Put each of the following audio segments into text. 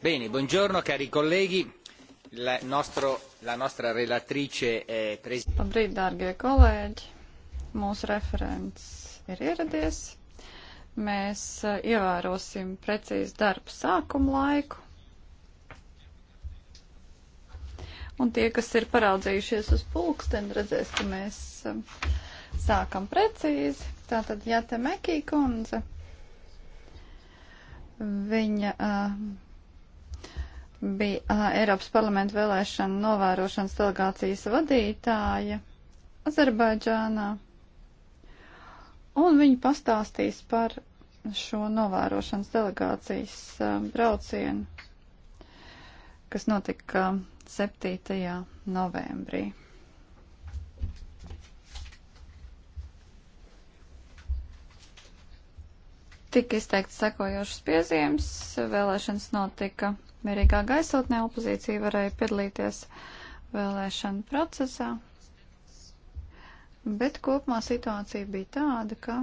Bene, buongiorno cari colleghi. La, nostro, la nostra relatrice è presente. Labrīt, dārgie kolēģi. Mūsu referents ir ieradies. Mēs eh, ievērosim precīzi darbu sākumu laiku. Un tie, kas ir paraudzījušies uz pulksteni, redzēs, ka mēs eh, sākam precīzi. Tātad Jāte Mekī kundze, viņa uh, bija uh, Eiropas parlamenta vēlēšana novērošanas delegācijas vadītāja Azerbaidžānā. Un viņi pastāstīs par šo novērošanas delegācijas uh, braucienu, kas notika 7. novembrī. Tik izteikti sekojošas piezīmes, vēlēšanas notika mierīgā gaisotnē opozīcija varēja piedalīties vēlēšanu procesā. Bet kopumā situācija bija tāda, ka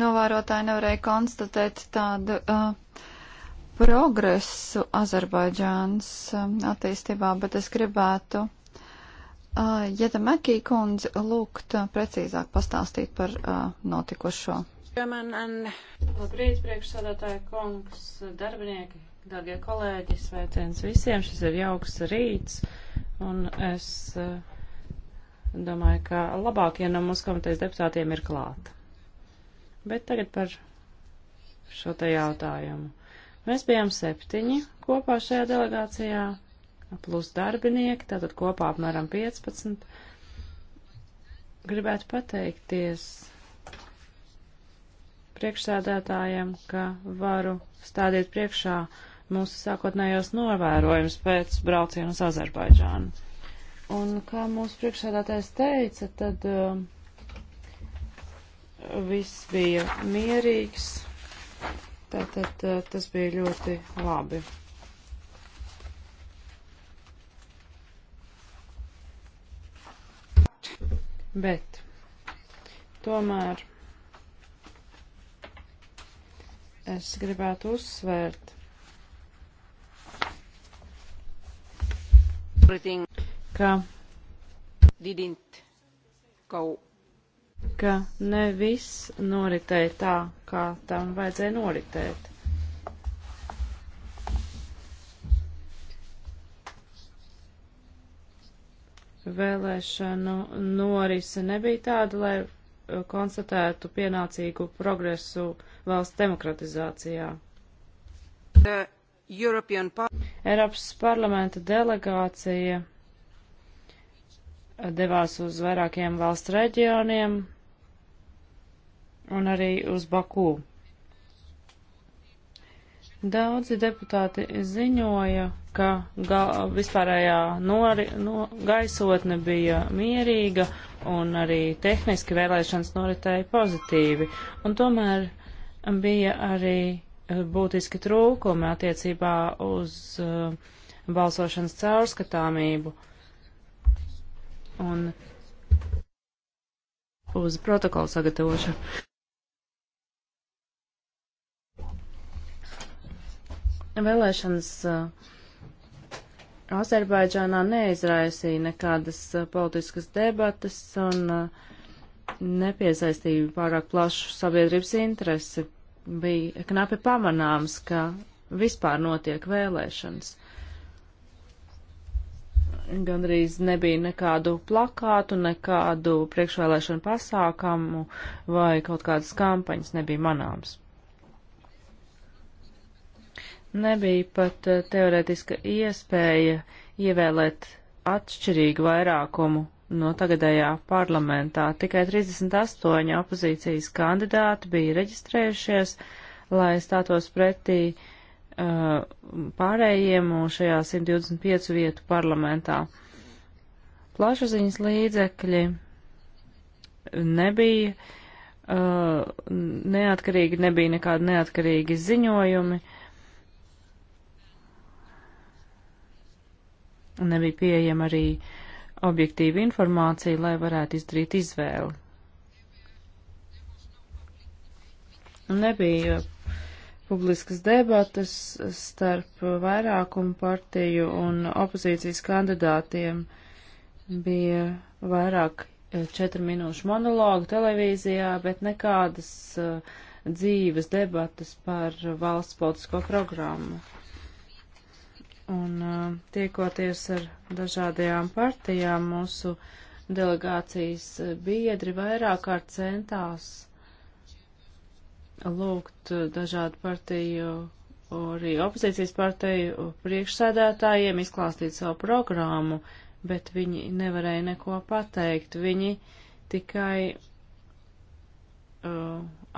novērotāji nevarēja konstatēt tādu uh, progresu Azerbaidžānas uh, attīstībā, bet es gribētu, uh, ja tam Mekī kundze lūgt uh, precīzāk pastāstīt par uh, notikušo. Labrīt, priekšsādātāja kungs, darbinieki, dārgie kolēģi, sveiciens visiem. Šis ir jauks rīts, un es eh, domāju, ka labākie no mūsu komitejas deputātiem ir klāt. Bet tagad par šo te jautājumu. Mēs bijām septiņi kopā šajā delegācijā, plus darbinieki, tātad kopā apmēram 15. Gribētu pateikties priekšsēdētājiem, ka varu stādīt priekšā mūsu sākotnējos novērojums pēc brauciena uz Azerbaidžānu. Un kā mūsu priekšsēdētājs teica, tad uh, viss bija mierīgs, tātad uh, tas bija ļoti labi. Bet tomēr es gribētu uzsvērt. Ka, ka ne viss noritēja tā, kā tam vajadzēja noritēt. Vēlēšanu norise nebija tāda, lai konstatētu pienācīgu progresu valsts demokratizācijā. European... Eiropas parlamenta delegācija devās uz vairākiem valsts reģioniem un arī uz Bakū. Daudzi deputāti ziņoja, ka vispārējā nori, no, gaisotne bija mierīga un arī tehniski vēlēšanas noritēja pozitīvi. Un tomēr bija arī eh, būtiski trūkumi attiecībā uz uh, balsošanas caurskatāmību un uz protokolu sagatavošanu. Vēlēšanas uh, Azerbaidžānā neizraisīja nekādas eh, politiskas debatas un eh, nepiesaistīja pārāk plašu sabiedrības interesi. Bija knapi pamanāms, ka vispār notiek vēlēšanas. Gan arī nebija nekādu plakātu, nekādu priekšvēlēšanu pasākumu vai kaut kādas kampaņas nebija manāms nebija pat eh, teorētiska iespēja ievēlēt atšķirīgu vairākumu no tagadējā parlamentā. Tikai 38 opozīcijas kandidāti bija reģistrējušies, lai stātos pretī uh, pārējiem šajā 125 vietu parlamentā. Plašaziņas līdzekļi nebija uh, neatkarīgi, nebija nekādi neatkarīgi ziņojumi. Uh, un nebija pieejama arī objektīva informācija, lai varētu izdarīt izvēli. Nebija publiskas debatas starp vairākumu partiju un opozīcijas kandidātiem. Bija vairāk eh, četru minūšu monologu televīzijā, bet nekādas eh, dzīves debatas par valsts politisko programmu. Un uh, tiekoties ar dažādajām partijām, mūsu delegācijas uh, biedri vairāk kārt centās lūgt uh, dažādu partiju, arī opozīcijas partiju priekšsēdētājiem izklāstīt savu programmu, bet viņi nevarēja neko pateikt. Viņi tikai uh,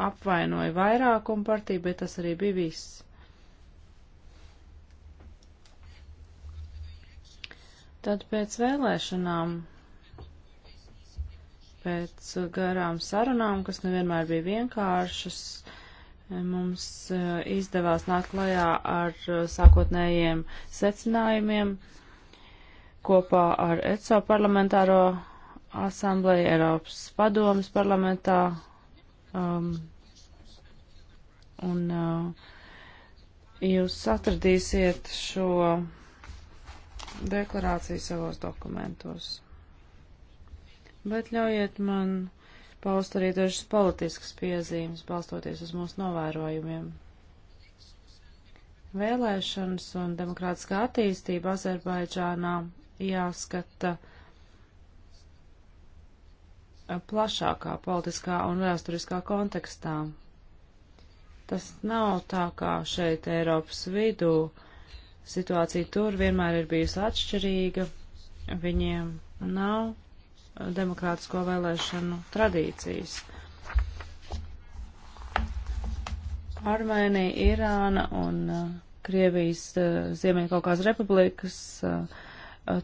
apvainoja vairākumu partiju, bet tas arī bija viss. Tad pēc vēlēšanām, pēc garām sarunām, kas nevienmēr bija vienkāršas, mums eh, izdevās nākt klajā ar eh, sākotnējiem secinājumiem kopā ar ECO parlamentāro asambleju Eiropas padomas parlamentā. Um, un uh, jūs atradīsiet šo deklarāciju savos dokumentos. Bet ļaujiet man paust arī dažas politiskas piezīmes, balstoties uz mūsu novērojumiem. Vēlēšanas un demokrātiskā attīstība Azerbaidžānā jāskata plašākā politiskā un vēsturiskā kontekstā. Tas nav tā kā šeit Eiropas vidū, Situācija tur vienmēr ir bijusi atšķirīga, viņiem nav demokrātisko vēlēšanu tradīcijas. Armēnija, Irāna un uh, Krievijas uh, Ziemeņkaukās republikas, uh, uh,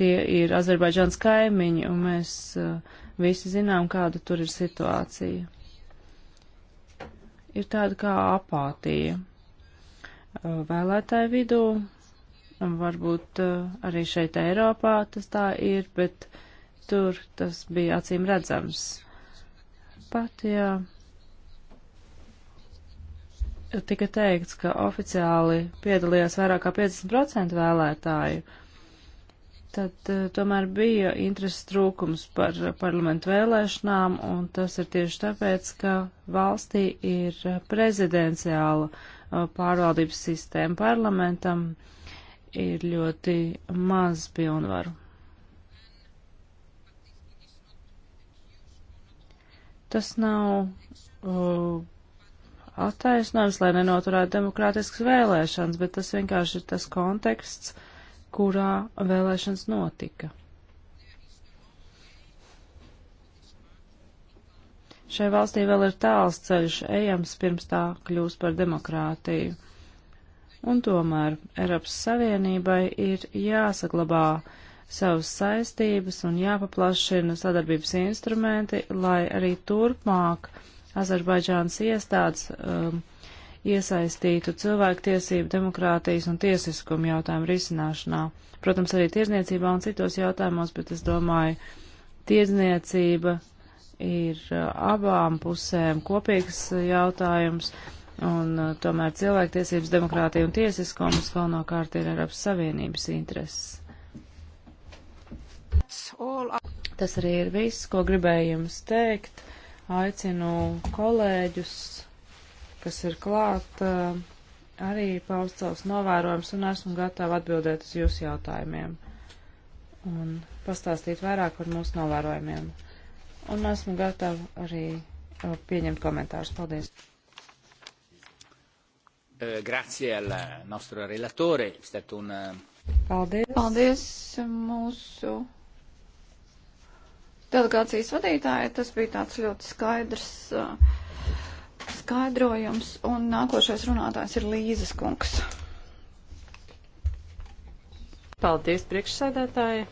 tie ir Azerbaidžāns kaimiņi, un mēs uh, visi zinām, kāda tur ir situācija. Ir tāda kā apātija. Uh, vēlētāju vidū, un varbūt uh, arī šeit Eiropā tas tā ir, bet tur tas bija acīm redzams. Pat, jā, tika teikts, ka oficiāli piedalījās vairāk kā 50% vēlētāju, tad uh, tomēr bija intereses trūkums par parlamentu vēlēšanām, un tas ir tieši tāpēc, ka valstī ir prezidenciāla Uh, pārvaldības sistēmu. Parlamentam ir ļoti maz pilnvaru. Tas nav uh, attaisnojums, lai nenoturētu demokrātiskas vēlēšanas, bet tas vienkārši ir tas konteksts, kurā vēlēšanas notika. Šai valstī vēl ir tāls ceļš ejams, pirms tā kļūs par demokrātiju. Un tomēr Eiropas Savienībai ir jāsaglabā savas saistības un jāpaplašina sadarbības instrumenti, lai arī turpmāk Azerbaidžānas iestādes um, iesaistītu cilvēktiesību, demokrātijas un tiesiskumu jautājumu risināšanā. Protams, arī tirzniecībā un citos jautājumos, bet es domāju, tirzniecība ir abām pusēm kopīgs jautājums, un tomēr cilvēktiesības, demokrātija un tiesiskums galvenokārt ir Eiropas Savienības intereses. Tas arī ir viss, ko gribēju jums teikt. Aicinu kolēģus, kas ir klāt, arī paust savus novērojumus un esmu gatava atbildēt uz jūsu jautājumiem un pastāstīt vairāk par mūsu novērojumiem un esmu gatava arī pieņemt komentārus. Paldies! Eh, grazie al nostro relatore, è stato un... Eh, Paldies! Paldies mūsu delegācijas vadītāja. Tas bija tāds ļoti skaidrs skaidrojums, un nākošais runātājs ir Līzes kungs. Paldies, priekšsēdētāji!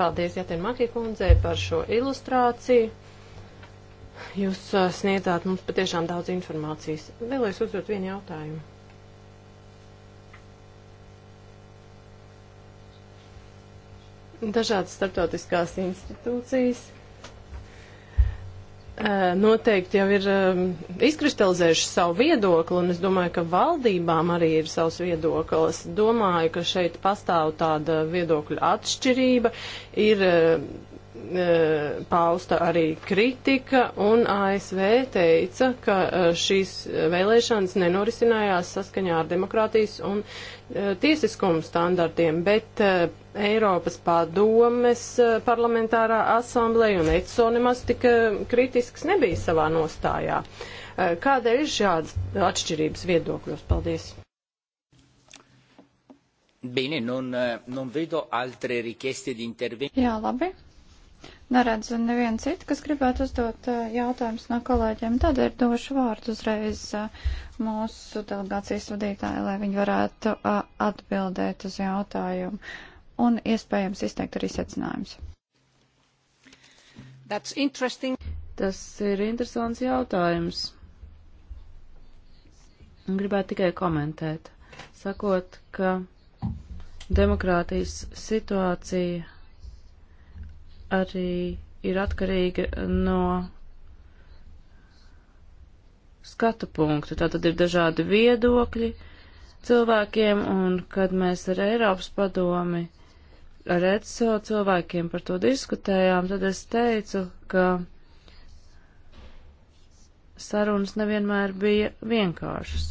Paldies, Jātien Makī kundzei, par šo ilustrāciju. Jūs uh, sniedzāt mums patiešām daudz informācijas. Vēlēs uzdot vienu jautājumu. Dažādas starptautiskās institūcijas noteikti jau ir izkristalizējuši savu viedokli, un es domāju, ka valdībām arī ir savs viedoklis. Domāju, ka šeit pastāv tāda viedokļa atšķirība, ir E, pausta arī kritika, un ASV teica, ka e, šīs vēlēšanas nenorisinājās saskaņā ar demokrātijas un e, tiesiskumu standartiem, bet Eiropas padomes parlamentārā asambleja un ECO nemaz tik kritisks nebija savā nostājā. Kādēļ ir šādas atšķirības viedokļos? Paldies! Bene, non, non vedo altre richieste di intervento. Jā, labi neredzu nevienu citu, kas gribētu uzdot jautājumus no kolēģiem. Tad ir došu vārdu uzreiz mūsu delegācijas vadītāji, lai viņi varētu atbildēt uz jautājumu un iespējams izteikt arī secinājumus. Tas ir interesants jautājums. Gribētu tikai komentēt, sakot, ka demokrātijas situācija arī ir atkarīga no skatu punktu. Tātad ir dažādi viedokļi cilvēkiem, un kad mēs ar Eiropas padomi, ar ECO cilvēkiem par to diskutējām, tad es teicu, ka sarunas nevienmēr bija vienkāršas.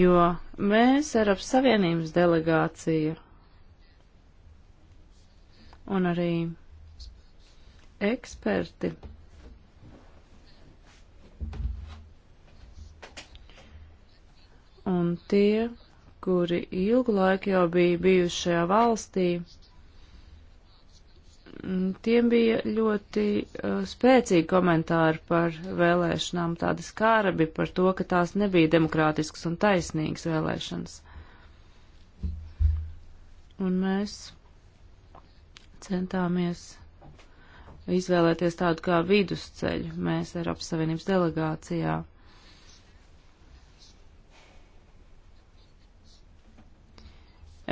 Jo mēs, Eiropas Savienības delegācija, un arī eksperti. Un tie, kuri ilgu laiku jau bija bijuši šajā valstī, mm, tiem bija ļoti uh, spēcīgi komentāri par vēlēšanām, tādi skārabi par to, ka tās nebija demokrātiskas un taisnīgas vēlēšanas. Un mēs centāmies izvēlēties tādu kā vidusceļu mēs Eiropas Savienības delegācijā.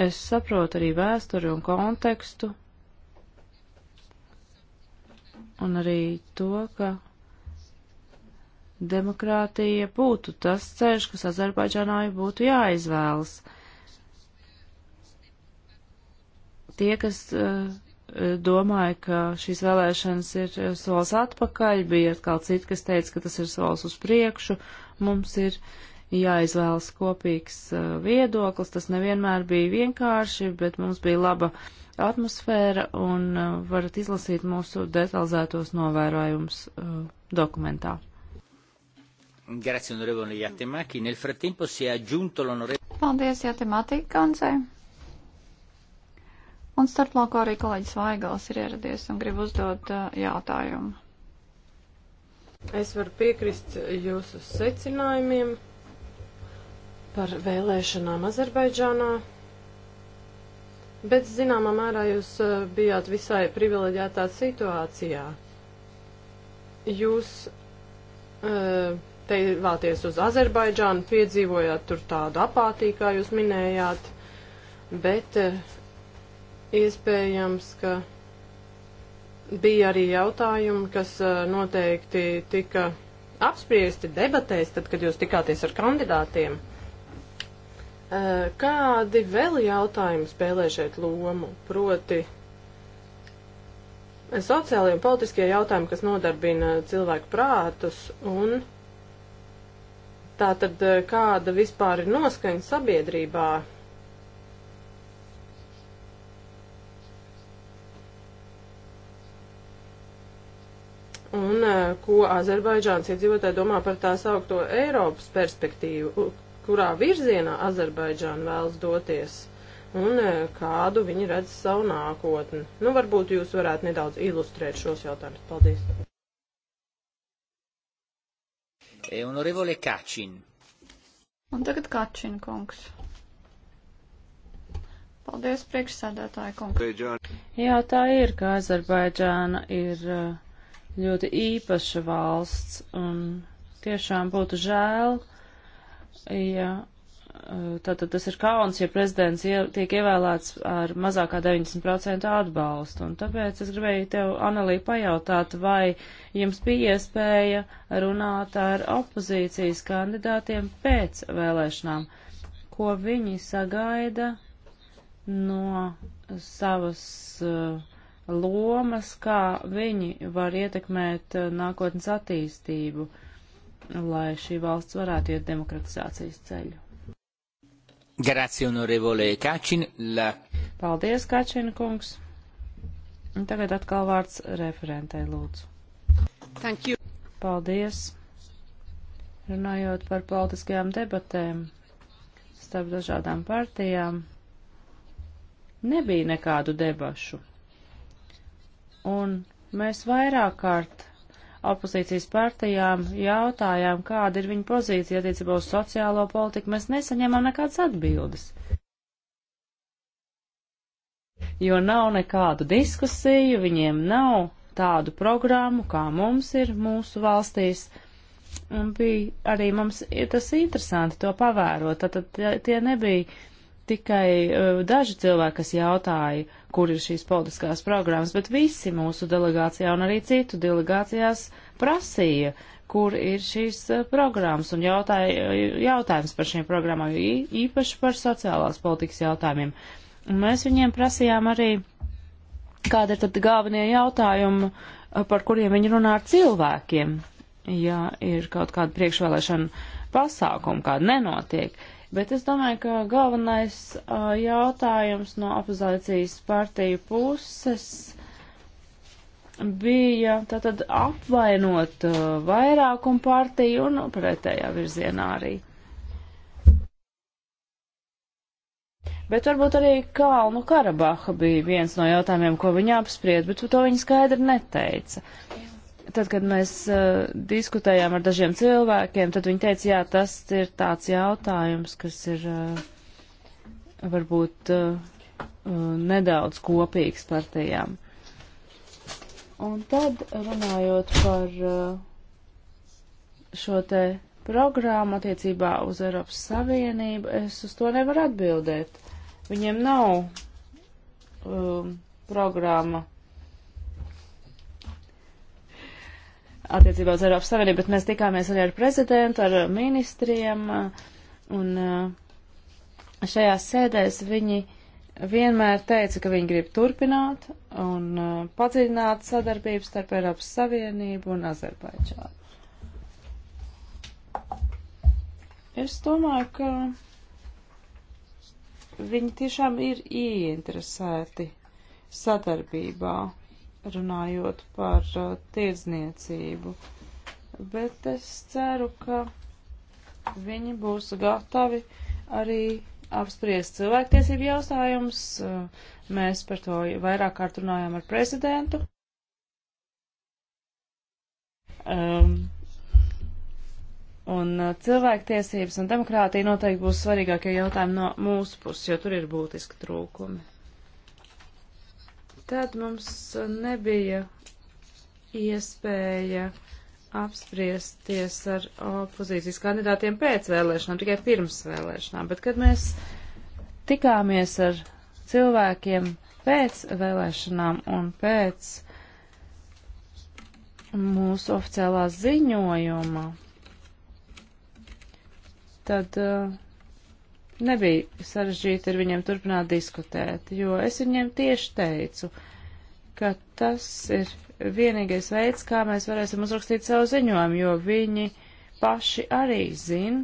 Es saprotu arī vēsturi un kontekstu, un arī to, ka demokrātija būtu tas ceļš, kas Azerbaidžānā būtu jāizvēlas. Tie, kas uh, domāju, ka šīs vēlēšanas ir solis atpakaļ, bija atkal citi, kas teica, ka tas ir solis uz priekšu. Mums ir jāizvēlas kopīgs uh, viedoklis, tas nevienmēr bija vienkārši, bet mums bija laba atmosfēra un uh, varat izlasīt mūsu detalizētos novērojumus uh, dokumentā. Grazie, onorevole Jatemaki. Nel frattempo si è aggiunto l'onorevole. Paldies, Jatemaki, kanzei. Un starplaukā arī kolēģis Vaigals ir ieradies un grib uzdot uh, jautājumu. Es varu piekrist jūsu secinājumiem par vēlēšanām Azerbaidžānā, bet zināmā mērā jūs uh, bijāt visai privileģētā situācijā. Jūs uh, teivāties uz Azerbaidžānu, piedzīvojāt tur tādu apātī, kā jūs minējāt, bet Iespējams, ka bija arī jautājumi, kas noteikti tika apspriesti debatēs, tad, kad jūs tikāties ar kandidātiem. Kādi vēl jautājumi spēlē šeit lomu? Proti, sociālie un politiskie jautājumi, kas nodarbina cilvēku prātus, un tā tad kāda vispār ir noskaņa sabiedrībā un uh, ko Azerbaidžāns iedzīvotāji domā par tās augto Eiropas perspektīvu, kurā virzienā Azerbaidžāna vēlas doties un uh, kādu viņi redz savu nākotni. Nu, varbūt jūs varētu nedaudz ilustrēt šos jautājumus. Paldies. Honorevole e, Kačin. Un tagad Kačin kungs. Paldies, priekšsēdētāji kungs. Jā, tā ir, ka Azerbaidžāna ir. Uh, ļoti īpaša valsts, un tiešām būtu žēl, ja eh, tātad tas ir kauns, ja prezidents ie, tiek ievēlēts ar mazākā 90% atbalstu. Un tāpēc es gribēju tev, Anelī, pajautāt, vai jums bija iespēja runāt ar opozīcijas kandidātiem pēc vēlēšanām, ko viņi sagaida no savas uh, lomas, kā viņi var ietekmēt eh, nākotnes attīstību, lai šī valsts varētu iet demokratizācijas ceļu. Grazie, onorevole Kačin. La... Paldies, Kačina kungs. Un tagad atkal vārds referentei, lūdzu. Thank you. Paldies. Runājot par politiskajām debatēm starp dažādām partijām, nebija nekādu debašu. Un mēs vairāk kārt opozīcijas partijām jautājām, kāda ir viņa pozīcija attiecībā uz sociālo politiku, mēs nesaņēmām nekādas atbildes. Jo nav nekādu diskusiju, viņiem nav tādu programmu, kā mums ir mūsu valstīs. Un bija arī mums tas interesanti to pavērot. Tad tie nebija tikai uh, daži cilvēki, kas jautāja, kur ir šīs politiskās programmas, bet visi mūsu delegācijā un arī citu delegācijās prasīja, kur ir šīs uh, programmas un jautāja, eh, jautājums par šīm programmām, īpaši par sociālās politikas jautājumiem. Un mēs viņiem prasījām arī, kāda ir tad galvenie jautājumi, par kuriem viņi runā ar cilvēkiem, ja ir kaut kāda priekšvēlēšana pasākuma, kāda nenotiek. Uh, Bet es domāju, ka galvenais uh, jautājums no opozīcijas partiju puses bija tātad apvainot uh, vairākumu partiju un nu, pretējā virzienā arī. Bet varbūt arī Kalnu Karabaha bija viens no jautājumiem, ko viņa apspried, bet to viņa skaidri neteica tad, kad mēs uh, diskutējām ar dažiem cilvēkiem, tad viņi teica, jā, tas ir tāds jautājums, kas ir uh, varbūt uh, nedaudz kopīgs partijām. Un tad runājot par šo te programmu attiecībā uz Eiropas Savienību, es uz to nevaru atbildēt. Viņiem nav um, programma attiecībā uz Eiropas Savienību, bet mēs tikāmies arī ar prezidentu, ar ministriem, un uh, šajās sēdēs viņi vienmēr teica, ka viņi grib turpināt un uh, padziļināt sadarbību starp Eiropas Savienību un Azerbaidžānu. Es domāju, ka viņi tiešām ir ieinteresēti sadarbībā runājot par uh, tirdzniecību. Bet es ceru, ka viņi būs gatavi arī apspriest cilvēktiesību jautājumus. Uh, mēs par to vairāk kārt runājām ar prezidentu. Um, un uh, cilvēktiesības un demokrātija noteikti būs svarīgākie jautājumi no mūsu puses, jo tur ir būtiski trūkumi. Tad mums nebija iespēja apspriesties ar opozīcijas kandidātiem pēc vēlēšanām, tikai pirms vēlēšanām. Bet, kad mēs tikāmies ar cilvēkiem pēc vēlēšanām un pēc mūsu oficiālā ziņojuma, tad uh, nebija sarežģīti ar viņiem turpināt diskutēt, jo es viņiem tieši teicu, ka tas ir vienīgais veids, kā mēs varēsim uzrakstīt savu ziņojumu, jo viņi paši arī zin,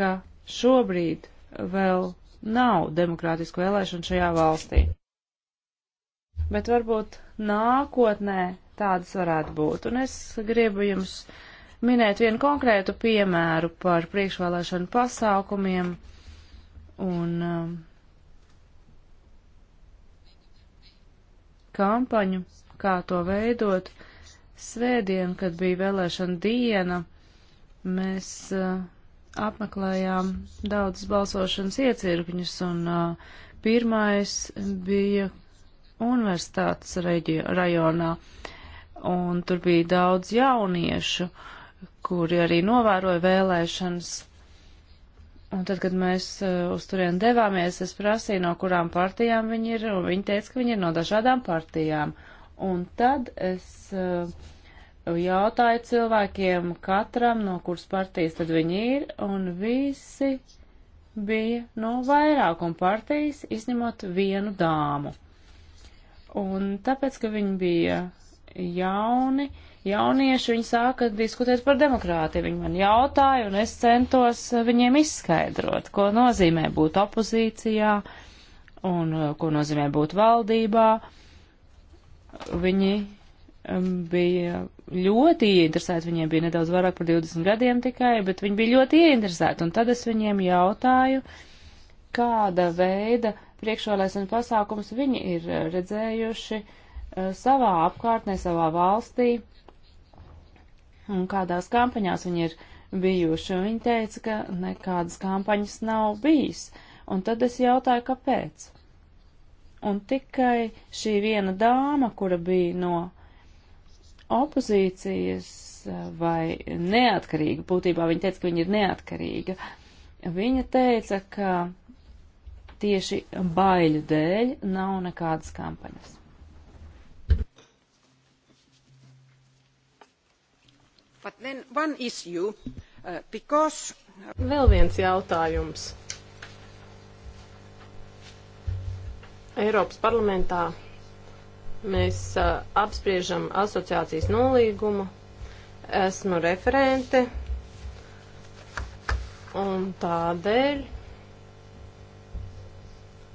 ka šobrīd vēl nav demokrātisku vēlēšanu šajā valstī. Bet varbūt nākotnē tādas varētu būt. Un es gribu jums uh, minēt vienu konkrētu piemēru par priekšvēlēšanu pasākumiem un um, kampaņu, kā to veidot. Svētdien, kad bija vēlēšana diena, mēs uh, apmeklējām daudzas balsošanas iecirkņus, un uh, pirmais bija universitātes reģio, rajonā, un tur bija daudz jauniešu, uh, kuri arī novēroja vēlēšanas. Un tad, kad mēs uh, uz turien devāmies, es prasīju, no kurām partijām viņi ir, un viņi teica, ka viņi ir no dažādām partijām. Un tad es uh, jautāju cilvēkiem katram, no kuras partijas tad viņi ir, un visi bija no vairākuma partijas, izņemot vienu dāmu. Un tāpēc, ka viņi bija jauni, uh, jaunieši, viņi sāka diskutēt par demokrātiju. Viņi man jautāja, un es centos viņiem izskaidrot, ko nozīmē būt opozīcijā un uh, ko nozīmē būt valdībā. Viņi um, bija ļoti ieinteresēti, viņiem bija nedaudz vairāk par 20 gadiem tikai, bet viņi bija ļoti ieinteresēti, un tad es viņiem jautāju, kāda veida priekšvēlēšana pasākums viņi ir uh, redzējuši uh, savā apkārtnē, savā valstī, un kādās kampaņās viņi ir bijuši, un viņi teica, ka nekādas kampaņas nav bijis. Un tad es jautāju, kāpēc. Un tikai šī viena dāma, kura bija no opozīcijas vai neatkarīga, būtībā viņa teica, ka viņa ir neatkarīga, viņa teica, ka tieši baiļu dēļ nav nekādas kampaņas. But then one issue, uh, because... Uh, Vēl viens jautājums. Eiropas parlamentā mēs uh, apspriežam asociācijas nolīgumu. Esmu referente un tādēļ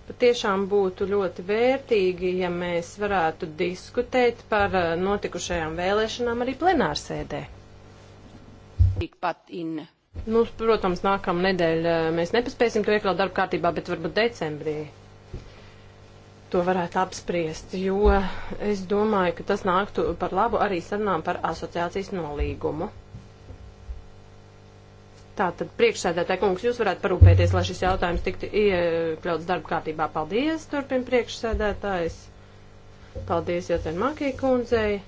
patiešām būtu ļoti vērtīgi, ja mēs varētu diskutēt par uh, notikušajām vēlēšanām arī plenārsēdē. Nu, protams, nākamā nedēļa eh, mēs nepaspēsim to iekļaut darba kārtībā, bet varbūt decembrī to varētu apspriest, jo es domāju, ka tas nāktu par labu arī sarunām par asociācijas nolīgumu. Tātad, priekšsēdētāji kungs, jūs varētu parūpēties, lai šis jautājums tiktu iekļauts darba kārtībā. Paldies, turpin priekšsēdētājs. Paldies, Jātēn Makī kundzei.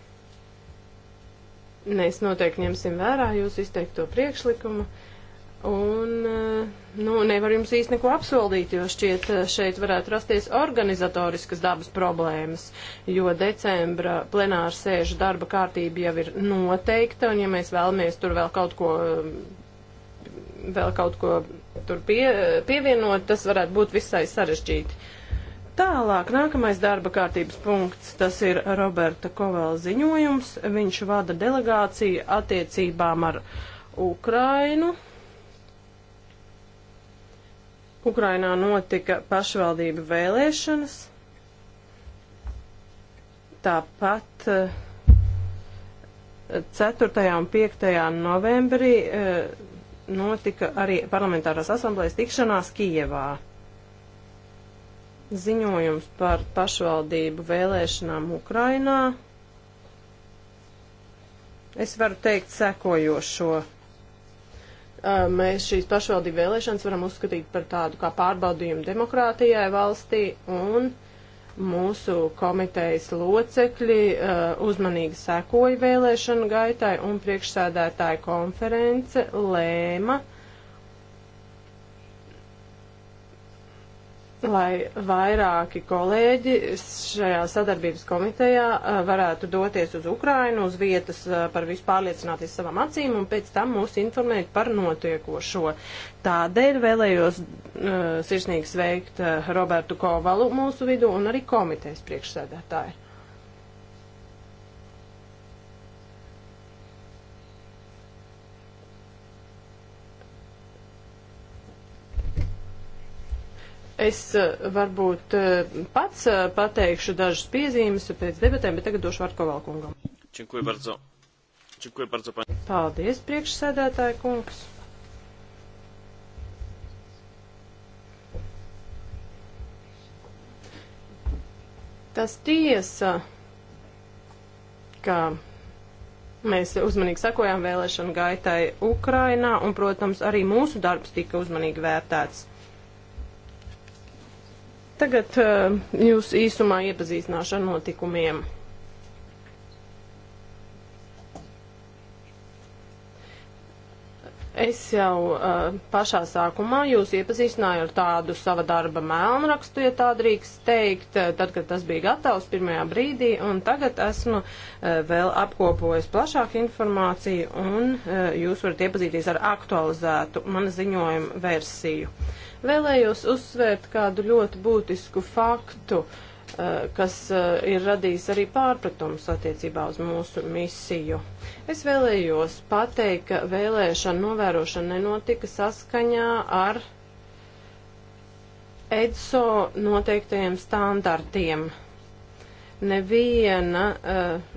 Mēs noteikti ņemsim vērā jūsu izteikto priekšlikumu. Un, eh, nu, nevar jums īsti neko apsoldīt, jo šķiet eh, šeit varētu rasties organizatoriskas dabas problēmas, jo decembra plenāra sēžu darba kārtība jau ir noteikta, un ja mēs vēlamies tur vēl kaut ko, vēl kaut ko tur pie, pievienot, tas varētu būt visai sarežģīti. Tālāk, nākamais darba kārtības punkts, tas ir Roberta Kovēla ziņojums. Viņš vada delegāciju attiecībām ar Ukrainu. Ukrainā notika pašvaldība vēlēšanas. Tāpat 4. Eh, un 5. novembrī eh, notika arī parlamentārās asamblējas tikšanās Kijevā. Ziņojums par pašvaldību vēlēšanām Ukrainā. Es varu teikt sekojošo. Mēs šīs pašvaldību vēlēšanas varam uzskatīt par tādu kā pārbaudījumu demokrātijai valstī un mūsu komitejas locekļi uh, uzmanīgi sekoja vēlēšanu gaitai un priekšsēdētāja konference lēma uh, lai vairāki kolēģi šajā sadarbības komitejā uh, varētu doties uz Ukrainu, uz vietas uh, par visu pārliecināties savām acīm un pēc tam mūs informēt par notiekošo. Tādēļ vēlējos uh, sirsnīgi sveikt uh, Robertu Kovalu mūsu vidu un arī komitejas priekšsēdētāju. Es eh, varbūt eh, pats eh, pateikšu dažas piezīmes pēc debatēm, bet tagad došu Varko Valkungam. Činkuja bardzo. Činkuja bardzo, paņi. Paldies, priekšsēdētāja kungs. Tas tiesa, ka Mēs uzmanīgi sakojām vēlēšanu gaitai Ukrainā, un, protams, arī mūsu darbs tika uzmanīgi vērtēts. Tagad uh, jūs īsumā iepazīstināšu ar notikumiem. Es jau uh, pašā sākumā jūs iepazīstināju ar tādu sava darba mēlnrakstu, ja tā drīkst teikt, uh, tad, kad tas bija gatavs pirmajā brīdī, un tagad esmu uh, vēl apkopojis plašāku informāciju, un uh, jūs varat iepazīties ar aktualizētu mana ziņojuma versiju. Uh, Vēlējos uzsvērt kādu ļoti būtisku faktu, eh, kas eh, ir radījis arī pārpratums attiecībā uz mūsu misiju. Es vēlējos pateikt, ka vēlēšana novērošana nenotika saskaņā ar EDSO noteiktajiem standartiem neviena uh,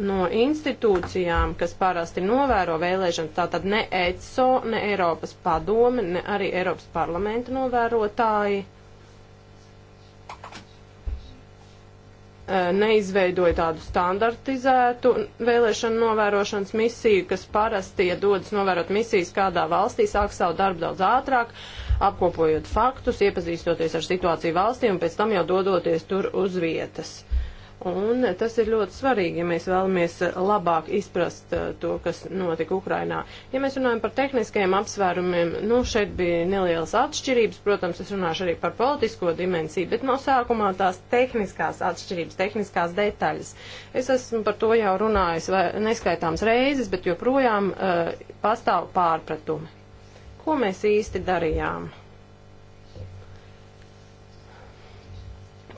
no institūcijām, kas parasti novēro vēlēšanas, tātad ne ECO, ne Eiropas padome, ne arī Eiropas parlamenta novērotāji, eh, neizveidoja tādu standartizētu vēlēšanu novērošanas misiju, kas parasti, ja dodas novērot misijas kādā valstī, sāk savu darbu daudz ātrāk, apkopojot faktus, iepazīstoties ar situāciju valstī un pēc tam jau dodoties tur uz vietas. Un tas ir ļoti svarīgi, ja mēs vēlamies labāk izprast eh, to, kas notika Ukrainā. Ja mēs runājam par tehniskajiem apsvērumiem, nu, šeit bija nelielas atšķirības. Protams, es runāšu arī par politisko dimensiju, bet no sākumā tās tehniskās atšķirības, tehniskās detaļas. Es esmu par to jau runājis neskaitāms reizes, bet joprojām uh, pastāv pārpratumi. Ko mēs īsti darījām?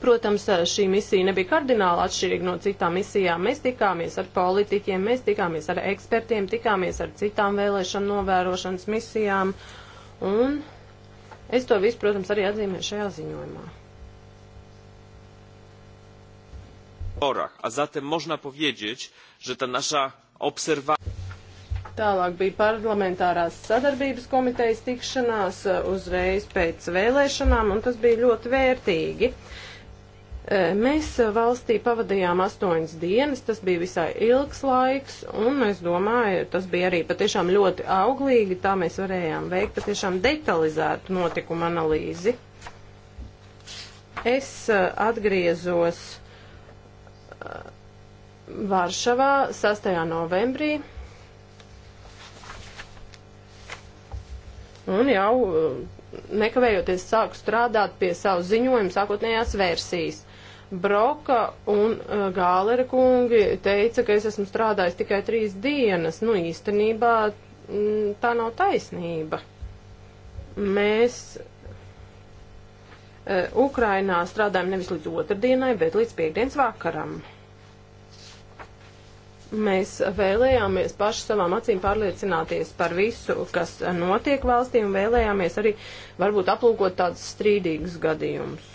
Protams, šī misija nebija kardināli atšķirīga no citām misijām. Mēs tikāmies ar politiķiem, mēs tikāmies ar ekspertiem, tikāmies ar citām vēlēšanu novērošanas misijām. Un es to visu, protams, arī atzīmēju šajā ziņojumā. Porach, a zatem można powiedzieć, że ta nasza obserwacja. Tālāk bija parlamentārās sadarbības komitejas tikšanās uzreiz pēc vēlēšanām, un tas bija ļoti vērtīgi. Uh, Mēs valstī pavadījām astoņas dienas, tas bija visai ilgs laiks, un es domāju, tas bija arī patiešām ļoti auglīgi, tā mēs varējām veikt patiešām detalizētu notikumu analīzi. Es atgriezos Varšavā 6. novembrī. Un jau nekavējoties sāku strādāt pie savu ziņojumu sākotnējās versijas. Broka un uh, Gālera kungi teica, ka es esmu strādājis tikai trīs dienas. Nu, īstenībā mm, tā nav taisnība. Mēs uh, Ukrainā strādājam nevis līdz otrdienai, bet līdz piekdienas vakaram. Mēs vēlējāmies paši savām acīm pārliecināties par visu, kas notiek valstī, un vēlējāmies arī varbūt aplūkot tādus strīdīgus gadījumus.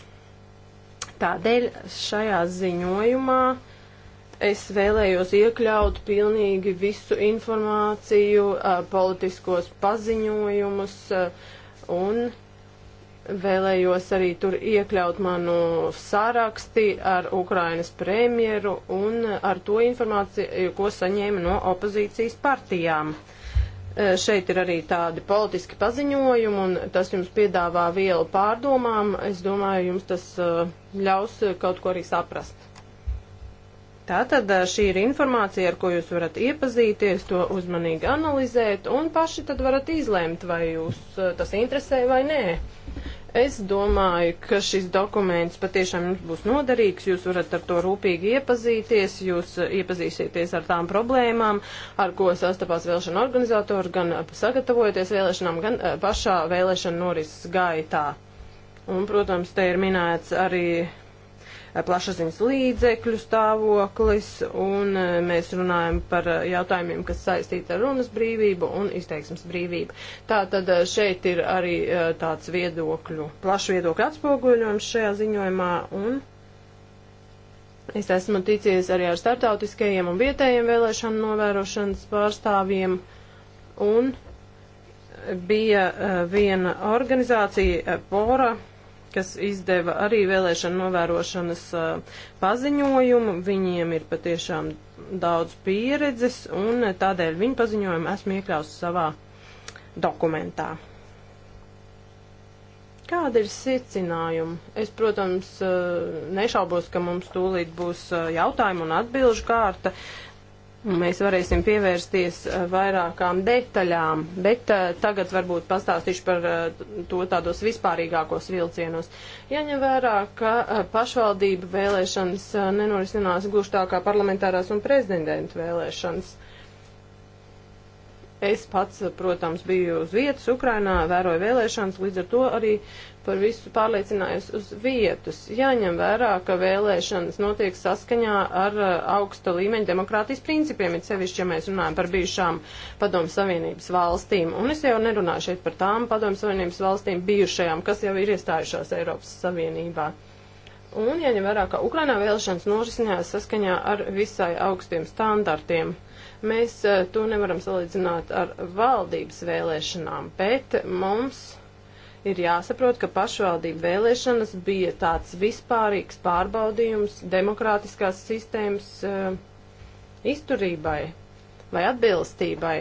Tādēļ šajā ziņojumā es vēlējos iekļaut pilnīgi visu informāciju, politiskos paziņojumus un vēlējos arī tur iekļaut manu sāraksti ar Ukrainas premjeru un ar to informāciju, ko saņēma no opozīcijas partijām. Uh, E, šeit ir arī tādi politiski paziņojumi, un tas jums piedāvā vielu pārdomām. Es domāju, jums tas e, ļaus kaut ko arī saprast. Tātad e, šī ir informācija, ar ko jūs varat iepazīties, to uzmanīgi analizēt, un paši tad varat izlēmt, vai jūs tas interesē vai nē. Es domāju, ka šis dokuments patiešām jums būs noderīgs, jūs varat ar to rūpīgi iepazīties, jūs eh, iepazīsieties ar tām problēmām, ar ko sastapās vēlēšana organizatori, gan eh, sagatavojoties vēlēšanām, gan eh, pašā vēlēšana norises gaitā. Un, protams, te ir minēts arī Eh, plašsaziņas līdzekļu stāvoklis, un eh, mēs runājam par eh, jautājumiem, kas saistīti ar runas brīvību un izteiksmes brīvību. Tā tad šeit ir arī tāds viedokļu, plašu viedokļu atspoguļojums šajā ziņojumā, un es esmu ticies arī ar startautiskajiem un vietējiem vēlēšanu novērošanas pārstāvjiem, un bija viena organizācija, Pora, kas izdeva arī vēlēšana novērošanas paziņojumu. Viņiem ir patiešām daudz pieredzes, un tādēļ viņu paziņojumu esmu iekļauts savā dokumentā. Kāda ir secinājuma? Es, protams, nešaubos, ka mums tūlīt būs jautājumu un atbilžu kārta. Uh, Mēs varēsim pievērsties eh, vairākām detaļām, bet eh, tagad varbūt pastāstīšu par eh, to tādos vispārīgākos vilcienos. Jaņem vērā, ka pašvaldība vēlēšanas nenorisinās gluži tā kā parlamentārās un prezidenta vēlēšanas. Es pats, protams, biju uz vietas Ukrainā, vēroju vēlēšanas, līdz ar to arī par visu pārliecinājusi uz vietas. Jāņem vērā, ka vēlēšanas notiek saskaņā ar uh, augsta līmeņa demokrātijas principiem, it sevišķi, ja mēs runājam par bijušām padomu savienības valstīm. Un es jau nerunāju šeit par tām padomu savienības valstīm bijušajām, kas jau ir iestājušās Eiropas Savienībā. Un jāņem vērā, ka Ukrainā vēlēšanas norisinājās saskaņā ar visai augstiem standartiem. Mēs uh, to nevaram salīdzināt ar valdības vēlēšanām, bet mums ir jāsaprot, ka pašvaldību vēlēšanas bija tāds vispārīgs pārbaudījums demokrātiskās sistēmas uh, izturībai vai atbilstībai.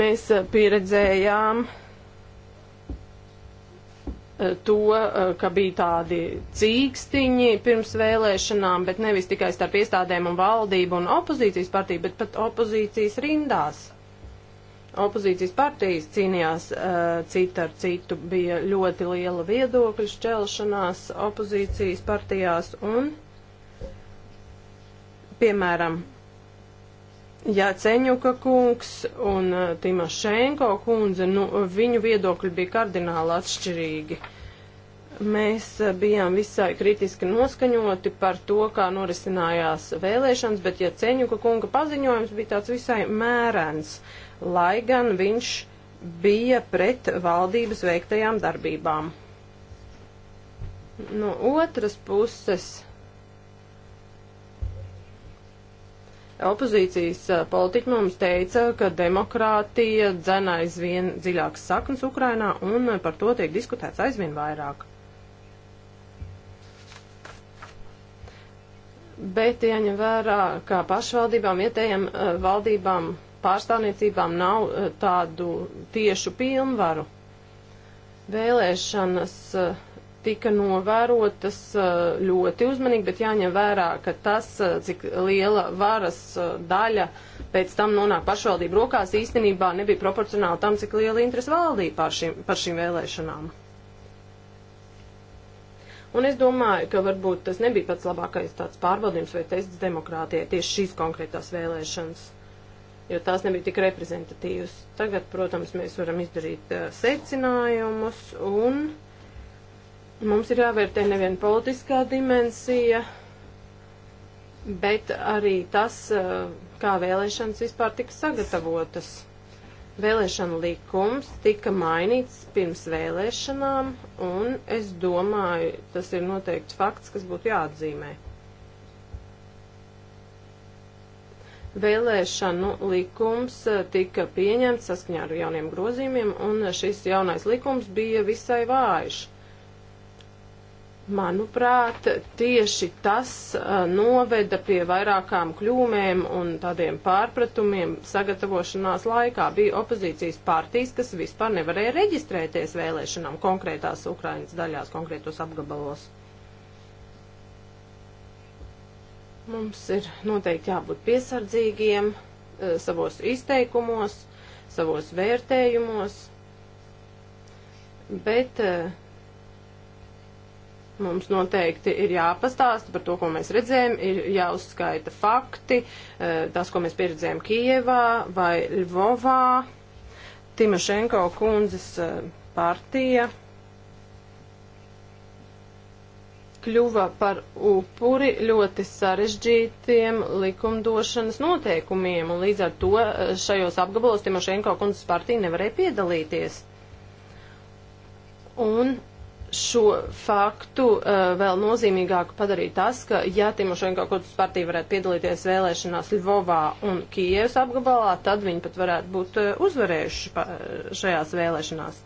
Mēs eh, pieredzējām eh, to, ka bija tādi cīkstiņi pirms vēlēšanām, bet nevis tikai starp iestādēm un valdību un opozīcijas partiju, bet pat opozīcijas rindās opozīcijas partijas cīnījās eh, cita ar citu, bija ļoti liela viedokļu šķelšanās opozīcijas partijās un, piemēram, Jāceņuka kungs un eh, Timošenko kundze, nu, viņu viedokļi bija kardināli atšķirīgi. Mēs eh, bijām visai kritiski noskaņoti par to, kā norisinājās vēlēšanas, bet ja Ceņuka kunga paziņojums bija tāds visai mērens, uh, lai gan viņš bija pret valdības veiktajām darbībām. No otras puses, opozīcijas eh, politiķi mums teica, ka demokrātija dzen aizvien dziļākas saknes Ukrainā un par to tiek diskutēts aizvien vairāk. Bet jāņem ja vērā, kā pašvaldībām, vietējām eh, valdībām pārstāvniecībām nav eh, tādu tiešu pilnvaru. Vēlēšanas eh, tika novērotas eh, ļoti uzmanīgi, bet jāņem vērā, ka tas, cik liela varas daļa pēc tam nonāk pašvaldību rokās, īstenībā nebija proporcionāli tam, cik liela interese valdīja par šīm, par šīm vēlēšanām. Un es domāju, ka varbūt tas nebija pats labākais tāds pārbaudījums vai tests demokrātijai tieši šīs konkrētās vēlēšanas jo tās nebija tik reprezentatīvas. Tagad, protams, mēs varam izdarīt uh, secinājumus, un mums ir jāvērtē nevien politiskā dimensija, bet arī tas, uh, kā vēlēšanas vispār tika sagatavotas. Vēlēšana likums tika mainīts pirms vēlēšanām, un es domāju, tas ir noteikti fakts, kas būtu jāatzīmē. Vēlēšanu likums e, tika pieņemts saskaņā ar jauniem grozījumiem, un šis jaunais likums bija visai vājš. Manuprāt, tieši tas e, noveda pie vairākām kļūmēm un tādiem pārpratumiem sagatavošanās laikā. Bija opozīcijas partijas, kas vispār nevarēja reģistrēties vēlēšanām konkrētās Ukrainas daļās, konkrētos apgabalos. Mums ir noteikti jābūt piesardzīgiem eh, savos izteikumos, savos vērtējumos, bet eh, mums noteikti ir jāpastāsta par to, ko mēs redzējām, ir jāuzskaita fakti, eh, tas, ko mēs pieredzējām Kievā vai Ļvovā, Timošenko kundzes partija. kļuva par upuri ļoti sarežģītiem likumdošanas noteikumiem, un līdz ar to eh, šajos apgabalos Timošenko kundzes partija nevarēja piedalīties. Un šo faktu uh, vēl nozīmīgāku padarīja tas, ka, ja Timošenko kundzes partija varētu piedalīties vēlēšanās Ļvovā un Kievas apgabalā, tad viņi pat varētu būt uh, uzvarējuši pa, šajās vēlēšanās.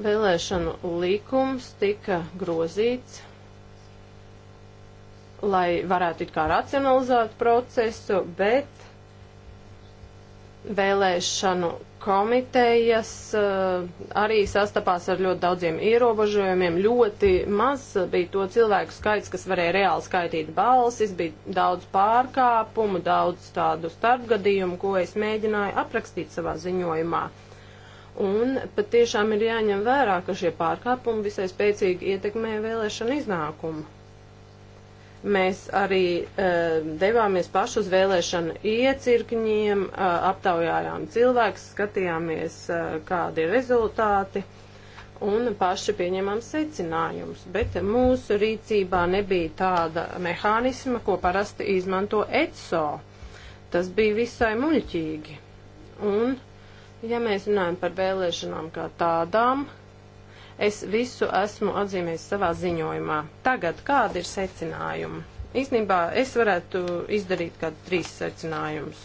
Vēlēšanu likums tika grozīts, lai varētu it kā racionalizēt procesu, bet vēlēšanu komitejas eh, arī sastapās ar ļoti daudziem ierobežojumiem. Ļoti maz bija to cilvēku skaits, kas varēja reāli skaitīt balsis, bija daudz pārkāpumu, daudz tādu starpgadījumu, ko es mēģināju aprakstīt savā ziņojumā. Un patiešām ir jāņem vērā, ka šie pārkāpumi visai spēcīgi ietekmē vēlēšanu iznākumu. Mēs arī uh, e, devāmies pašu uz vēlēšanu iecirkņiem, uh, e, aptaujājām cilvēkus, skatījāmies, uh, e, kādi ir rezultāti un paši pieņemam secinājumus. Bet mūsu rīcībā nebija tāda mehānisma, ko parasti izmanto ECO. Tas bija visai muļķīgi. Un Ja mēs runājam par vēlēšanām kā tādām, es visu esmu atzīmējis savā ziņojumā. Tagad kādi ir secinājumi? Īsnībā es varētu izdarīt kādu trīs secinājumus.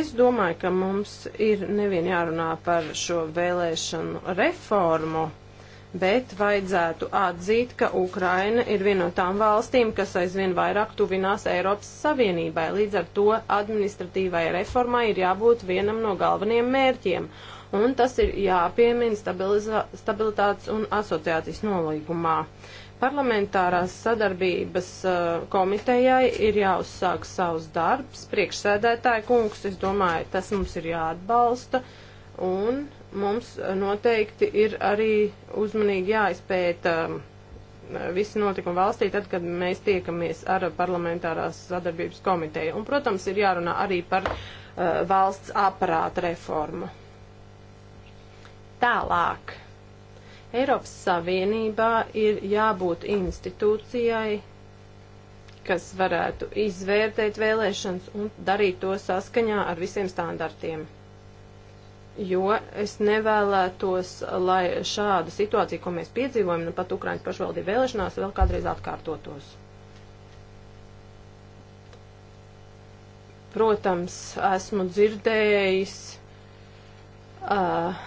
Es domāju, ka mums ir nevien jārunā par šo vēlēšanu reformu, bet vajadzētu atzīt, ka Ukraina ir viena no tām valstīm, kas aizvien vairāk tuvinās Eiropas Savienībai. Līdz ar to administratīvai reformai ir jābūt vienam no galvenajiem mērķiem, un tas ir jāpiemina stabilitātes un asociācijas nolīgumā. Parlamentārās sadarbības uh, komitejai ir jāuzsāk savs darbs. Priekšsēdētāja kungs, es domāju, tas mums ir jāatbalsta. Un mums noteikti ir arī uzmanīgi jāizpēta um, visi notikumi valstī, tad, kad mēs tiekamies ar parlamentārās sadarbības komiteju. Un, protams, ir jārunā arī par uh, valsts aparāta reformu. Tālāk. Eiropas Savienībā ir jābūt institūcijai, kas varētu izvērtēt vēlēšanas un darīt to saskaņā ar visiem standartiem jo es nevēlētos, lai šāda situācija, ko mēs piedzīvojam, nu pat Ukrainas pašvaldība vēlēšanās, vēl kādreiz atkārtotos. Protams, esmu dzirdējis uh,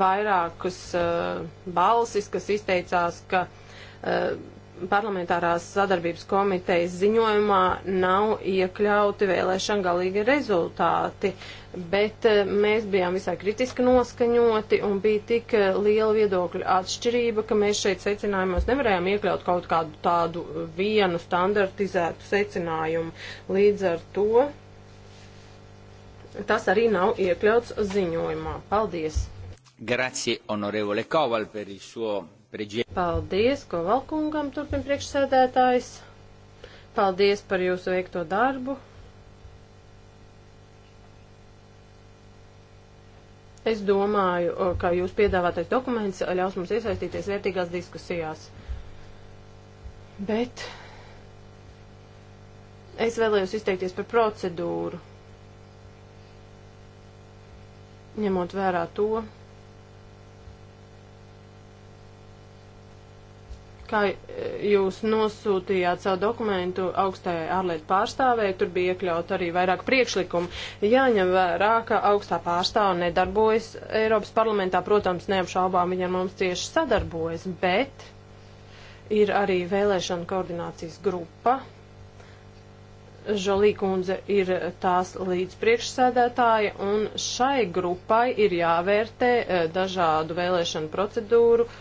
vairākas uh, balsis, kas izteicās, ka uh, parlamentārās sadarbības komitejas ziņojumā nav iekļauti vēlēšana galīgi rezultāti. Uh, bet eh, mēs bijām visai kritiski noskaņoti un bija tik eh, liela viedokļa atšķirība, ka mēs šeit secinājumos nevarējām iekļaut kaut kādu tādu eh, vienu standartizētu secinājumu. Līdz ar to tas arī nav iekļauts ziņojumā. Paldies! Grazie, onorevole Koval, per il suo preģi. Paldies, Kovalkungam, turpin priekšsēdētājs. Paldies par jūsu veikto darbu. Es domāju, ka jūs piedāvātais dokuments ļaus mums iesaistīties vērtīgās diskusijās. Bet es vēlējos izteikties par procedūru, ņemot vērā to, kā e, jūs nosūtījāt savu dokumentu augstajai ārlietu pārstāvē, tur bija iekļaut arī vairāk priekšlikumu. Jāņem vērā, ka augstā pārstāva nedarbojas Eiropas parlamentā, protams, neapšaubām viņa mums tieši sadarbojas, bet ir arī vēlēšana koordinācijas grupa. Žalī kundze ir tās līdzpriekšsēdētāja, un šai grupai ir jāvērtē e, dažādu vēlēšanu procedūru uh,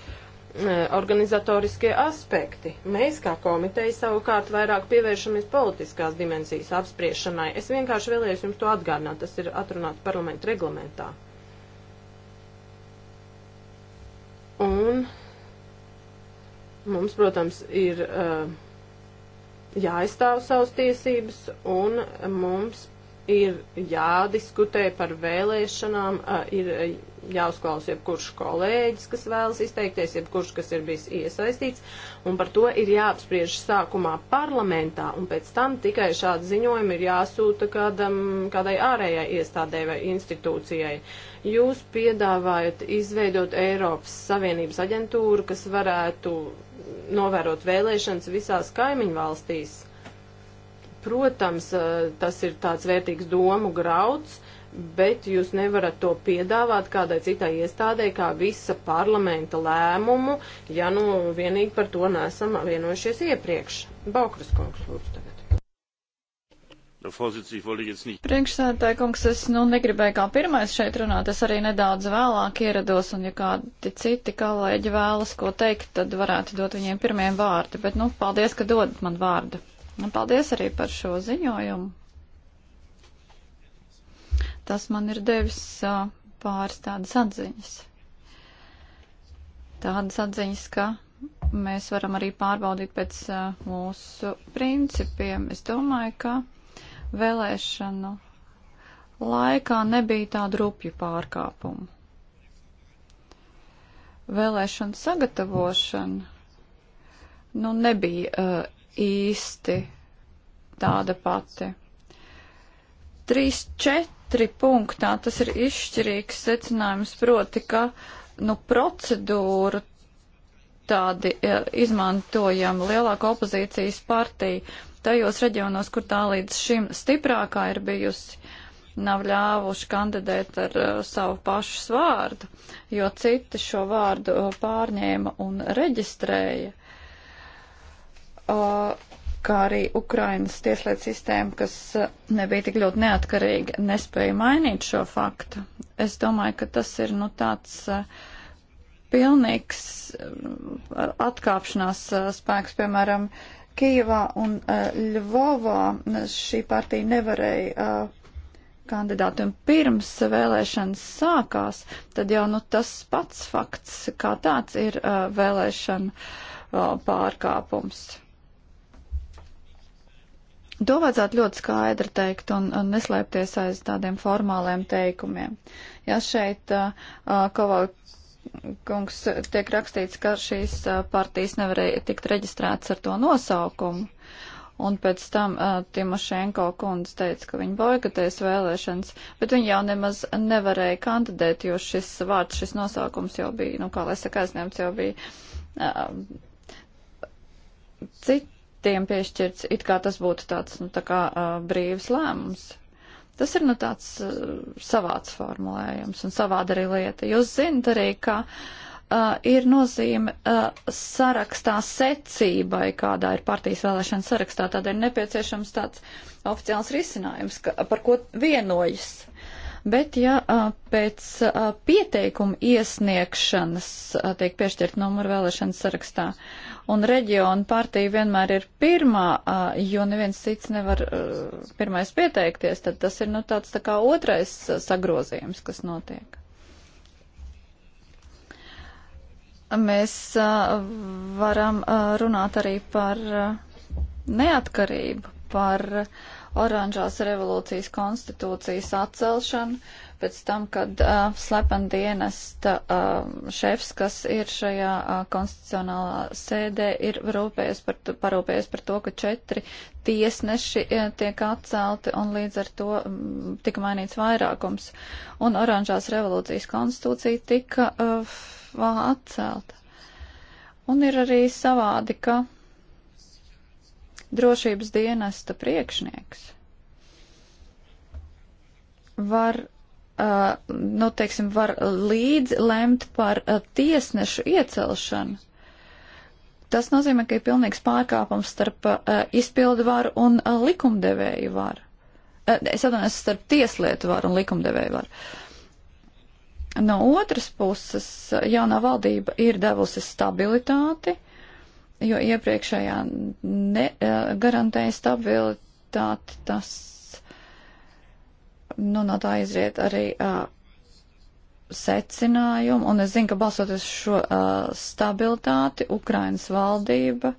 E, organizatoriskie aspekti. Mēs kā komiteja savukārt vairāk pievēršamies politiskās dimensijas apspriešanai. Es vienkārši vēlējos jums to atgādināt, tas ir atrunāts parlamentu reglamentā. Un mums, protams, ir e, jāaizstāv savas tiesības un mums ir jādiskutē par vēlēšanām, e, ir jāuzklaus jebkurš kolēģis, kas vēlas izteikties, jebkurš, kas ir bijis iesaistīts, un par to ir jāapspriež sākumā parlamentā, un pēc tam tikai šādi ziņojumi ir jāsūta kādam, kādai ārējai iestādē vai institūcijai. Jūs piedāvājat izveidot Eiropas Savienības aģentūru, kas varētu novērot vēlēšanas visās kaimiņu valstīs. Protams, tas ir tāds vērtīgs domu grauds, bet jūs nevarat to piedāvāt kādai citai iestādē, kā visa parlamenta lēmumu, ja nu vienīgi par to nesam vienojušies iepriekš. Baukras kungs, lūdzu tagad. Priekšsēdētāji kungs, es nu negribēju kā pirmais šeit runāt, es arī nedaudz vēlāk ierados, un ja kādi citi kolēģi vēlas ko teikt, tad varētu dot viņiem pirmiem vārdu, bet nu paldies, ka dod man vārdu. Paldies arī par šo ziņojumu. Tas man ir devis pāris tādas atziņas. Tādas atziņas, ka mēs varam arī pārbaudīt pēc mūsu principiem. Es domāju, ka vēlēšanu laikā nebija tādu rupju pārkāpumu. Vēlēšana sagatavošana nu, nebija uh, īsti tāda pati. 3-4 punktā tas ir izšķirīgs secinājums, proti, ka nu, procedūru tādi e, izmantojam lielāka opozīcijas partija tajos reģionos, kur tā līdz šim stiprākā ir bijusi, nav ļāvuši kandidēt ar uh, savu pašu vārdu, jo citi šo vārdu e, pārņēma un reģistrēja. Uh, kā arī Ukrainas tieslietu sistēma, kas uh, nebija tik ļoti neatkarīga, nespēja mainīt šo faktu. Es domāju, ka tas ir nu, tāds uh, pilnīgs atkāpšanās spēks, piemēram, Kijavā un Ļvovā šī partija nevarēja kandidātu un pirms vēlēšanas sākās, tad jau nu, tas pats fakts kā tāds ir vēlēšana pārkāpums. To vajadzētu ļoti skaidri teikt un, un neslēpties aiz tādiem formāliem teikumiem. Ja šeit uh, uh Kovalkungs tiek rakstīts, ka šīs uh, partijas nevarēja tikt reģistrētas ar to nosaukumu, un pēc tam uh, Timošenko kundze teica, ka viņa boikotēs vēlēšanas, bet viņa jau nemaz nevarēja kandidēt, jo šis vārds, šis nosaukums jau bija, nu kā lai saka, aizņemts jau bija. Uh, cit, tiem piešķirts, it kā tas būtu tāds, nu, tā kā uh, brīvs lēmums. Tas ir, nu, tāds uh, savāds formulējums un savāda arī lieta. Jūs zinat arī, ka uh, ir nozīme uh, sarakstā secībai, kādā ir partijas vēlēšana sarakstā, tādēļ nepieciešams tāds oficiāls risinājums, ka, par ko vienojas. Bet, ja pēc pieteikuma iesniegšanas tiek piešķirt numuru vēlēšanas sarakstā, uh, Un reģiona partija vienmēr ir pirmā, jo neviens cits nevar pirmais pieteikties, tad tas ir nu, tāds tā kā otrais sagrozījums, kas notiek. Mēs varam runāt arī par neatkarību, par oranžās revolūcijas konstitūcijas atcelšanu, pēc tam, kad uh, slepen dienesta uh, šefs, kas ir šajā uh, konstitucionālā sēdē, ir rūpējies par, to, parūpējies par to, ka četri tiesneši uh, tiek atcelti un līdz ar to um, tika mainīts vairākums. Un oranžās revolūcijas konstitūcija tika uh, atcelta. Un ir arī savādi, ka drošības dienesta priekšnieks var Uh, nu, teiksim, var līdz lemt par uh, tiesnešu iecelšanu. Tas nozīmē, ka ir pilnīgs pārkāpums starp uh, izpildu varu un uh, likumdevēju varu. Uh, es atvainojos starp tieslietu varu un likumdevēju varu. No otras puses, jaunā valdība ir devusi stabilitāti, jo iepriekšējā ne, uh, garantēja stabilitāti tas nu, no tā izriet arī uh, secinājumi, un es zinu, ka balsoties šo uh, stabilitāti, Ukrainas valdība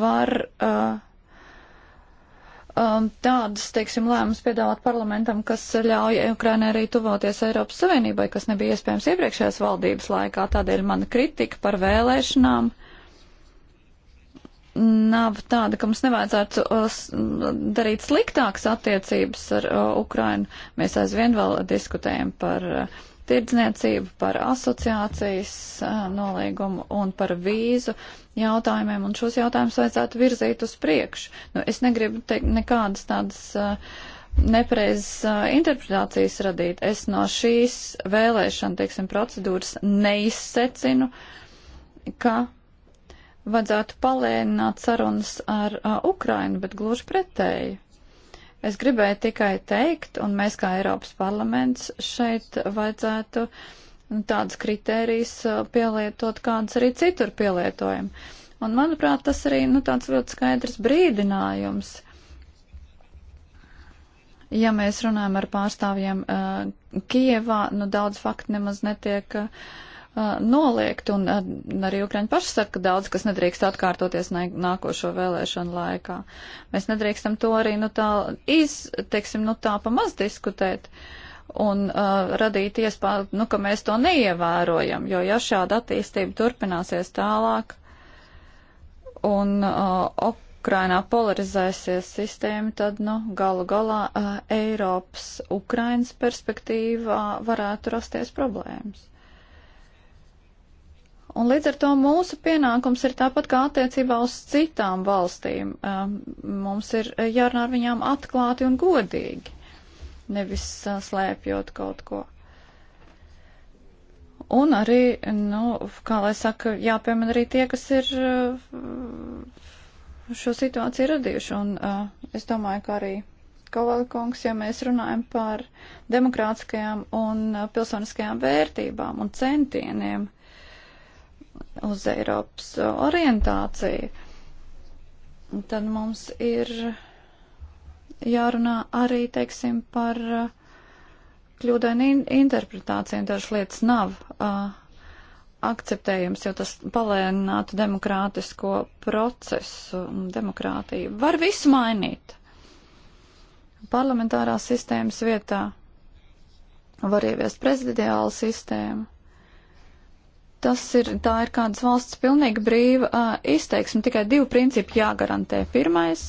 var uh, um, tādas, teiksim, lēmumus piedāvāt parlamentam, kas ļauj Ukrainai arī tuvoties Eiropas Savienībai, kas nebija iespējams iepriekšējās valdības laikā. Tādēļ mana kritika par vēlēšanām uh, nav tāda, ka mums nevajadzētu uh, darīt sliktākas attiecības ar uh, Ukrainu. Mēs aizvien vēl diskutējam par uh, tirdzniecību, par asociācijas uh, nolīgumu un par vīzu jautājumiem, un šos jautājumus vajadzētu virzīt uz priekšu. Nu, es negribu teikt nekādas tādas uh, nepareizas uh, interpretācijas radīt. Es no šīs vēlēšana, teiksim, procedūras neizsecinu, ka vajadzētu palēnināt sarunas ar uh, Ukrainu, bet gluži pretēji. Es gribēju tikai teikt, un mēs kā Eiropas parlaments šeit vajadzētu tādas kritērijas pielietot, kādas arī citur pielietojam. Un, manuprāt, tas arī nu, tāds ļoti skaidrs brīdinājums ja mēs runājam ar pārstāvjiem uh, Kievā, nu daudz faktu nemaz netiek uh, noliegt, un arī Ukraiņa paši saka, ka daudz kas nedrīkst atkārtoties nākošo vēlēšanu laikā. Mēs nedrīkstam to arī, nu tā, iz, teiksim, nu tā pamaz diskutēt un uh, radīt iespēju, nu, ka mēs to neievērojam, jo ja šāda attīstība turpināsies tālāk un uh, Ukrainā polarizēsies sistēma, tad, nu, galu galā uh, Eiropas Ukrainas perspektīvā varētu rasties problēmas. Un līdz ar to mūsu pienākums ir tāpat kā attiecībā uz citām valstīm. Ehm, mums ir jārunā ar viņām atklāti un godīgi, nevis eh, slēpjot kaut ko. Un arī, nu, kā lai saka, jāpiemina arī tie, kas ir eh, šo situāciju radījuši. Un uh, es domāju, ka arī Kovalkungs, ja mēs runājam par demokrātiskajām un pilsoniskajām vērtībām un centieniem uz Eiropas orientāciju, tad mums ir jārunā arī, teiksim, par uh, kļūdainu interpretāciju. Dažas lietas nav uh, akceptējams, jo tas palēninātu demokrātisko procesu un demokrātiju. Var visu mainīt. Parlamentārās sistēmas vietā var ieviest prezidiālu sistēmu tas ir, tā ir kādas valsts pilnīgi brīva uh, izteiksme. Tikai divi principi jāgarantē. Pirmais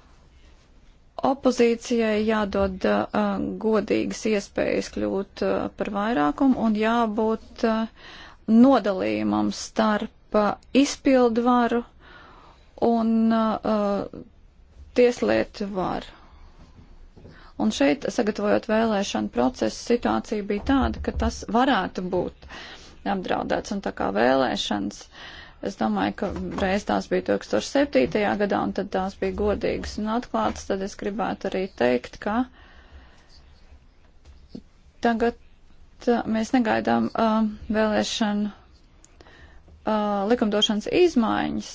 - opozīcijai jādod uh, godīgas iespējas kļūt uh, par vairākumu un jābūt uh, nodalījumam starp uh, izpildu varu un uh, tieslietu varu. Un šeit, sagatavojot vēlēšanu procesu, situācija bija tāda, ka tas varētu būt. Uh, apdraudēts. Un tā kā vēlēšanas, es domāju, ka reiz tās bija 2007. gadā, un tad tās bija godīgas un atklātas, tad es gribētu arī teikt, ka tagad uh, mēs negaidām uh, vēlēšanu uh, likumdošanas izmaiņas,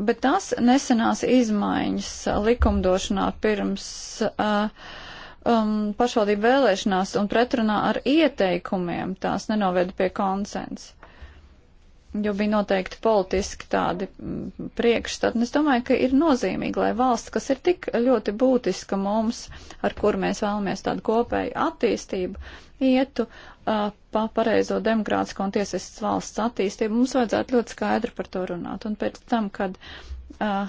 bet tās nesenās izmaiņas likumdošanā pirms uh, um, pašvaldību vēlēšanās un pretrunā ar ieteikumiem tās nenoveda pie konsensa. Jo bija noteikti politiski tādi mm, priekšstati. Es domāju, ka ir nozīmīgi, lai valsts, kas ir tik ļoti būtiska mums, ar kur mēs vēlamies tādu kopēju attīstību, ietu uh, pa pareizo demokrātisko un tiesisks valsts attīstību. Mums vajadzētu ļoti skaidri par to runāt. Un pēc tam, kad uh,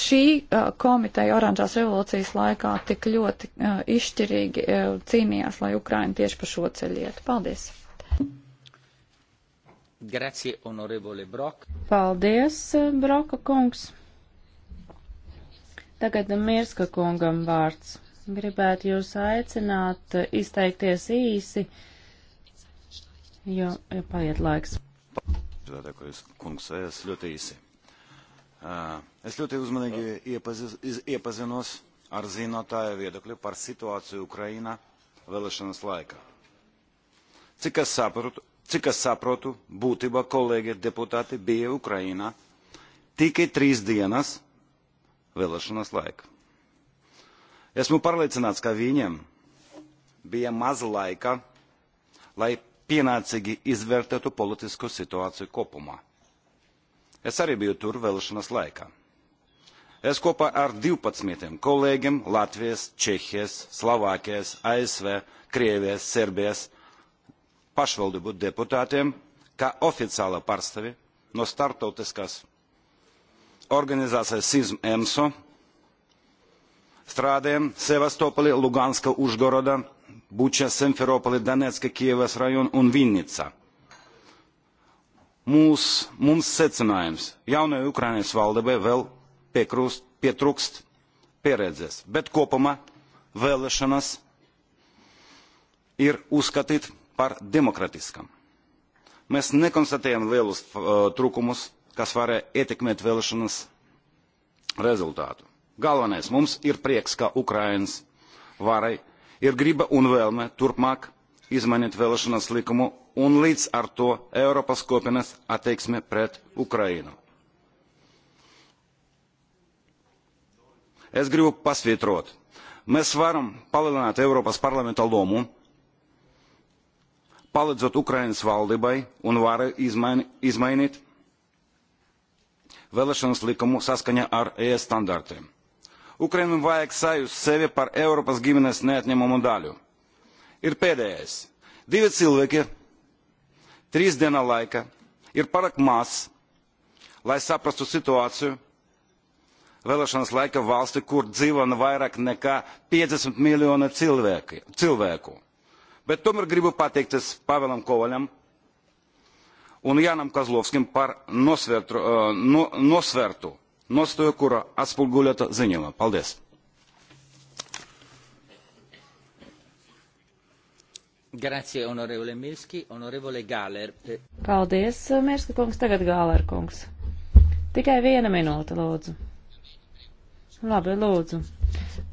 šī uh, komiteja oranžās revolūcijas laikā tik ļoti uh, izšķirīgi uh, cīnījās, lai Ukraina tieši pa šo ceļu iet. Paldies! Grazie, honorevole Brok. Paldies, Broka kungs. Tagad Mirska kungam vārds. Gribētu jūs aicināt izteikties īsi, jo ja paiet laiks. Paldies, kungs, es ļoti īsi Es ļoti uzmanīgi iepazinos ar zinātāju viedokļu par situāciju Ukrainā vēlēšanas laikā. Cik es saprotu, cik es saprotu būtībā kolēģi deputāti bija Ukrainā tikai trīs dienas vēlēšanas laika. Esmu pārliecināts, ka viņiem bija maz laika, lai pienācīgi izvērtētu politisko situāciju kopumā. Es arī biju tur vēlēšanas laikā. Es kopā ar 12 kolēģiem Latvijas, Čehijas, Slovākijas, ASV, Krievijas, Serbijas pašvaldību deputātiem, kā oficiāla pārstāvi no startautiskās organizācijas SISM EMSO strādājam Sevastopolī, Luganska, Užgoroda, Buča, Simferopolī, Donetska, Kievas rajona un Vinnica – mūs, mums secinājums. Jaunajai Ukrainas valdībai vēl piekrūst, pietrūkst pieredzes, bet kopumā vēlēšanas ir uzskatīt par demokratiskam. Mēs nekonstatējam lielus uh, trūkumus, kas varēja ietekmēt vēlēšanas rezultātu. Galvenais mums ir prieks, ka Ukrainas varai ir griba un vēlme turpmāk izmainīt vēlēšanas likumu un līdz ar to Eiropas kopienas attieksme pret Ukrainu. Es gribu pasvītrot. Mēs varam palielināt Eiropas parlamenta lomu, palīdzot Ukrainas valdībai un varu izmaini, izmainīt vēlēšanas likumu saskaņā ar ES standartiem. Ukrainam vajag sajust sevi par Eiropas ģimenes neatņemumu daļu. Ir pēdējais. Divi cilvēki trīs dienā laika ir pārāk maz, lai saprastu situāciju vēlēšanas laika valsti, kur dzīvo nu vairāk nekā 50 miljoni cilvēki, cilvēku. Bet tomēr gribu pateikties Pavelam Kovaļam un Janam Kazlovskim par nosvertu, uh, no, nosvertu nostoju, kura atspulguļota ziņojumā. Paldies! Grazie, onorevole Mirski, onorevole Gāler. Paldies, Mirska kungs, tagad Gāler kungs. Tikai viena minūte, lūdzu. Labi, lūdzu.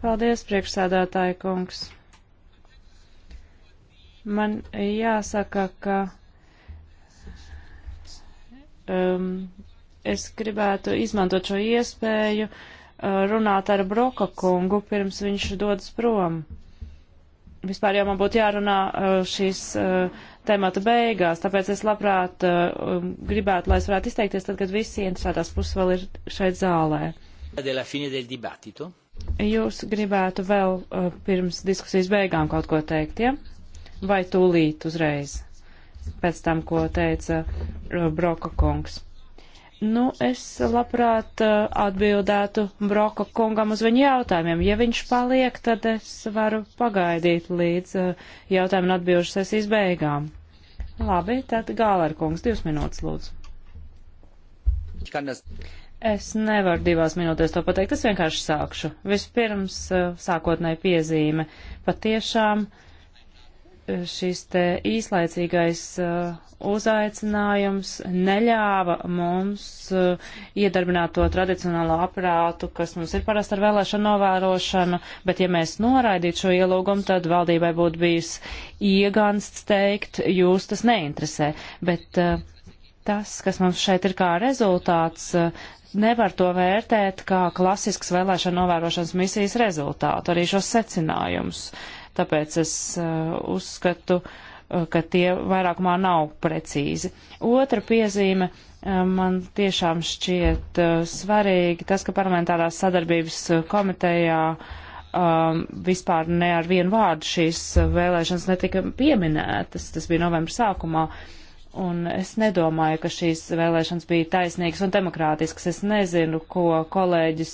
Paldies, priekšsādātāja kungs. Man jāsaka, ka um, es gribētu izmantot šo iespēju uh, runāt ar Broka kungu, pirms viņš dodas prom vispār jau man būtu jārunā uh, šīs uh, temata beigās, tāpēc es labprāt uh, um, gribētu, lai es varētu izteikties tad, kad visi interesētās puses vēl ir šeit zālē. Jūs gribētu vēl pirms diskusijas beigām kaut ko teikt, ja? Vai tūlīt uzreiz, pēc tam, ko teica Broka kungs? Nu, es labprāt uh, atbildētu Broka kungam uz viņa jautājumiem. Ja viņš paliek, tad es varu pagaidīt līdz uh, jautājumu un atbilžu sesijas beigām. Labi, tad Gālēr kungs, divas minūtes lūdzu. Es nevaru divās minūtēs to pateikt, es vienkārši sākšu. Vispirms uh, sākotnēji piezīme. Patiešām. Uh, šis te īslaicīgais uh, uzaicinājums neļāva mums uh, iedarbināt to tradicionālo aparātu, kas mums ir parasti ar vēlēšanu novērošanu, bet ja mēs noraidītu šo ielūgumu, tad valdībai būtu bijis iegansts teikt, jūs tas neinteresē. Bet uh, tas, kas mums šeit ir kā rezultāts, nevar to vērtēt kā klasisks vēlēšanu novērošanas misijas rezultātu, arī šos secinājumus. Uh, tāpēc es eh, uzskatu, eh, ka tie vairākumā nav precīzi. Otra piezīme eh, man tiešām šķiet svarīgi tas, ka parlamentārās sadarbības komitejā um, vispār ne ar vienu vārdu šīs vēlēšanas netika pieminētas. Tas bija novembra sākumā. Un es nedomāju, ka šīs vēlēšanas bija taisnīgas un demokrātiskas. Es nezinu, ko kolēģis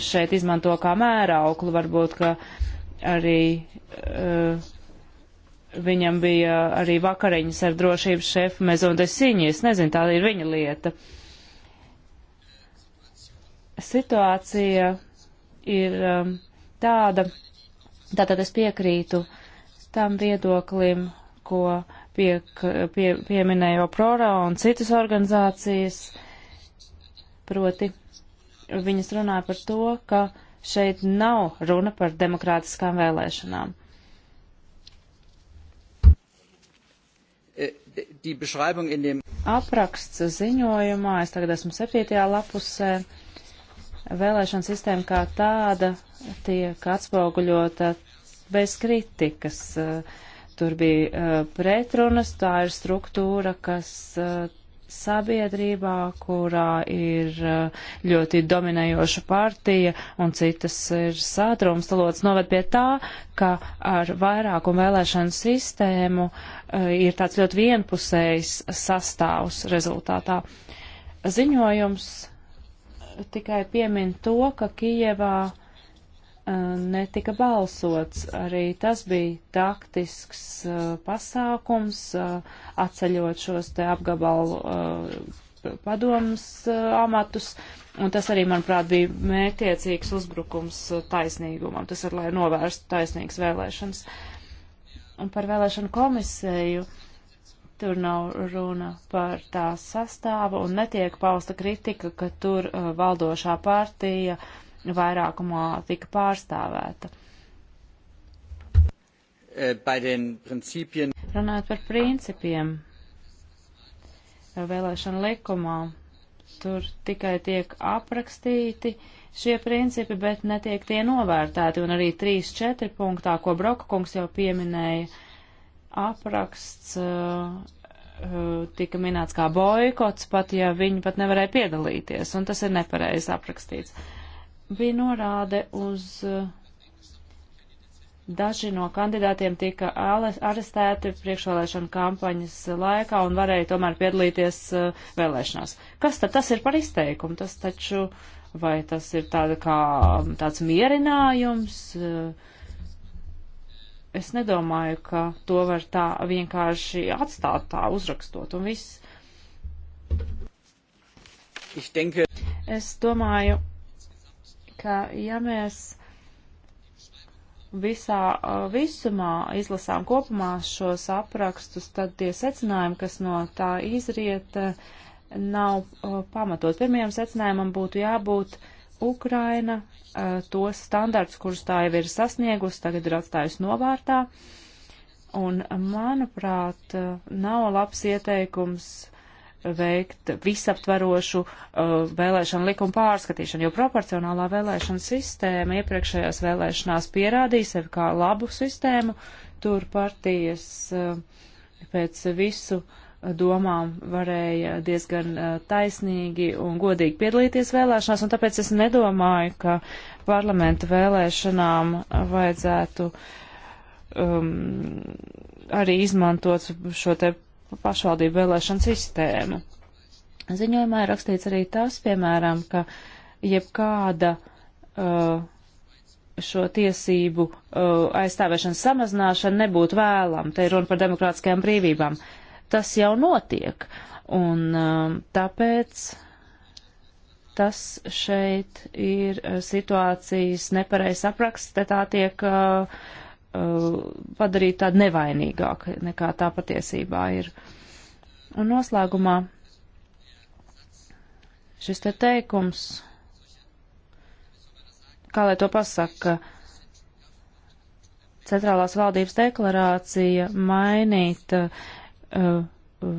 šeit izmanto kā mērauklu. Varbūt, ka arī uh, viņam bija arī vakariņas ar drošības šefu Mezondesiņu. Es nezinu, tā ir viņa lieta. Situācija ir um, tāda, tātad es piekrītu tam viedoklim, ko pie, pie, pieminēja Prora un citas organizācijas, proti viņas runāja par to, ka uh, Šeit nav runa par demokrātiskām vēlēšanām. Äh, Apraksts ziņojumā, es tagad esmu septītajā lapusē, vēlēšana sistēma kā tāda tiek atspoguļota bez kritikas. Tur bija äh, pretrunas, tā ir struktūra, kas äh, sabiedrībā, kurā ir eh, ļoti dominējoša partija un citas ir sātrumstalots, noved pie tā, ka ar vairākumu vēlēšanu sistēmu eh, ir tāds ļoti vienpusējs sastāvs rezultātā. Ziņojums eh, tikai piemin to, ka Kijevā netika balsots. Arī tas bija taktisks uh, pasākums, uh, atceļot šos te apgabalu uh, padomus amatus, un tas arī, manuprāt, bija mērķiecīgs uzbrukums taisnīgumam. Tas ir, lai novērstu taisnīgas vēlēšanas. Un par vēlēšanu komisēju. Tur nav runa par tā sastāvu un netiek pausta kritika, ka tur uh, valdošā partija uh, vairākumā tika pārstāvēta. Eh, Principien... Runājot par principiem vēlēšana likumā, tur tikai tiek aprakstīti šie principi, bet netiek tie novērtēti, un arī 3-4 punktā, ko Broka kungs jau pieminēja, apraksts uh, tika minēts kā boikots, pat ja viņi pat nevarēja piedalīties, un tas ir nepareizi aprakstīts. Uh, bija norāde uz eh, Daži no kandidātiem tika arestēti priekšvēlēšana kampaņas laikā un varēja tomēr piedalīties uh, vēlēšanās. Kas tad tas ir par izteikumu? Tas taču, vai tas ir tāda kā tāds mierinājums? Uh, es nedomāju, ka to var tā vienkārši atstāt tā uzrakstot un viss. Es domāju, ka ja mēs visā uh, visumā izlasām kopumā šos aprakstus, tad tie secinājumi, kas no tā izriet, uh, nav uh, pamatot. Pirmajam secinājumam būtu jābūt Ukraina tos standarts, kurus tā jau ir sasniegusi, tagad ir atstājusi novārtā. Un, manuprāt, nav labs ieteikums veikt visaptvarošu uh, vēlēšanu likumu pārskatīšanu, jo proporcionālā vēlēšana sistēma iepriekšējās vēlēšanās pierādīja sevi kā labu sistēmu, tur partijas uh, pēc visu domām varēja diezgan uh, taisnīgi un godīgi piedalīties vēlēšanās, un tāpēc es nedomāju, ka parlamenta vēlēšanām vajadzētu um, arī izmantot šo te pašvaldību vēlēšanu sistēmu. Ziņojumā ir rakstīts arī tas, piemēram, ka jebkāda uh, šo tiesību uh, aizstāvēšanas samazināšana nebūtu vēlam. Te ir runa par demokrātiskajām brīvībām. Tas jau notiek, un uh, tāpēc tas šeit ir uh, situācijas nepareizs apraksts, te tā tiek uh, Uh, padarīt tādu nevainīgāku, nekā tā patiesībā ir. Un noslēgumā šis te teikums, kā lai to pasaka, centrālās valdības deklarācija mainīt uh,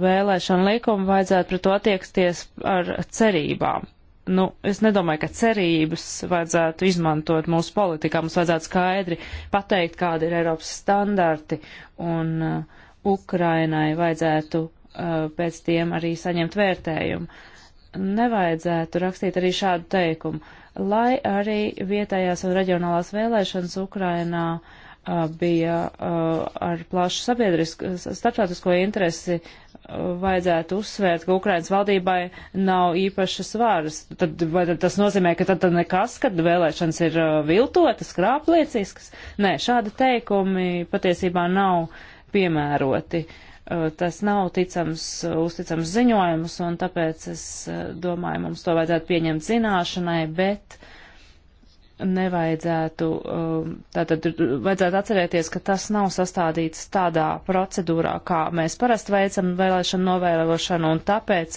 vēlēšanu likumu vajadzētu pret to attieksties ar cerībām nu, es nedomāju, ka cerības vajadzētu izmantot mūsu politikā. Mums vajadzētu skaidri pateikt, kādi ir Eiropas standarti, un uh, Ukrainai vajadzētu uh, pēc tiem arī saņemt vērtējumu. Nevajadzētu rakstīt arī šādu teikumu, lai arī vietējās un reģionālās vēlēšanas Ukrainā uh, bija ar plašu sabiedrisku, starptautisko interesi vajadzētu uzsvērt, ka Ukrainas valdībai nav īpašas varas. Tad, vai tas nozīmē, ka tad, tad nekas, kad vēlēšanas ir viltotas, krāplieciskas? Nē, šādi teikumi patiesībā nav piemēroti. Tas nav ticams, uzticams ziņojums, un tāpēc es domāju, mums to vajadzētu pieņemt zināšanai, bet uh, nevajadzētu, um, tātad vajadzētu atcerēties, ka tas nav sastādīts tādā procedūrā, kā mēs parasti veicam vēlēšanu novērošanu, un tāpēc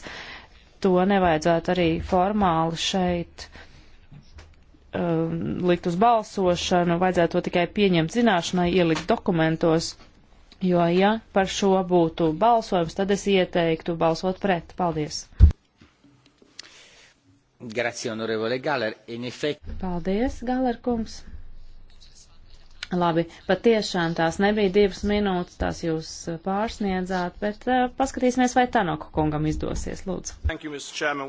to nevajadzētu arī formāli šeit um, likt uz balsošanu, vajadzētu to tikai pieņemt zināšanai, ielikt dokumentos, jo, ja par šo būtu balsojums, tad es ieteiktu balsot pret. Paldies! Grazie, onorevole Galer. In effect... Paldies, Galer kungs. Labi, patiešām tās nebija divas minūtes, tās jūs eh, pārsniedzāt, bet uh, paskatīsimies, vai Tanoku kungam izdosies, lūdzu. You,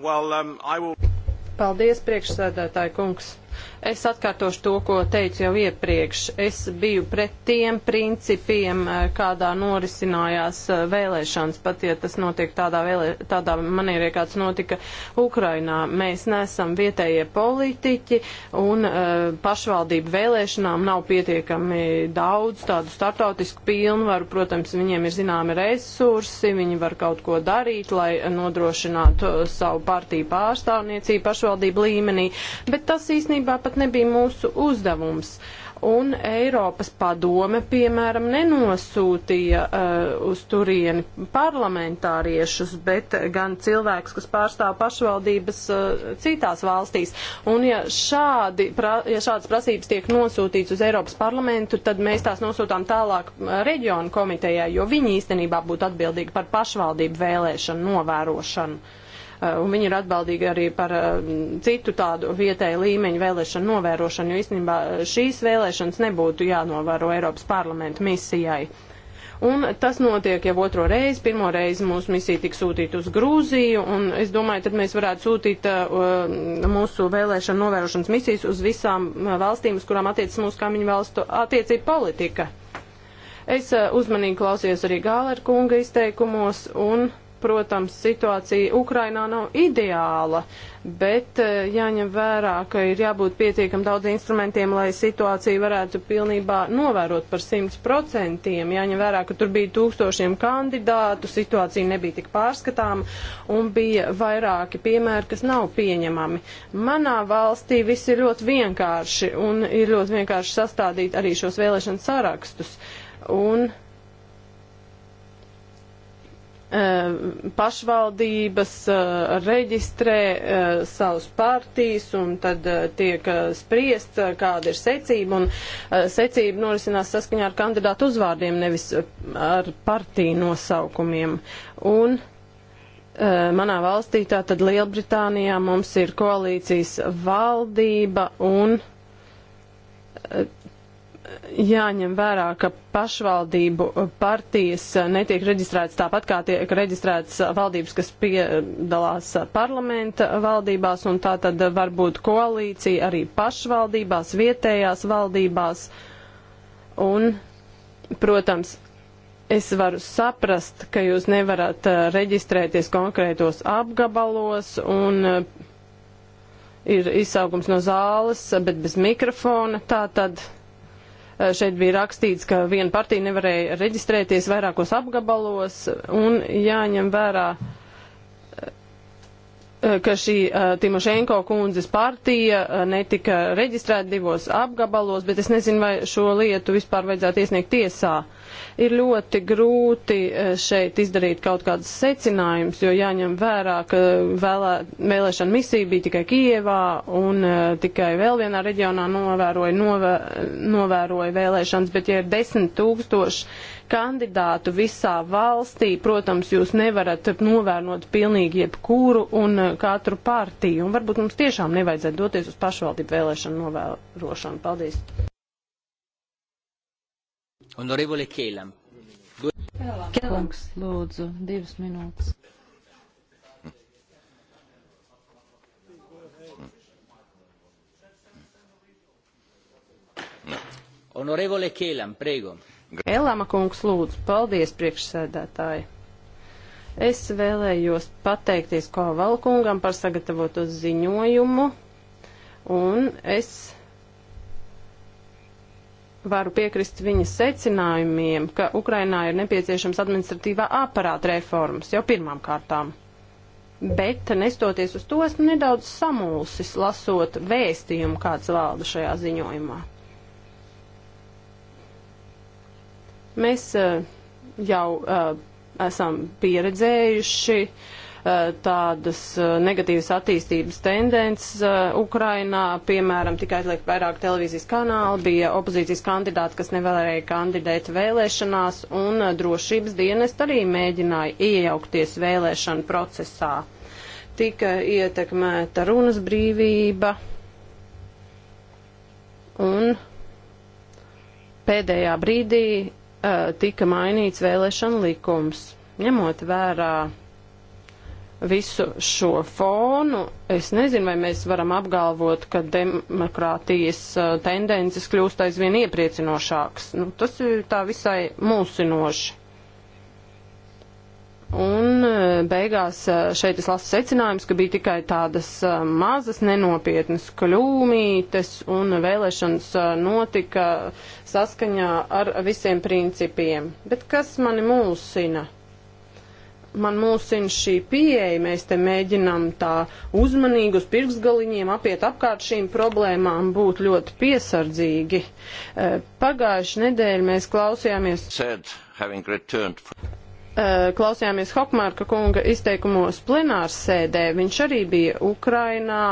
well, um, will... Paldies, priekšsēdētāji kungs. Uh, es atkārtošu to, ko teicu jau iepriekš. Es biju pret tiem principiem, eh, kādā norisinājās eh, vēlēšanas, pat ja tas notiek tādā, vēlē, tādā manierē, kāds notika Ukrainā. Mēs nesam vietējie politiķi un uh, pašvaldību vēlēšanām nav pietiekami daudz tādu startautisku pilnvaru. Protams, viņiem ir zināmi resursi, viņi var kaut ko darīt, lai nodrošinātu savu partiju pārstāvniecību pašvaldību līmenī. Bet tas īstenībā pat pat nebija mūsu uzdevums. Un Eiropas padome, piemēram, nenosūtīja uh, uz turieni parlamentāriešus, bet gan cilvēks, kas pārstāv pašvaldības uh, citās valstīs. Un ja, šādi, pra, ja šādas prasības tiek nosūtīts uz Eiropas parlamentu, tad mēs tās nosūtām tālāk uh, reģionu komitejai, jo viņi īstenībā būtu atbildīgi par pašvaldību vēlēšanu novērošanu. Eh, un viņi ir atbildīgi arī par eh, citu tādu vietēju līmeņu vēlēšanu novērošanu, jo īstenībā eh, šīs vēlēšanas nebūtu jānovēro Eiropas parlamentu misijai. Un tas notiek jau otro reizi. Pirmo reizi mūsu misija tika sūtīta uz Grūziju, un es domāju, tad mēs varētu sūtīt uh, mūsu vēlēšanu novērošanas misijas uz visām valstīm, uz kurām attiecas mūsu kaimiņu valstu attiecība politika. Es uh, uzmanīgi klausījos arī Gālera kunga izteikumos, un uh, Protams, situācija Ukrainā nav ideāla, bet eh, jāņem vērā, ka ir jābūt pietiekam daudz instrumentiem, lai situāciju varētu pilnībā novērot par 100%. Jāņem vērā, ka tur bija tūkstošiem kandidātu, situācija nebija tik pārskatāma un bija vairāki piemēri, kas nav pieņemami. Manā valstī viss ir ļoti vienkārši un ir ļoti vienkārši sastādīt arī šos vēlēšanu sarakstus. Un Eh, pašvaldības eh, reģistrē eh, savus partijas un tad tiek spriest, kāda ir secība, un secība norisinās saskaņā ar kandidātu uzvārdiem, nevis ar partiju nosaukumiem. Un manā valstī, tātad Lielbritānijā, mums ir koalīcijas valdība un jāņem vērā, ka pašvaldību partijas netiek reģistrētas tāpat kā tiek reģistrētas valdības, kas piedalās parlamenta valdībās, un tā tad var būt koalīcija arī pašvaldībās, vietējās valdībās. Un, protams, es varu saprast, ka jūs nevarat reģistrēties konkrētos apgabalos un eh, ir izsaugums no zāles, bet bez mikrofona. Tā tad Eh, šeit bija rakstīts, ka viena partija nevarēja reģistrēties vairākos apgabalos un jāņem vērā eh, eh, ka šī uh, Timošenko kundzes partija uh, netika reģistrēta divos apgabalos, bet es nezinu, vai šo lietu vispār vajadzētu iesniegt tiesā. Uh, Ir ļoti grūti e, šeit izdarīt kaut kādas secinājumus, jo jāņem vērā, ka vēlē, vēlēšana misija bija tikai Kievā un e, tikai vēl vienā reģionā novēroja, novē, novēroja vēlēšanas, bet ja ir desmit tūkstoši kandidātu visā valstī. Protams, jūs nevarat novērnot pilnīgi jebkuru un e, katru partiju. Un varbūt mums tiešām nevajadzētu doties uz pašvaldību vēlēšanu novērošanu. Paldies! Honorevole Kēlam. Kēlams, lūdzu, divas minūtes. Honorevole Kēlam, prego. Elama kungs, lūdzu, paldies priekšsēdētāji. Es vēlējos pateikties Kovalkungam par sagatavoto ziņojumu, un es varu piekrist viņas secinājumiem, ka Ukrainā ir nepieciešams administratīvā aparāta reformas jau pirmām kārtām. Bet, nestoties uz to, esmu nedaudz samulsis, lasot vēstījumu, kāds valda šajā ziņojumā. Mēs eh, jau eh, esam pieredzējuši uh, Eh, tādas eh, negatīvas attīstības tendences eh, Ukrainā. Piemēram, tika aizliegt vairāk televīzijas kanāli, bija opozīcijas kandidāti, kas nevēlēja kandidēt vēlēšanās, un drošības dienest arī mēģināja iejaukties vēlēšanu procesā. Tika ietekmēta runas brīvība un pēdējā brīdī uh, tika mainīts vēlēšana likums, ņemot vērā uh, visu šo fonu, es nezinu, vai mēs varam apgalvot, ka demokrātijas uh, tendences kļūst aizvien iepriecinošākas. Nu, tas ir tā visai mulsinoši. Un uh, beigās uh, šeit es lasu secinājums, ka bija tikai tādas mazas nenopietnas kļūmītes un vēlēšanas notika saskaņā ar visiem principiem. Bet kas mani mulsina? man mūsina šī pieeja. Mēs te mēģinām tā uzmanīgi uz pirksgaliņiem apiet apkārt šīm problēmām, būt ļoti piesardzīgi. Eh, pagājuši nedēļu mēs klausījāmies. Said, Eh, klausījāmies Hokmārka kunga izteikumos plenārs sēdē. Viņš arī bija Ukrainā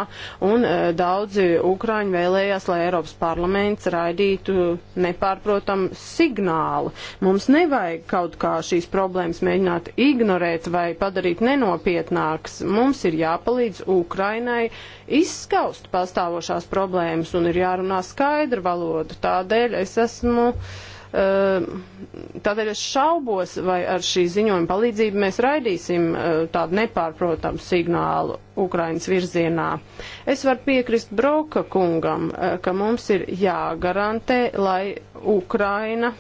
un eh, daudzi Ukraiņi vēlējās, lai Eiropas parlaments raidītu nepārprotam signālu. Mums nevajag kaut kā šīs problēmas mēģināt ignorēt vai padarīt nenopietnāks. Mums ir jāpalīdz Ukrainai izskaust pastāvošās problēmas un ir jārunā skaidra valoda. Tādēļ es esmu. Uh, Ehm, tādēļ es šaubos, vai ar šī ziņojuma palīdzību mēs raidīsim ehm, tādu nepārprotamu signālu Ukrainas virzienā. Es varu piekrist Broka kungam, ehm, ka mums ir jāgarantē, lai Ukraina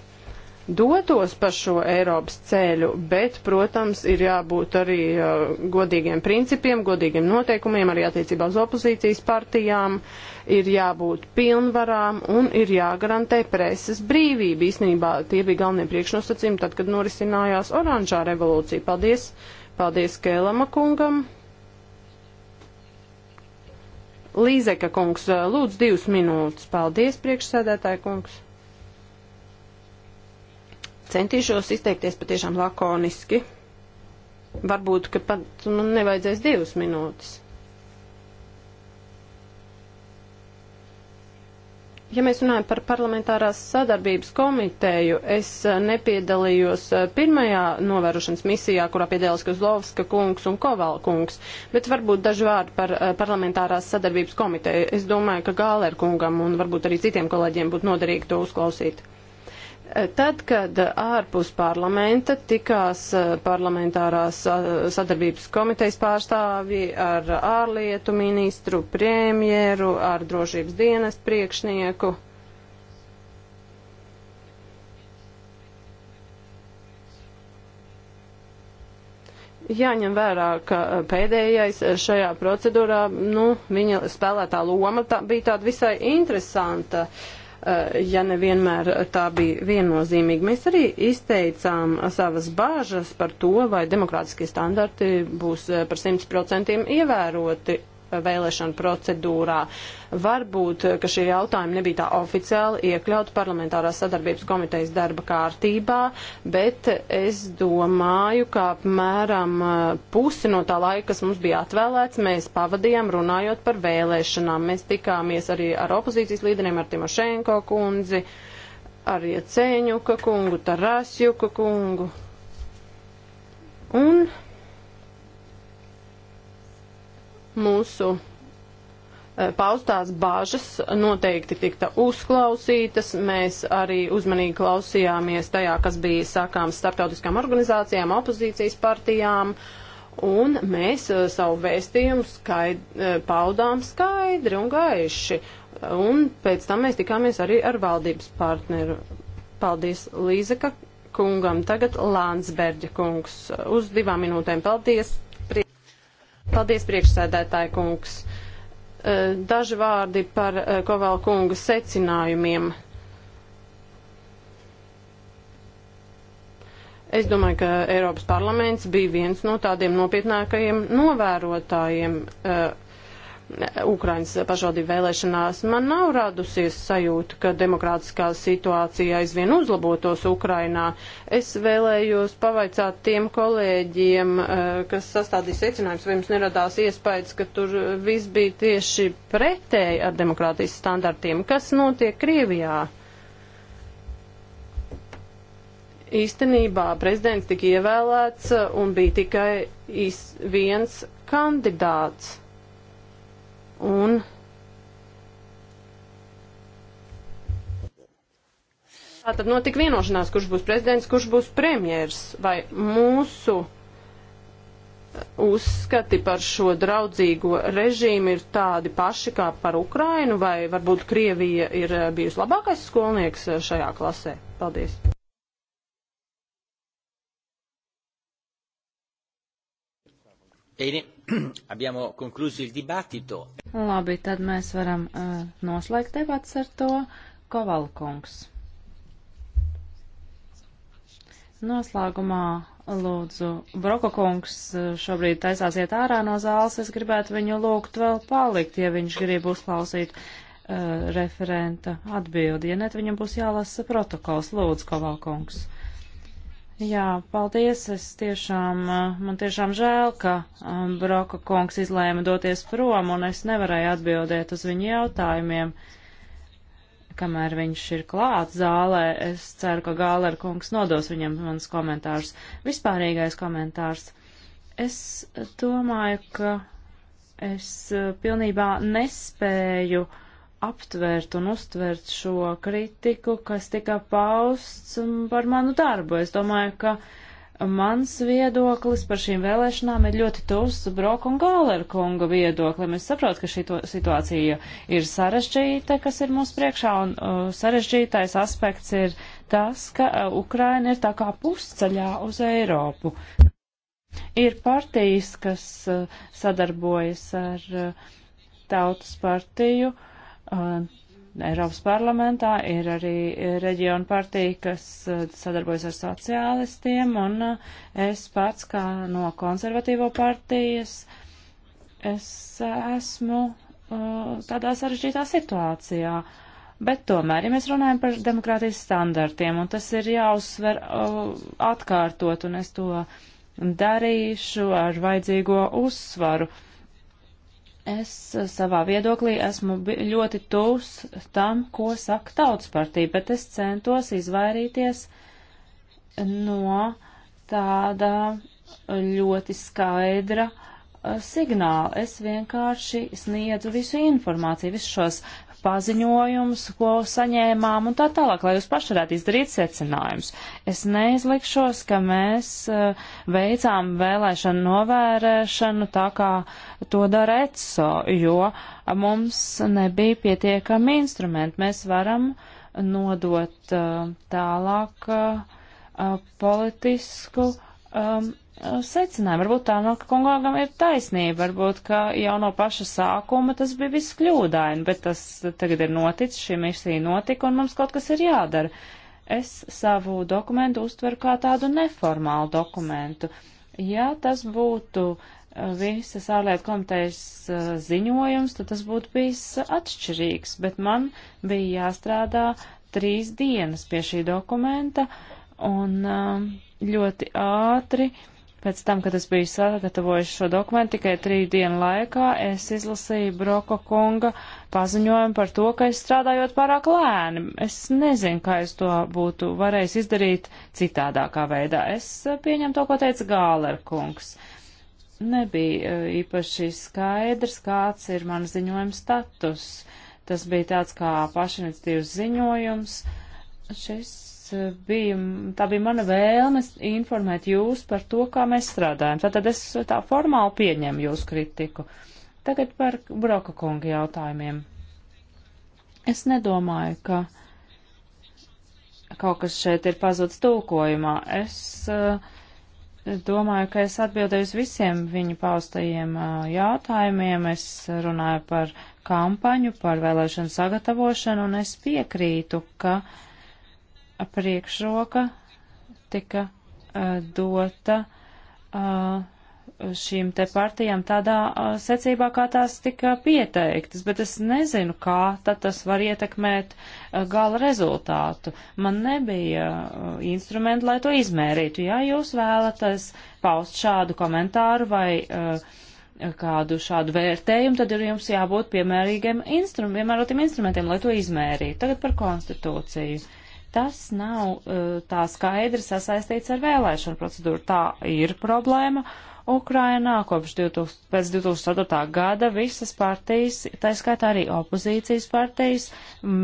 dotos pa šo Eiropas ceļu, bet, protams, ir jābūt arī uh, godīgiem principiem, godīgiem noteikumiem, arī attiecībā uz opozīcijas partijām. Uh, ir jābūt pilnvarām un ir jāgarantē preses brīvība. Īstenībā tie bija galvenie priekšnosacījumi tad, kad norisinājās oranžā revolūcija. Paldies, paldies Kēlama kungam. Līzeka kungs, lūdzu divas minūtes. Paldies, priekšsēdētāja kungs. Centīšos izteikties patiešām lakoniski. Varbūt, ka pat man nevajadzēs divas minūtes. Ja mēs runājam par parlamentārās sadarbības komiteju, es eh, nepiedalījos eh, pirmajā novērošanas misijā, kurā piedalījās Kozlovska kungs un Kovala kungs, bet varbūt daži vārdi par eh, parlamentārās sadarbības komiteju. Es domāju, ka Gāler kungam un varbūt arī citiem kolēģiem būtu noderīgi to uzklausīt. Tad, kad ārpus parlamenta tikās eh, parlamentārās eh, sadarbības komitejas pārstāvji ar ārlietu ministru, premjeru, ar drošības dienas priekšnieku, jāņem vērā, ka eh, pēdējais šajā procedūrā, nu, viņa spēlētā loma tā, bija tāda visai interesanta. Uh, Eh, ja nevienmēr tā bija viennozīmīga. Mēs arī izteicām savas bāžas par to, vai demokrātiskie standarti būs eh, par 100% ievēroti vēlēšanu procedūrā. Varbūt, ka šie jautājumi nebija tā oficiāli iekļauti parlamentārās sadarbības komitejas darba kārtībā, bet es domāju, ka apmēram uh, pusi no tā laika, kas mums bija atvēlēts, mēs pavadījām runājot par vēlēšanām. Mēs tikāmies arī ar opozīcijas līderiem, ar Timošenko kundzi, ar Ieceņuka kungu, Tarasjuka kungu. Un mūsu eh, paustās bažas noteikti tika uzklausītas. Mēs arī uzmanīgi klausījāmies tajā, kas bija sākāms starptautiskām organizācijām, opozīcijas partijām, un mēs eh, savu vēstījumu skaid, eh, paudām skaidri un gaiši. Un pēc tam mēs tikāmies arī ar valdības partneru. Paldies, Līzeka kungam. Tagad Lānsberģa kungs uz divām minūtēm. Paldies, Paldies, priekšsēdētāji kungs. Eh, daži vārdi par eh, Kovala kunga secinājumiem. Es domāju, ka Eiropas parlaments bija viens no tādiem nopietnākajiem novērotājiem uh, Ukrainas pašvaldību vēlēšanās, man nav radusies sajūta, ka demokrātiskā situācija aizvien uzlabotos Ukrainā. Es vēlējos pavaicāt tiem kolēģiem, eh, kas sastādīja secinājumus, vai jums neradās iespējas, ka tur viss bija tieši pretēji ar demokrātijas standartiem. Kas notiek Krievijā? Īstenībā prezidents tika ievēlēts un bija tikai viens kandidāts un Tātad notika vienošanās, kurš būs prezidents, kurš būs premjers, vai mūsu uzskati par šo draudzīgo režīmu ir tādi paši kā par Ukrainu, vai varbūt Krievija ir bijusi labākais skolnieks šajā klasē? Paldies! Labi, tad mēs varam uh, noslēgt debats ar to. Kovalkungs. Noslēgumā lūdzu, Brokokungs eh, šobrīd taisās iet ārā no zāles. Es gribētu viņu lūgt vēl palikt, ja viņš grib uzklausīt uh, referenta atbildi. Ja net, viņam būs jālasa protokols. Lūdzu, Kovalkungs. Jā, paldies. Es tiešām, eh, man tiešām žēl, ka eh, Broka kungs izlēma doties prom, un es nevarēju atbildēt uz viņu jautājumiem. Kamēr viņš ir klāt zālē, es ceru, ka Gāler kungs nodos viņam mans komentārs. Vispārīgais komentārs. Es domāju, ka es eh, pilnībā nespēju uh, aptvērt un uztvērt šo kritiku, kas tika pausts um, par manu darbu. Es domāju, ka mans viedoklis par šīm vēlēšanām ir ļoti tuvs Broka un Gālera kunga viedoklim. Es saprotu, ka šī situācija ir sarežģīta, kas ir mūsu priekšā, un uh, sarežģītais aspekts ir tas, ka uh, Ukraina ir tā kā pusceļā uz Eiropu. Ir partijas, kas uh, sadarbojas ar uh, Tautas partiju, uh, Uh, Eiropas parlamentā ir arī reģiona partija, kas uh, sadarbojas ar sociālistiem, un uh, es pats kā no konservatīvo partijas es esmu tādā sarežģītā situācijā. Bet tomēr, ja mēs runājam par demokrātijas standartiem, un tas ir jāuzsver atkārtot, un es to darīšu ar vajadzīgo uzsvaru. Uh, Es eh, savā viedoklī esmu ļoti tūs tam, ko saka tautas partija, bet es centos izvairīties no tāda ļoti skaidra eh, signāla. Es vienkārši sniedzu visu informāciju, visus šos paziņojumus, ko saņēmām un tā tālāk, lai jūs paši varētu izdarīt secinājumus. Es neizlikšos, ka mēs eh, veicām vēlēšanu novērēšanu tā, kā to dara ECO, jo mums nebija pietiekami instrumenti. Mēs varam nodot eh, tālāk eh, politisku um, Uh, secinājumu. Varbūt tā no kungam ir taisnība, varbūt, ka jau no paša sākuma tas bija viss kļūdaini, bet tas tagad ir noticis, šī misija notika un mums kaut kas ir jādara. Es savu dokumentu uztveru kā tādu neformālu dokumentu. Ja tas būtu uh, visas ārlietu komitejas uh, ziņojums, tad tas būtu bijis atšķirīgs, bet man bija jāstrādā trīs dienas pie šī dokumenta un um, ļoti ātri uh, Pēc tam, kad es biju sagatavojis šo dokumentu tikai trīs dienu laikā, es izlasīju Broko kunga paziņojumu par to, ka es strādājot pārāk lēni. Es nezinu, kā es to būtu varējis izdarīt citādākā veidā. Es eh, pieņemu to, ko teica Gāler kungs. Nebija eh, īpaši skaidrs, kāds ir man ziņojuma status. Tas bija tāds kā pašinicitīvs ziņojums. Šis bija, tā bija mana vēlme informēt jūs par to, kā mēs strādājam. Tātad es tā formāli pieņemu jūsu kritiku. Tagad par Broka kunga jautājumiem. Es nedomāju, ka kaut kas šeit ir pazudis tulkojumā. Es uh, domāju, ka es atbildēju uz visiem viņu paustajiem uh, jautājumiem. Es runāju par kampaņu, par vēlēšanu sagatavošanu, un es piekrītu, ka uh, priekšroka tika dota šīm te partijām tādā secībā, kā tās tika pieteiktas, bet es nezinu, kā tad tas var ietekmēt gala rezultātu. Man nebija instrumenti, lai to izmērītu. Ja jūs vēlaties paust šādu komentāru vai kādu šādu vērtējumu, tad ir jums jābūt piemērīgiem instrumentiem, piemērotiem instrumentiem, lai to izmērītu. Tagad par konstitūciju. Uh, tas nav eh, tā skaidri sasaistīts ar vēlēšanu procedūru. Tā ir problēma. Ukrainā kopš 2000, pēc 2004. gada visas partijas, tā skaitā arī opozīcijas partijas,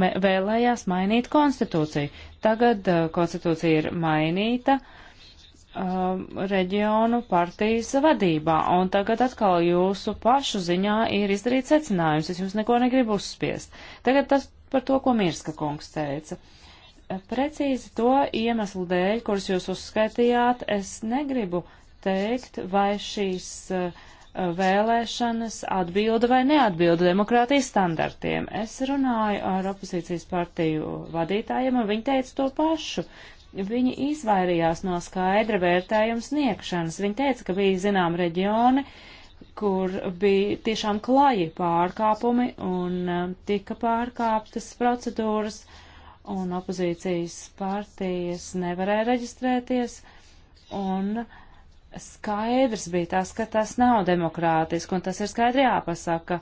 me, vēlējās mainīt konstitūciju. Tagad uh, konstitūcija ir mainīta um, reģionu partijas vadībā, un tagad atkal jūsu pašu ziņā ir izdarīts secinājums, es jums neko negribu uzspiest. Tagad tas par to, ko Mirska kungs teica. Uh, Precīzi to iemeslu dēļ, kurus jūs uzskaitījāt, es negribu teikt, vai šīs uh, vēlēšanas atbilda vai neatbilda demokrātijas standartiem. Es runāju ar opozīcijas partiju vadītājiem, un viņi teica to pašu. Viņi izvairījās no skaidra vērtējuma sniegšanas. Viņi teica, ka bija zinām reģioni, kur bija tiešām klaji pārkāpumi un uh, tika pārkāptas procedūras. Uh, un opozīcijas partijas nevarēja reģistrēties, un skaidrs bija tas, ka tas nav demokrātiski, un tas ir skaidri jāpasaka,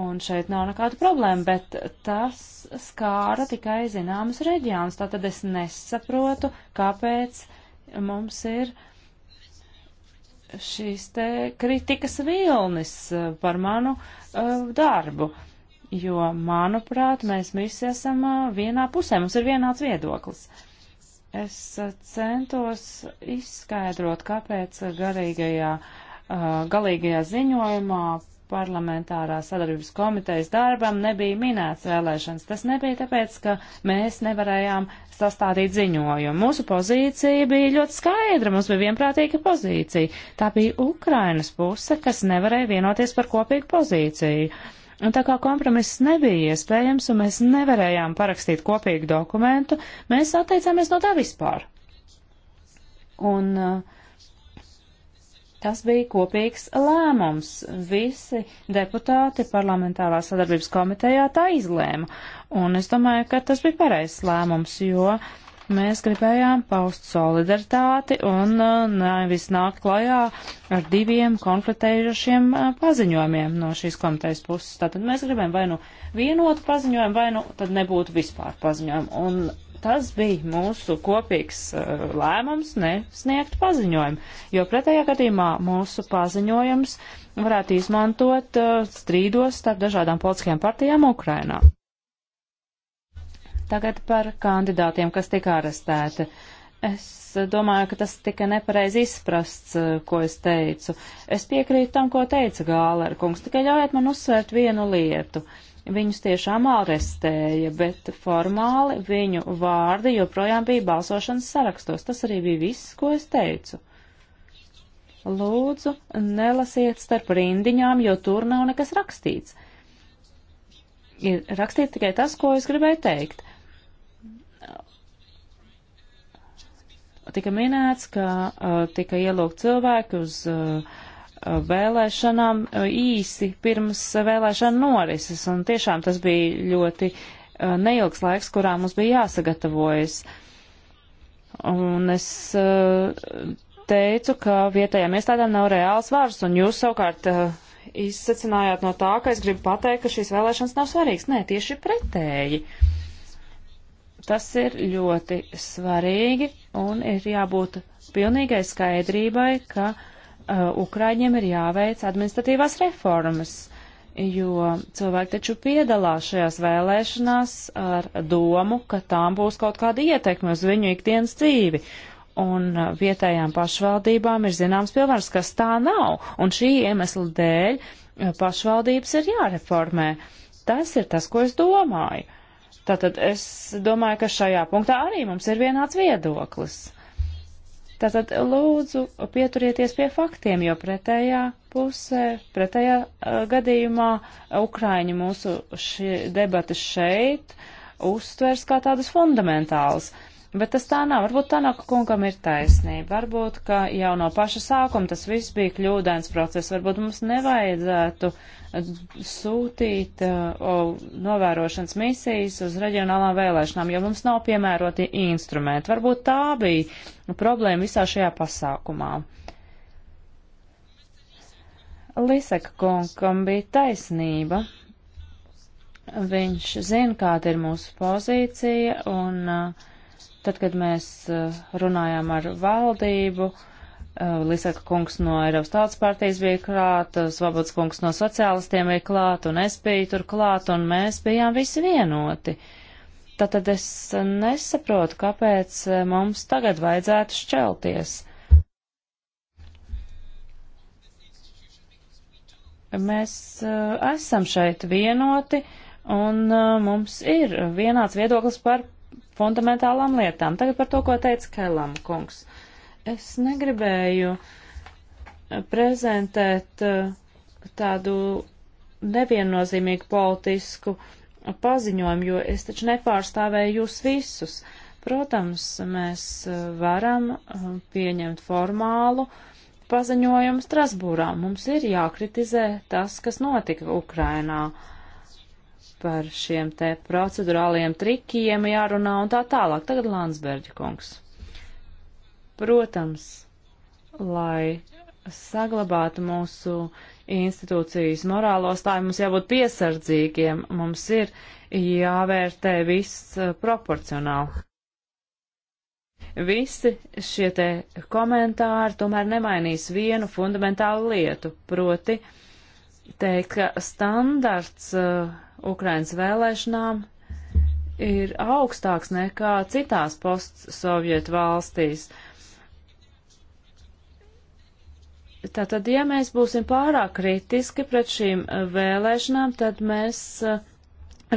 un šeit nav nekāda problēma, bet tas skāra tikai zināmas reģionus, tātad es nesaprotu, kāpēc mums ir šīs te kritikas vilnis par manu uh, darbu. Uh, jo, manuprāt, mēs visi esam vienā pusē, mums ir vienāds viedoklis. Es centos izskaidrot, kāpēc garīgajā, galīgajā ziņojumā parlamentārā sadarbības komitejas darbam nebija minēts vēlēšanas. Tas nebija tāpēc, ka mēs nevarējām sastādīt ziņojumu. Mūsu pozīcija bija ļoti skaidra, mums bija vienprātīga pozīcija. Tā bija Ukrainas puse, kas nevarēja vienoties par kopīgu pozīciju. Uh, Un tā kā kompromiss nebija iespējams un mēs nevarējām parakstīt kopīgu dokumentu, mēs atteicāmies no tā vispār. Un uh, tas bija kopīgs lēmums. Visi deputāti parlamentārā sadarbības komitejā tā izlēma. Un es domāju, ka tas bija pareizs lēmums, jo uh, Mēs gribējām paust solidaritāti un uh, nevis nākt klajā ar diviem konfliktējušiem uh, paziņojumiem no šīs komitejas puses. Tātad mēs gribējām vai nu vienotu paziņojumu, vai nu tad nebūtu vispār paziņojumu. Un tas bija mūsu kopīgs uh, lēmums nesniegt paziņojumu, jo pretējā gadījumā mūsu paziņojums varētu izmantot strīdos starp dažādām politiskajām partijām Ukrainā. Tagad par kandidātiem, kas tika arestēti. Es domāju, ka tas tika nepareizi izprasts, ko es teicu. Es piekrītu tam, ko teica Gālera kungs, tikai ļaujiet man uzsvērt vienu lietu. Viņus tiešām arestēja, bet formāli viņu vārdi joprojām bija balsošanas sarakstos. Tas arī bija viss, ko es teicu. Lūdzu, nelasiet starp rindiņām, jo tur nav nekas rakstīts. Ir rakstīts tikai tas, ko es gribēju teikt. tika minēts, ka uh, tika ielūgt cilvēki uz uh, uh, vēlēšanām uh, īsi pirms vēlēšana norises, un tiešām tas bija ļoti uh, neilgs laiks, kurā mums bija jāsagatavojas. Un es uh, teicu, ka vietējām iestādēm nav reāls vārds, un jūs savukārt uh, izsacinājāt no tā, ka es gribu pateikt, ka šīs vēlēšanas nav svarīgas. Nē, tieši pretēji. Uh, Tas ir ļoti svarīgi un ir jābūt pilnīgai skaidrībai, ka uh, Ukraiņiem ir jāveic administratīvās reformas, jo cilvēki taču piedalās šajās vēlēšanās ar domu, ka tām būs kaut kāda ietekme uz viņu ikdienas dzīvi un uh, vietējām pašvaldībām ir zināms pilnvars, kas tā nav, un šī iemesla dēļ uh, pašvaldības ir jāreformē. Tas ir tas, ko es domāju. Tātad es domāju, ka šajā punktā arī mums ir vienāds viedoklis. Tātad lūdzu pieturieties pie faktiem, jo pretējā pusē, pretējā uh, gadījumā Ukraiņi mūsu debatas šeit uztvers kā tādas fundamentālas. Bet tas tā nav. Varbūt Tanaka kungam ir taisnība. Varbūt, ka jau no paša sākuma tas viss bija kļūdains process. Varbūt mums nevajadzētu sūtīt uh, novērošanas misijas uz reģionālām vēlēšanām, jo mums nav piemēroti instrumenti. Varbūt tā bija problēma visā šajā pasākumā. Liseka kungam bija taisnība. Viņš zina, kāda ir mūsu pozīcija, un uh, tad, kad mēs uh, runājām ar valdību, uh, Uh, Lisaka kungs no Eiropas tautas partijas bija klāt, uh, Svabods kungs no sociālistiem bija klāt, un es biju tur klāt, un mēs bijām visi vienoti. Tātad es uh, nesaprotu, kāpēc mums tagad vajadzētu šķelties. Mēs esam šeit vienoti, un mums ir vienāds viedoklis par fundamentālām lietām. Tagad par to, ko teica Kelam kungs. Uh, Es negribēju eh, prezentēt eh, tādu neviennozīmīgu politisku paziņojumu, jo es taču nepārstāvēju jūs visus. Protams, mēs eh, varam pieņemt formālu paziņojumu Strasbūrā. Mums ir jākritizē tas, kas notika Ukrainā par šiem te procedurāliem trikiem jārunā un tā tālāk. Tagad Landsberģi kungs. Protams, lai saglabātu mūsu institūcijas morālo stāju, mums jābūt piesardzīgiem, mums ir jāvērtē viss uh, proporcionāli. Visi šie te komentāri tomēr nemainīs vienu fundamentālu lietu, proti teikt, ka standarts uh, Ukrainas vēlēšanām ir augstāks nekā citās postsovietu valstīs. Uh, Tātad, ja mēs būsim pārāk kritiski pret šīm e, vēlēšanām, tad mēs e,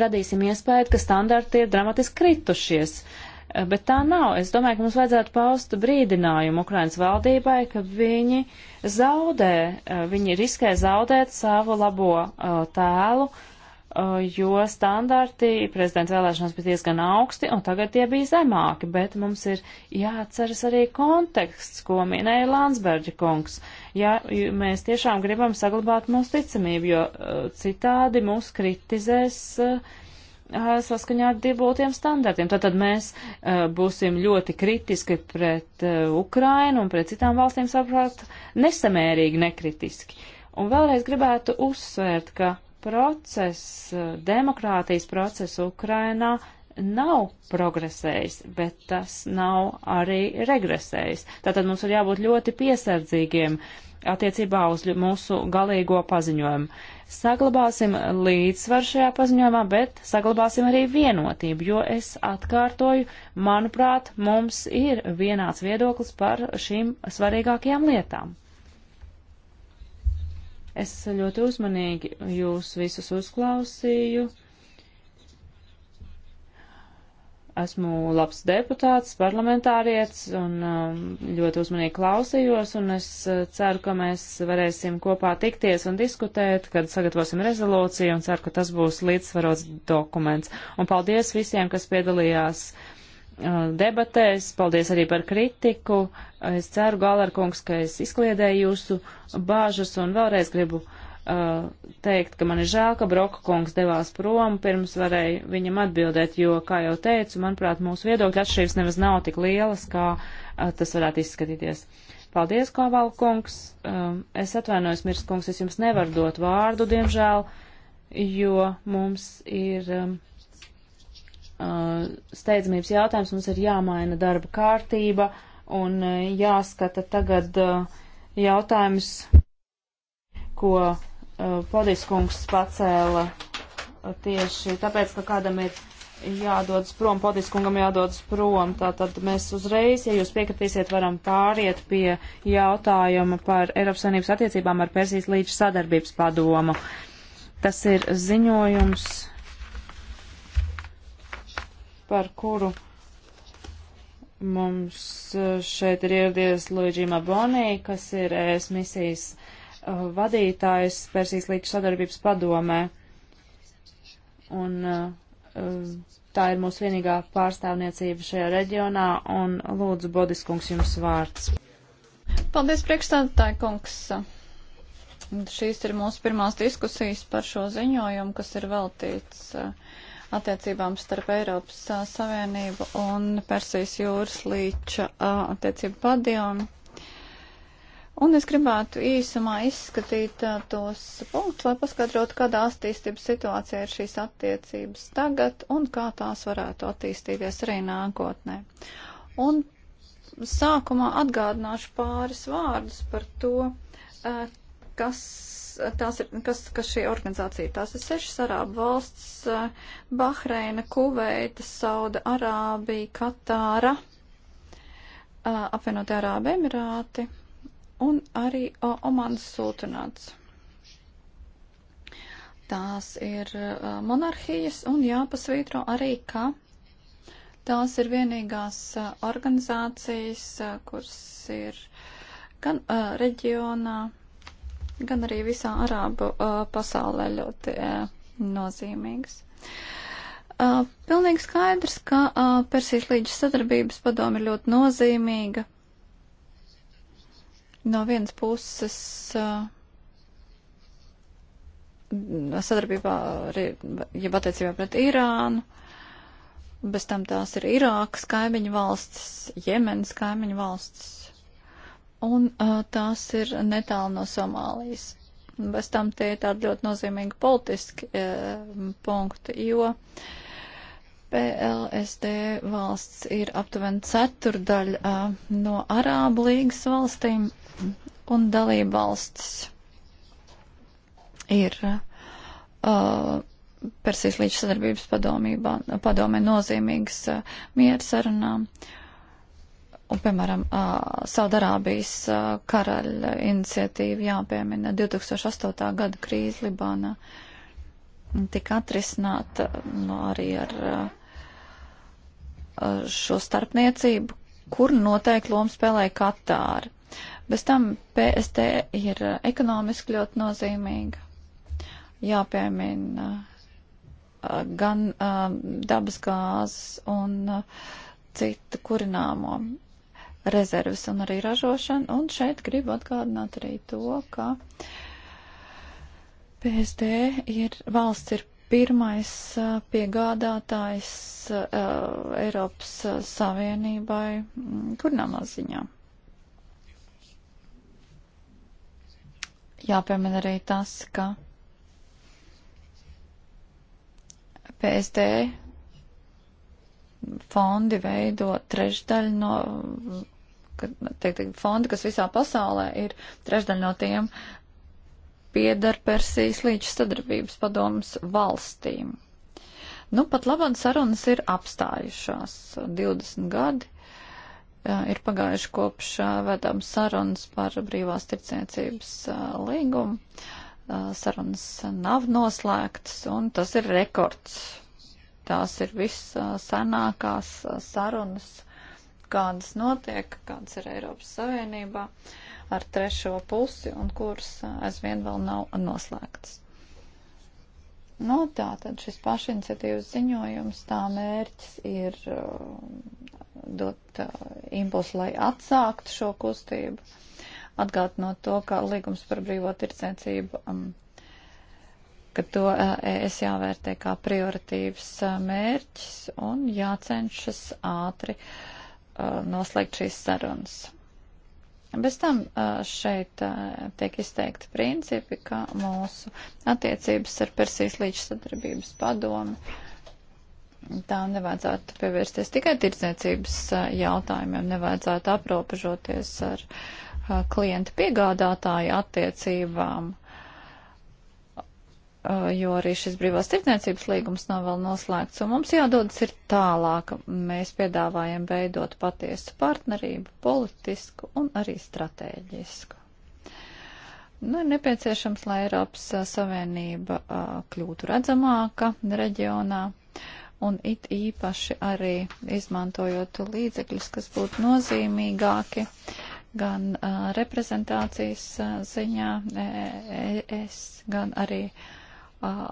radīsim iespēju, ka standarti ir dramatiski kritušies. E, bet tā nav. Es domāju, ka mums vajadzētu paust brīdinājumu Ukrainas valdībai, ka viņi zaudē, viņi riskē zaudēt savu labo tēlu, jo standarti prezidenta vēlēšanās bija diezgan augsti, un tagad tie bija zemāki, bet mums ir jāatceras arī konteksts, ko minēja Landsbergi kungs. Uh, ja mēs tiešām gribam saglabāt mūsu ticamību, jo uh, citādi mūs kritizēs uh, saskaņā ar divbūtiem standartiem. Tātad mēs uh, būsim ļoti kritiski pret Ukrainu un pret citām valstīm, saprāt, nesamērīgi nekritiski. Un vēlreiz gribētu uzsvērt, ka process, demokrātijas process Ukrainā nav progresējis, bet tas nav arī regresējis. Tātad mums ir jābūt ļoti piesardzīgiem uh, attiecībā uz mūsu galīgo paziņojumu. Saglabāsim līdzsvaru šajā paziņojumā, bet saglabāsim arī vienotību, jo es atkārtoju, manuprāt, mums ir vienāds viedoklis par šīm svarīgākajām lietām. Es ļoti uzmanīgi jūs visus uzklausīju. esmu labs deputāts, parlamentārietis un um, ļoti uzmanīgi klausījos, un es uh, ceru, ka mēs varēsim kopā tikties un diskutēt, kad sagatavosim rezolūciju, un ceru, ka tas būs līdzsvarots dokuments. Un paldies visiem, kas piedalījās uh, debatēs, paldies arī par kritiku. Es ceru, Galerkungs, ka es izkliedēju jūsu bāžas un vēlreiz gribu uh, Uh, teikt, ka man ir žēl, ka Broka kungs devās prom, pirms varēju viņam atbildēt, jo, kā jau teicu, manuprāt, mūsu viedokļa atšķirības nemaz nav tik lielas, kā uh, tas varētu izskatīties. Paldies, Koval kungs. Um, es atvainojos, Mirs kungs, es jums nevaru dot vārdu, diemžēl, jo mums ir um, uh, steidzamības jautājums, mums ir jāmaina darba kārtība un jāskata tagad jautājums, ko Uh, Podis kungs pacēla uh, tieši tāpēc, ka kādam ir jādodas prom, Podis kungam jādodas prom. Tātad mēs uzreiz, ja jūs piekritīsiet, varam pāriet pie jautājuma par Eiropas Savienības attiecībām ar Persijas līča sadarbības padomu. Tas ir ziņojums, par kuru mums uh, šeit ir ieradies Luigi Mabonī, kas ir ES misijas uh, Uh, vadītājs Persijas līča sadarbības padomē. Un uh, uh, tā ir mūsu vienīgā pārstāvniecība šajā reģionā, un lūdzu, Bodiskungs, jums vārds. Paldies, priekšstādātāji kungs. Šīs ir mūsu pirmās diskusijas par šo ziņojumu, kas ir veltīts attiecībām starp Eiropas Savienību un Persijas jūras līča attiecību padomu. Un es gribētu īsumā izskatīt uh, tos punktus, lai paskaidrotu, kādā attīstības situācijā ir šīs attiecības tagad un kā tās varētu attīstīties arī nākotnē. Un sākumā atgādināšu pāris vārdus par to, uh, kas, tās ir, kas, kas šī organizācija. Tās ir sešas arābu valsts uh, - Bahreina, Kuveita, Sauda Arābija, Katāra, uh, apvienotie Arābu Emirāti un arī Omanas sultanāts. Tās ir e, monarhijas un jāpasvītro arī, ka tās ir vienīgās e, organizācijas, e, kuras ir gan uh, reģionā, gan arī visā arābu uh, pasaulē ļoti uh, nozīmīgas. Uh, pilnīgi skaidrs, ka uh, Persijas līģa sadarbības padomi ir ļoti nozīmīga No vienas puses sadarbībā arī, ja attiecībā pret Irānu, bez tam tās ir Irākas kaimiņu valstis, Jemenas kaimiņu valstis, un tās ir netālu no Somālijas. Bez tam tie ir tādi ļoti nozīmīgi politiski e, punkti, jo PLSD valsts ir aptuveni ceturdaļa e, no Arābu līgas valstīm, un dalība valsts ir uh, Persijas līdz sadarbības padomībā, padomē nozīmīgas uh, miera sarunām. Un, piemēram, uh, Saudarābijas uh, karaļa iniciatīva jāpiemina 2008. gada krīze Libānā tika atrisināta uh, nu, arī ar uh, uh, šo starpniecību, kur noteikti lomu spēlēja Katāra. Bez tam PST ir ekonomiski ļoti nozīmīga. Jāpiemina gan dabas gāzes un citu kurināmo rezerves un arī ražošanu. Un šeit gribu atgādināt arī to, ka PSD ir valsts ir pirmais piegādātājs uh, Eiropas Savienībai kurināmā ziņā. Jāpiemina arī tas, ka PSD fondi veido trešdaļu no, teikt, fondi, kas visā pasaulē ir trešdaļu no tiem, piedar Persijas līča sadarbības padomus valstīm. Nu, pat labāk sarunas ir apstājušās 20 gadi ir pagājuši kopš vedām sarunas par brīvās tirdzniecības līgumu. Sarunas nav noslēgtas, un tas ir rekords. Tās ir vissanākās sarunas, kādas notiek, kādas ir Eiropas Savienībā ar trešo pusi un kuras aizvien vēl nav noslēgtas. Nu, tā tad šis pašiniciatīvas ziņojums, tā mērķis ir dot uh, impulsu, lai atsāktu šo kustību. Atgādinot to, ka līgums par brīvo tirdzniecību, um, ka to uh, es jāvērtē kā prioritīvs uh, mērķis un jācenšas ātri noslēgt šīs sarunas. Bez tam šeit tiek izteikti principi, ka mūsu attiecības ar Persijas līdz sadarbības padomu tā nevajadzētu pievērsties tikai tirdzniecības jautājumiem, nevajadzētu aprobežoties ar klienta piegādātāju attiecībām, jo arī šis brīvās tirdzniecības līgums nav vēl noslēgts, un mums jādodas ir tālāk. Mēs piedāvājam veidot patiesu partnerību, politisku un arī stratēģisku. Nu, ir nepieciešams, lai Eiropas Savienība kļūtu redzamāka reģionā un it īpaši arī izmantojot līdzekļus, kas būtu nozīmīgāki gan uh, reprezentācijas uh, ziņā es, gan arī uh,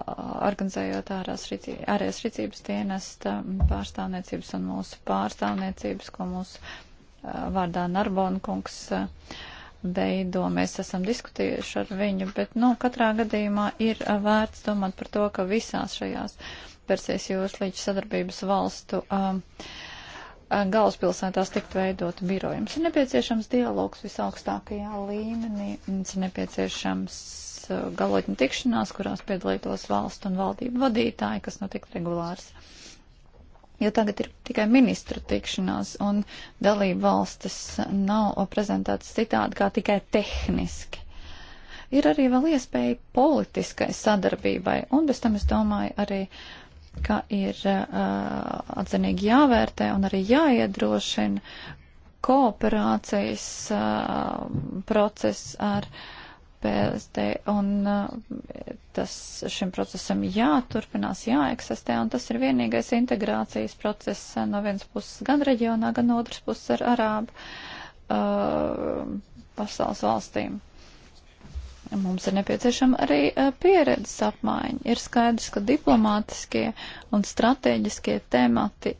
organizējot ārās rīcības, ārējās rīcības dienesta pārstāvniecības un mūsu pārstāvniecības, ko mūsu uh, vārdā Narbona kungs uh, veido. Mēs esam diskutējuši ar viņu, bet, nu, katrā gadījumā ir vērts domāt par to, ka visās šajās uh, Persijas jūras līdz sadarbības valstu um, uh, galvaspilsētās tikt veidot biroju. Mums ir nepieciešams dialogs visaugstākajā līmenī, mums ir nepieciešams uh, galotņu tikšanās, kurās piedalītos valstu un valdību vadītāji, kas notiek regulārs. Jo tagad ir tikai ministru tikšanās un dalību valstis nav prezentētas citādi kā tikai tehniski ir arī vēl iespēja politiskai sadarbībai, un bez tam, es domāju, arī ka ir uh, atzinīgi jāvērtē un arī jāiedrošina kooperācijas uh, process ar PSD, un uh, tas šim procesam jāturpinās, jāeksistē, un tas ir vienīgais integrācijas process uh, no vienas puses gan reģionā, gan otras puses ar Arābu uh, pasaules valstīm. Uh, Mums ir nepieciešama arī pieredzes apmaiņa. Ir skaidrs, ka diplomātiskie un strateģiskie temati,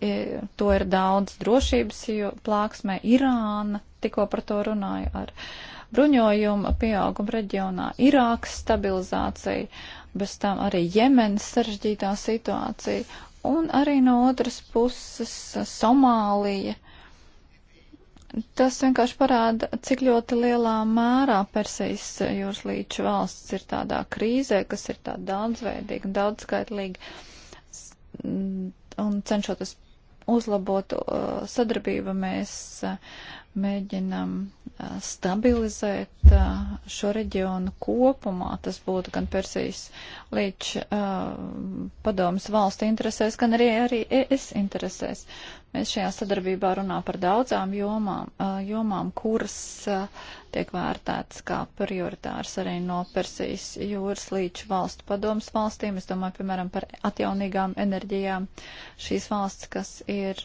to ir daudz drošības plāksmē. Irāna tikko par to runāja ar bruņojumu pieaugumu reģionā, Irākas stabilizācija, bez tam arī Jemenas sarežģītā situācija un arī no otras puses Somālija Tas vienkārši parāda, cik ļoti lielā mērā Persijas jūras līča valsts ir tādā krīzē, kas ir tāda daudzveidīga un daudzskaitlīga, mm, un cenšoties uzlabot uh, sadarbību, mēs uh, mēģinam uh, stabilizēt uh, šo reģionu kopumā. Tas būtu gan Persijas līdz uh, padomas valstu interesēs, gan arī, arī ES interesēs. Mēs šajā sadarbībā runā par daudzām jomām, jomām kuras tiek vērtētas kā prioritārs arī no Persijas jūras līdz valstu padomas valstīm. Es domāju, piemēram, par atjaunīgām enerģijām. Šīs valsts, kas ir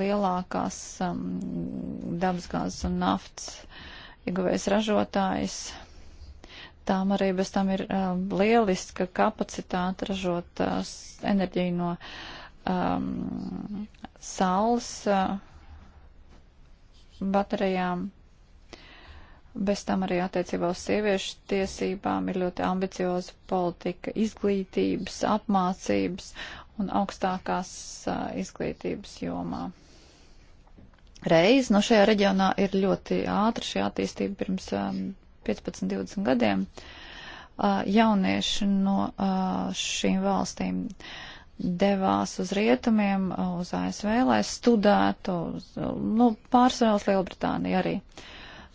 lielākās dabasgāzes un naftas ieguvējs ražotājs, tām arī bez tam ir lieliska kapacitāte ražot enerģiju no. Uh, um, saules uh, baterijām. Bez tam arī attiecībā uz sieviešu tiesībām ir ļoti ambicioza politika izglītības, apmācības un augstākās uh, izglītības jomā. Reiz no šajā reģionā ir ļoti ātra šī attīstība pirms um, 15-20 gadiem. Uh, jaunieši no uh, šīm valstīm uh, devās uz rietumiem, uz ASV, lai studētu, uz, nu, pārsvarā uz Lielbritāniju arī.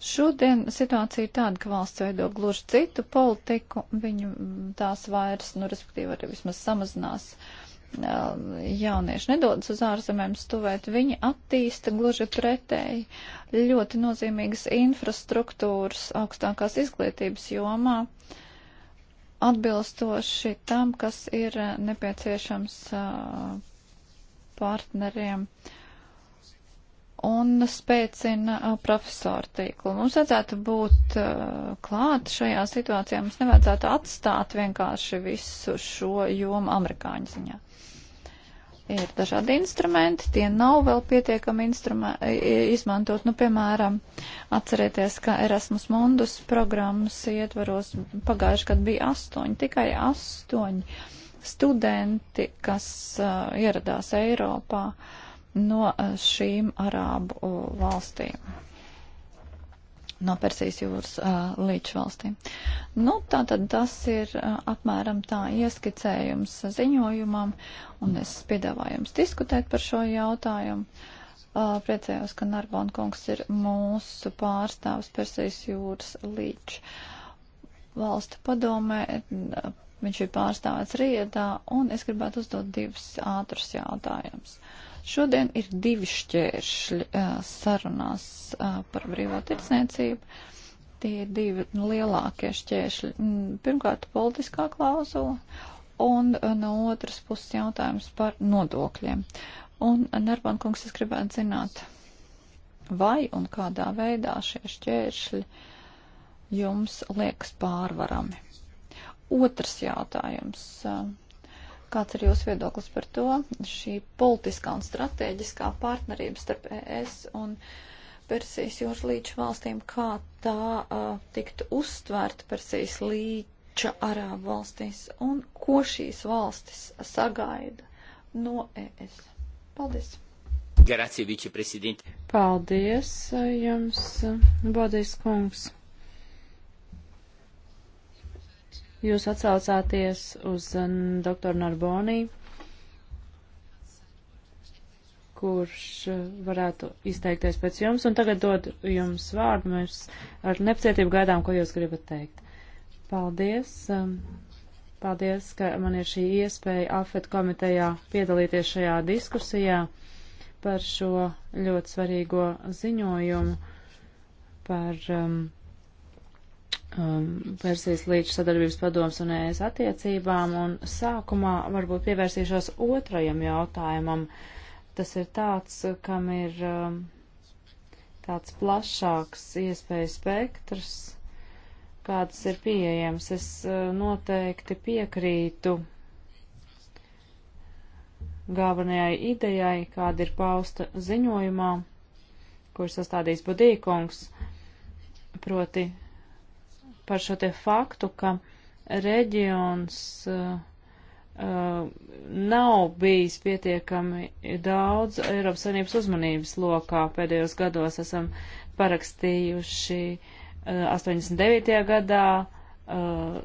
Šodien situācija ir tāda, ka valsts veido gluži citu politiku, viņu tās vairs, nu, respektīvi arī vismaz samazinās um, jaunieši nedodas uz ārzemēm stuvēt, viņi attīsta gluži pretēji ļoti nozīmīgas infrastruktūras augstākās izglītības jomā. Uh, atbilstoši tam, kas ir nepieciešams partneriem un spēcina profesoru tīklu. Mums vajadzētu būt klāt šajā situācijā, mums nevajadzētu atstāt vienkārši visu šo jomu amerikāņu ziņā. Ir dažādi instrumenti, tie nav vēl pietiekami izmantot. Nu, piemēram, atcerieties, ka Erasmus Mundus programmas ietvaros pagājuši gadu bija astoņi, tikai astoņi studenti, kas uh, ieradās Eiropā no uh, šīm arābu valstīm no Persijas jūras uh, līdz valstīm. Nu, tā tad tas ir uh, apmēram tā ieskicējums ziņojumam, un es piedāvāju jums diskutēt par šo jautājumu. Uh, priecējos, ka Narbon kungs ir mūsu pārstāvs Persijas jūras līdz valstu padomē. Viņš ir pārstāvēts riedā, un es gribētu uzdot divus ātrus jautājumus. Uh, Šodien ir divi šķēršļi sarunās par brīvo tirdzniecību. Tie ir divi lielākie šķēršļi. Mm, pirmkārt, politiskā klauzula un no otras puses jautājums par nodokļiem. Un, Nerban kungs, es gribētu zināt, vai un kādā veidā šie šķēršļi jums liekas pārvarami. Otrs jautājums. Uh, Kāds ir jūsu viedoklis par to? Šī politiskā un strateģiskā partnerība starp ES un Persijas jūras līča valstīm, kā tā uh, tiktu uztvērta Persijas līča arābu valstīs un ko šīs valstis sagaida no ES? Paldies! Grazie, viceprezidenti! Paldies jums, Bodīs kungs! Jūs atsaucāties uz doktoru Narbonī, kurš e, varētu izteikties pēc jums, un tagad dod jums vārdu. Mēs ar nepacietību gaidām, ko jūs gribat teikt. Paldies! E, paldies, ka man ir šī iespēja AFET komitejā piedalīties šajā diskusijā par šo ļoti svarīgo ziņojumu par um, um, Persijas līča sadarbības padoms un ES attiecībām, un sākumā varbūt pievērsīšos otrajam jautājumam. Tas ir tāds, kam ir um, tāds plašāks iespēju spektrs, kādas ir pieejams. Es uh, noteikti piekrītu galvenajai idejai, kāda ir pausta ziņojumā, kur sastādīs Budīkungs, proti par šo te faktu, ka reģions uh, uh, nav bijis pietiekami daudz Eiropas Savienības uzmanības lokā. Pēdējos gados esam parakstījuši uh, 89. gadā uh,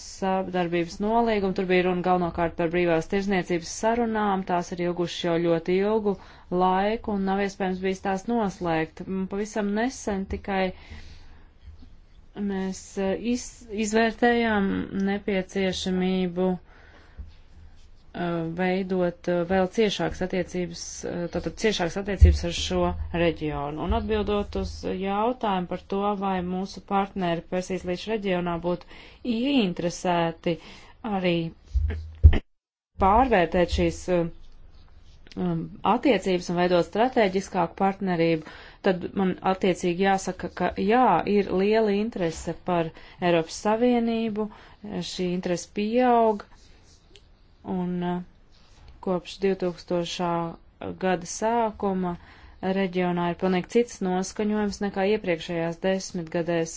sadarbības nolīgumu. Tur bija runa galvenokārt par brīvās tirzniecības sarunām. Tās ir ilgušas jau ļoti ilgu laiku un nav iespējams bijis tās noslēgt. Pavisam nesen tikai uh, Mēs e, iz, izvērtējām nepieciešamību e, veidot e, vēl ciešākas attiecības, tātad ciešākas attiecības ar šo reģionu. Un atbildot uz jautājumu par to, vai mūsu partneri Persijas līča reģionā būtu ieinteresēti arī pārvērtēt šīs attiecības un veidot strateģiskāku partnerību, tad man attiecīgi jāsaka, ka jā, ir liela interese par Eiropas Savienību, šī interese pieaug, un uh, kopš 2000. gada sākuma reģionā ir pilnīgi cits noskaņojums nekā iepriekšējās desmitgadēs.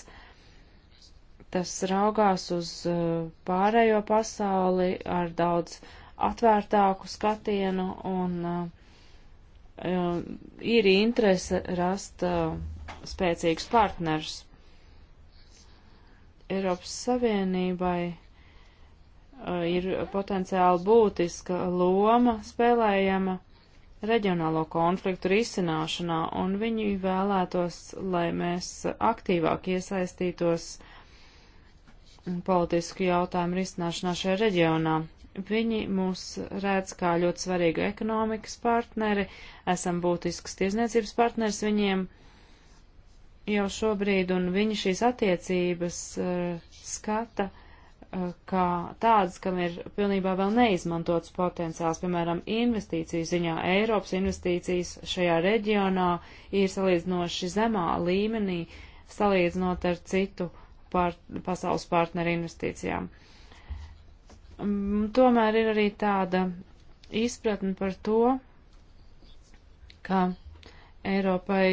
Tas raugās uz uh, pārējo pasauli ar daudz atvērtāku skatienu un uh, Um, ir interese rast uh, spēcīgus partnerus. Eiropas Savienībai uh, ir potenciāli būtiska loma spēlējama reģionālo konfliktu risināšanā, un viņi vēlētos, lai mēs aktīvāk iesaistītos politisku jautājumu risināšanā šajā reģionā. Viņi mūs redz kā ļoti svarīgu ekonomikas partneri, esam būtisks tiesniecības partners viņiem jau šobrīd, un viņi šīs attiecības uh, skata uh, kā tādas, kam ir pilnībā vēl neizmantots potenciāls, piemēram, investīciju ziņā. Eiropas investīcijas šajā reģionā ir salīdzinoši zemā līmenī, salīdzinot ar citu par, pasaules partneru investīcijām. Uh, Mm, tomēr ir arī tāda izpratne par to, ka Eiropai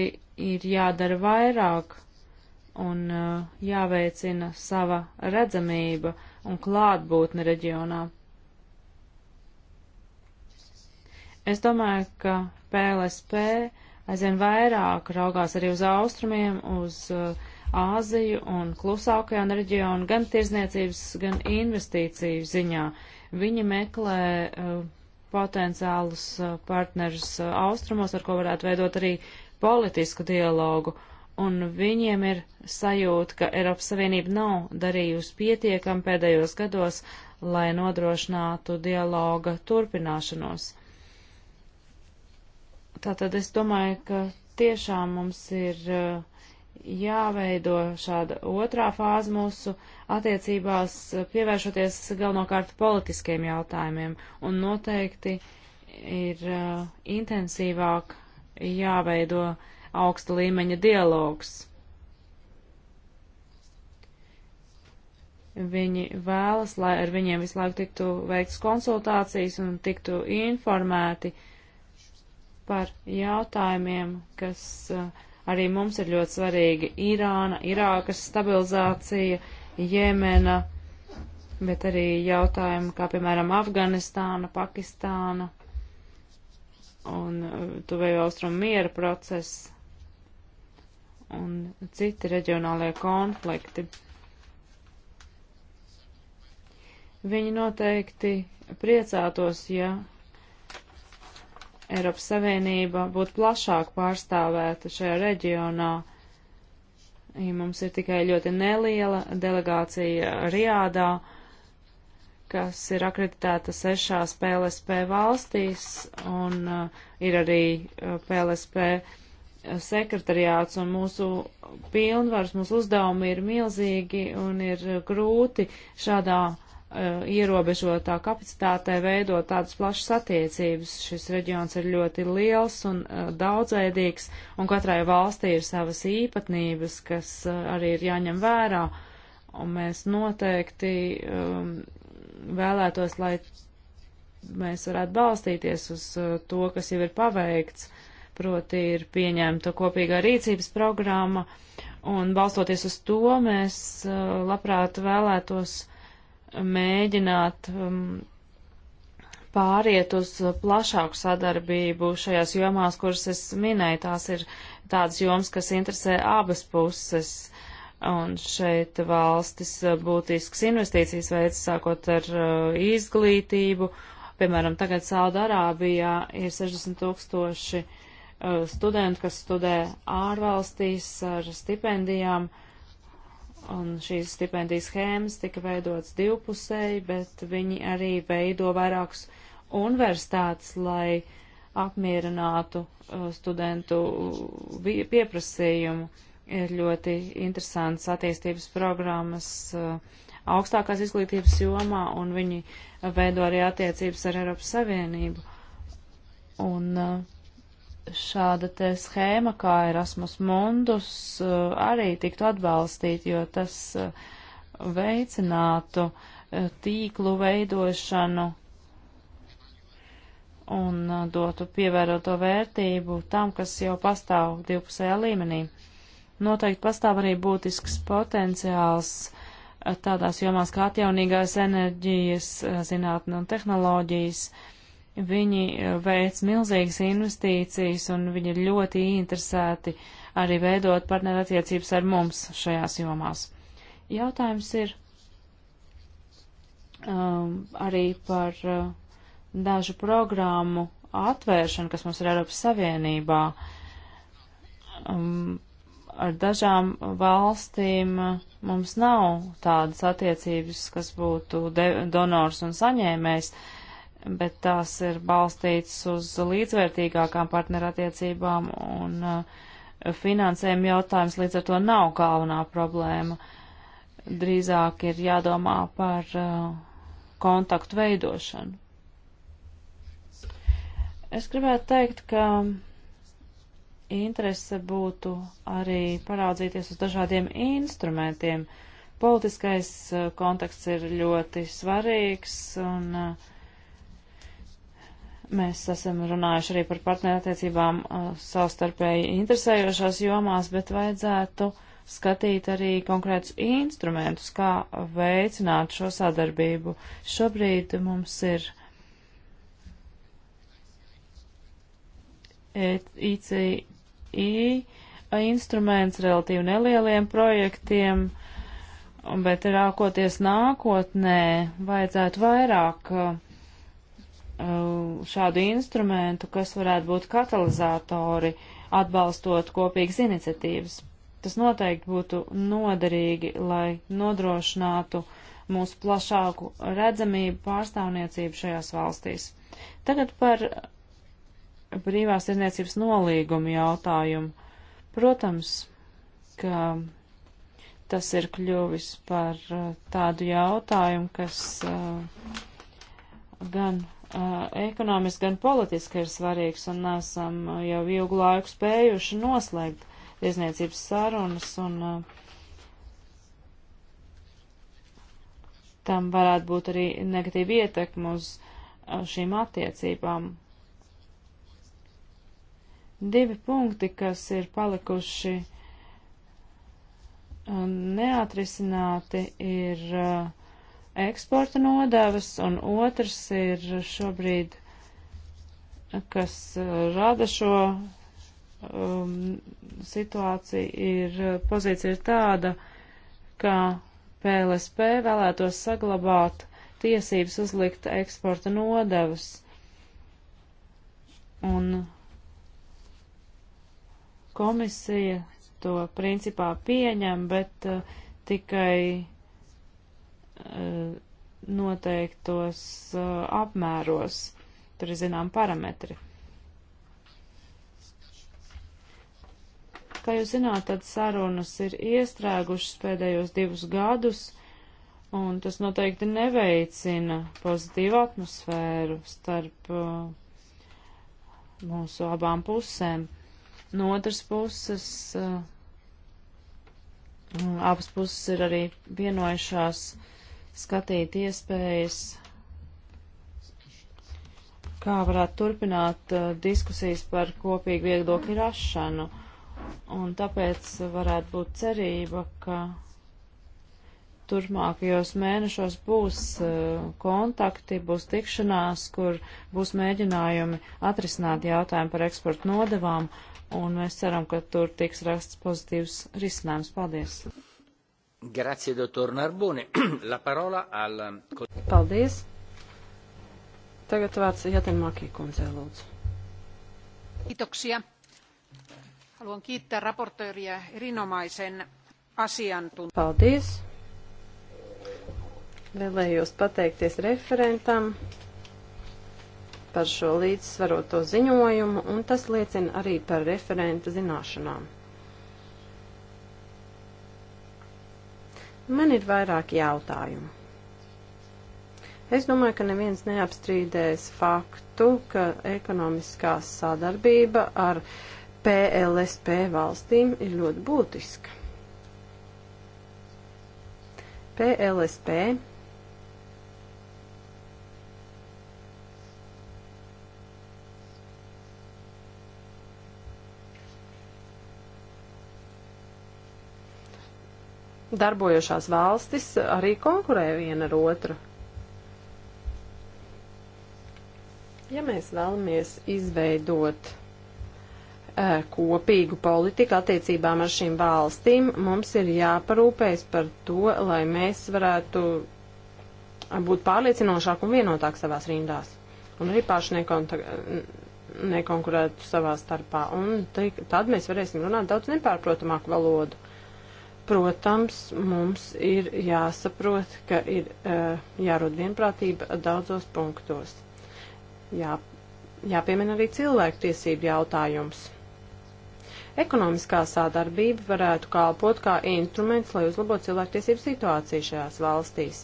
ir jādara vairāk un uh, jāveicina sava redzamība un klātbūtne reģionā. Es domāju, ka PLSP aizvien vairāk raugās arī uz austrumiem, uz uh, Āziju un klusākajā reģionu gan tirzniecības, gan investīciju ziņā. Viņi meklē uh, potenciālus uh, partnerus uh, austrumos, ar ko varētu veidot arī politisku dialogu, un viņiem ir sajūta, ka Eiropas Savienība nav darījusi pietiekam pēdējos gados, lai nodrošinātu dialoga turpināšanos. Tātad es domāju, ka tiešām mums ir uh, jāveido šāda otrā fāze mūsu attiecībās, pievēršoties galvenokārt politiskiem jautājumiem, un noteikti ir uh, intensīvāk jāveido augsta līmeņa dialogs. Viņi vēlas, lai ar viņiem visu laiku tiktu veikts konsultācijas un tiktu informēti par jautājumiem, kas uh, Arī mums ir ļoti svarīga Irāna, Irākas stabilizācija, Jemena, bet arī jautājumi kā, piemēram, Afganistāna, Pakistāna un uh, tuvējo austrumu miera process un citi reģionālie konflikti. Viņi noteikti priecātos, ja Eiropas Savienība būtu plašāk pārstāvēta šajā reģionā. Ja mums ir tikai ļoti neliela delegācija Riādā, kas ir akreditēta sešās PLSP valstīs, un uh, ir arī PLSP uh, uh, sekretariāts, un mūsu pilnvars, mūsu uzdevumi ir milzīgi un ir uh, grūti šādā Eh, ierobežotā kapacitātē veidot tādas plašas attiecības. Šis reģions ir ļoti liels un eh, daudzveidīgs, un katrai valstī ir savas īpatnības, kas eh, arī ir jāņem vērā. Un mēs noteikti um, vēlētos, lai mēs varētu balstīties uz to, kas jau ir paveikts, proti ir pieņemta kopīgā rīcības programma, un balstoties uz to mēs labprāt vēlētos mēģināt um, pāriet uz plašāku sadarbību šajās jomās, kuras es minēju. Tās ir tādas jomas, kas interesē abas puses. Un šeit valstis būtisks investīcijas veids, sākot ar uh, izglītību. Piemēram, tagad Saudārābijā ir 60 tūkstoši uh, studentu, kas studē ārvalstīs ar stipendijām. Uh, Un šīs stipendijas schēmas tika veidotas divpusēji, bet viņi arī veido vairākus universitātes, lai apmierinātu uh, studentu uh, pieprasījumu. Ir ļoti interesants attīstības programmas uh, augstākās izglītības jomā, un viņi veido arī attiecības ar Eiropas Savienību. Un uh, šāda te schēma, kā Erasmus Mundus, eh, arī tiktu atbalstīt, jo tas eh, veicinātu eh, tīklu veidošanu un dotu pievēroto vērtību tam, kas jau pastāv divpusējā līmenī. Noteikti pastāv arī būtisks potenciāls tādās jomās kā atjaunīgās enerģijas, zinātne un tehnoloģijas. Uh, Viņi eh, veic milzīgas investīcijas un viņi ir ļoti interesēti arī veidot partnerattiecības ar mums šajās jomās. Jautājums ir um, arī par uh, dažu programmu atvēršanu, kas mums ir Eiropas Savienībā. Um, ar dažām valstīm eh, mums nav tādas attiecības, kas būtu donors un saņēmējs. Uh, bet tās ir balstītas uz līdzvērtīgākām partnerattiecībām un eh, finansējuma jautājums līdz ar to nav galvenā problēma. Drīzāk ir jādomā par eh, kontaktu veidošanu. Es gribētu teikt, ka interese būtu arī paraudzīties uz dažādiem instrumentiem. Politiskais eh, konteksts ir ļoti svarīgs un uh, Mēs esam runājuši arī par partnerattiecībām uh, savstarpēji interesējošās jomās, bet vajadzētu skatīt arī konkrētus instrumentus, kā veicināt šo sadarbību. Šobrīd mums ir ICI instruments relatīvi nelieliem projektiem, bet rākoties nākotnē, vajadzētu vairāk uh, Uh, šādu instrumentu, kas varētu būt katalizatori atbalstot kopīgas iniciatīvas. Tas noteikti būtu noderīgi, lai nodrošinātu mūsu plašāku redzamību pārstāvniecību šajās valstīs. Tagad par brīvās tirniecības nolīgumu jautājumu. Protams, ka tas ir kļuvis par uh, tādu jautājumu, kas uh, gan ekonomiski, gan politiski ir svarīgs, un esam jau ilgu laiku spējuši noslēgt tiesniecības sarunas, un tam varētu būt arī negatīva ietekma uz šīm attiecībām. Divi punkti, kas ir palikuši neatrisināti, ir uh, eksporta nodevas, un otrs ir šobrīd, kas uh, rada šo um, situāciju, ir uh, pozīcija ir tāda, ka PLSP vēlētos saglabāt tiesības uzlikt eksporta nodevas. Un komisija to principā pieņem, bet uh, tikai Eh, noteiktos eh, apmēros. Tur ir zinām parametri. Kā jūs zināt, tad sarunas ir iestrēgušas pēdējos divus gadus, un tas noteikti neveicina pozitīvu atmosfēru starp uh, mūsu abām pusēm. No otras puses, uh, abas puses ir arī vienojušās uh, skatīt iespējas, kā varētu turpināt uh, diskusijas par kopīgu viedokļu rašanu. Un tāpēc varētu būt cerība, ka turpmākajos mēnešos būs uh, kontakti, būs tikšanās, kur būs mēģinājumi atrisināt jautājumu par eksportu nodevām, un mēs ceram, ka tur tiks rasts pozitīvs risinājums. Paldies! Grazie, doktor Narboni. La parola al... Paldies. Tagad vārds Jatenmakī kundzei lūdzu. Kiitoksia. Haluan kiittää raportööriä erinomaisen asiantuntijan. Paldies. Vēlējos pateikties referentam par šo līdzsvaroto ziņojumu, un tas liecina arī par referenta zināšanām. Man ir vairāki jautājumi. Es domāju, ka neviens neapstrīdēs faktu, ka ekonomiskā sadarbība ar PLSP valstīm ir ļoti būtiska. PLSP darbojošās valstis arī konkurē viena ar otru. Ja mēs vēlamies izveidot e, kopīgu politiku attiecībām ar šīm valstīm, mums ir jāparūpējas par to, lai mēs varētu būt pārliecinošāk un vienotāk savās rindās. Un arī paši nekonkurētu savā starpā. Un te, tad mēs varēsim runāt daudz nepārprotamāku valodu. Protams, mums ir jāsaprot, ka ir eh, jārod vienprātība daudzos punktos. Jā, jāpiemina arī cilvēktiesību jautājums. Ekonomiskā sādarbība varētu kalpot kā instruments, lai uzlabotu cilvēktiesību situāciju šajās valstīs,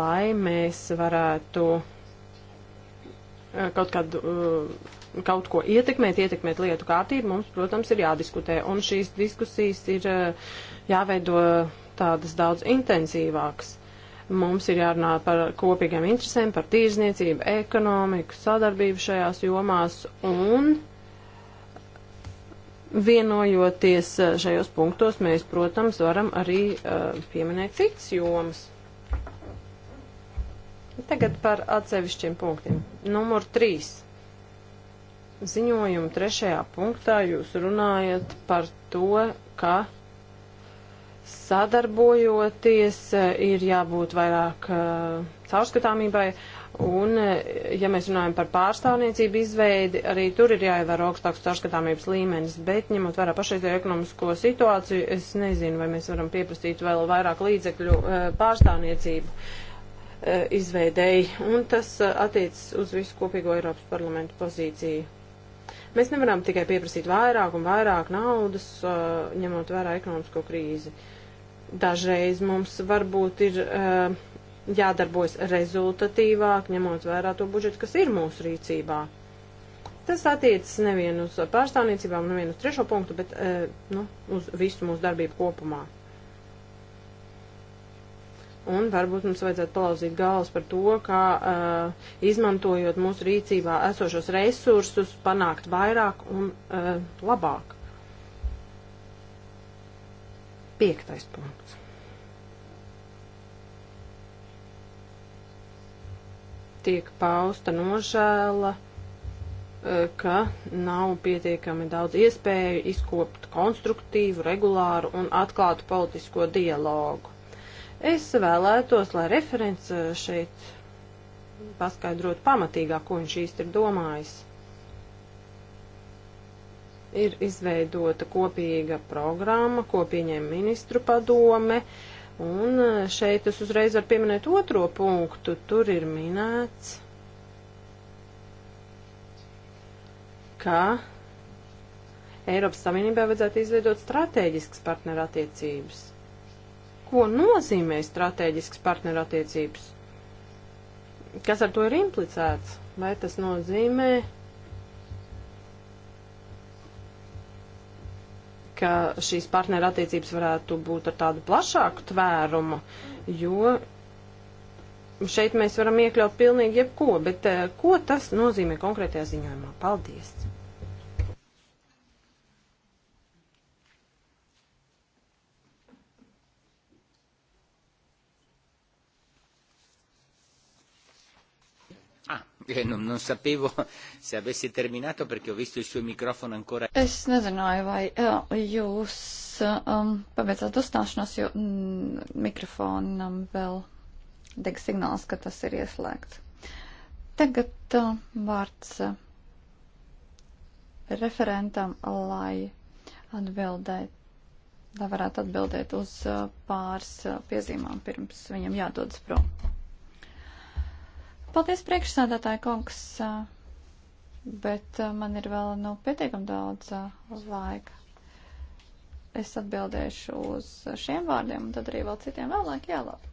lai mēs varētu eh, kaut, kādu, eh, kaut ko ietekmēt, ietekmēt lietu kārtību, mums, protams, ir jādiskutē. Un šīs diskusijas ir jāveido tādas daudz intensīvākas. Mums ir jārunā par kopīgiem interesēm, par tīrzniecību, ekonomiku, sadarbību šajās jomās un vienojoties šajos punktos, mēs, protams, varam arī uh, pieminēt citas jomas. Tagad par atsevišķiem punktiem. Numur 3. Ziņojuma trešajā punktā jūs runājat par to, ka sadarbojoties, ir jābūt vairāk eh, caurskatāmībai. Un, eh, ja mēs runājam par pārstāvniecību izveidi, arī tur ir jāievēro augstāks caurskatāmības līmenis, bet ņemot vērā pašreizēju ekonomisko situāciju, es nezinu, vai mēs varam pieprasīt vēl vairāk līdzekļu eh, pārstāvniecību izveidēji, un tas attiecas uz visu kopīgo Eiropas parlamentu pozīciju. Mēs nevaram tikai pieprasīt vairāk un vairāk naudas, ņemot vērā ekonomisko krīzi. Uh, Dažreiz mums varbūt ir uh, jādarbojas rezultatīvāk, ņemot vērā to budžetu, kas ir mūsu rīcībā. Tas attiecas nevien uz pārstāvniecībām, nevien uz trešo punktu, bet uh, nu, uz visu mūsu darbību kopumā. Un varbūt mums vajadzētu palauzīt galvas par to, kā uh, izmantojot mūsu rīcībā esošos resursus, panākt vairāk un uh, labāk. Piektais punkts. Tiek pausta nožēla, e, ka nav pietiekami daudz iespēju izkopt konstruktīvu, regulāru un atklātu politisko dialogu. Es vēlētos, lai referents e, šeit paskaidrotu pamatīgāk, ko viņš īsti ir domājis ir izveidota kopīga programma, ko pieņem ministru padome. Un e, šeit es uzreiz varu pieminēt otro punktu. Tur ir minēts, ka Eiropas Savienībā vajadzētu izveidot strateģiskas partnerattiecības. Ko nozīmē strateģiskas partnerattiecības? Kas ar to ir implicēts? Vai tas nozīmē, ka šīs partneru attiecības varētu būt ar tādu plašāku tvērumu, jo šeit mēs varam iekļaut pilnīgi jebko, bet eh, ko tas nozīmē konkrētajā ziņojumā? Paldies! Perché non, non sapevo se avessi terminato perché ho visto il suo microfono ancora. Es nezināju, vai jā, jūs um, pabeidzāt uzstāšanos, jo mm, mikrofonam vēl deg signāls, ka tas ir ieslēgts. Tagad uh, vārds uh, referentam, lai atbildētu, lai varētu atbildēt uz uh, pāris uh, piezīmām pirms viņam jādodas prom. Paldies priekšsādātāji kungs, bet man ir vēl nu, pietiekami daudz laika. Es atbildēšu uz šiem vārdiem un tad arī vēl citiem vēlāk. Jā, labi.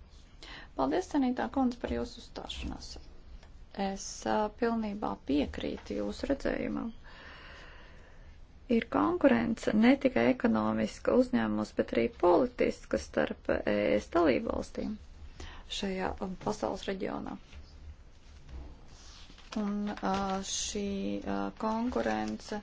Paldies, cenītā kundze, par jūsu uzstāšanos. Es pilnībā piekrītu jūsu redzējumam ir konkurence ne tikai ekonomiska uzņēmums, bet arī politiska starp ES dalībvalstīm šajā pasaules reģionā un šī konkurence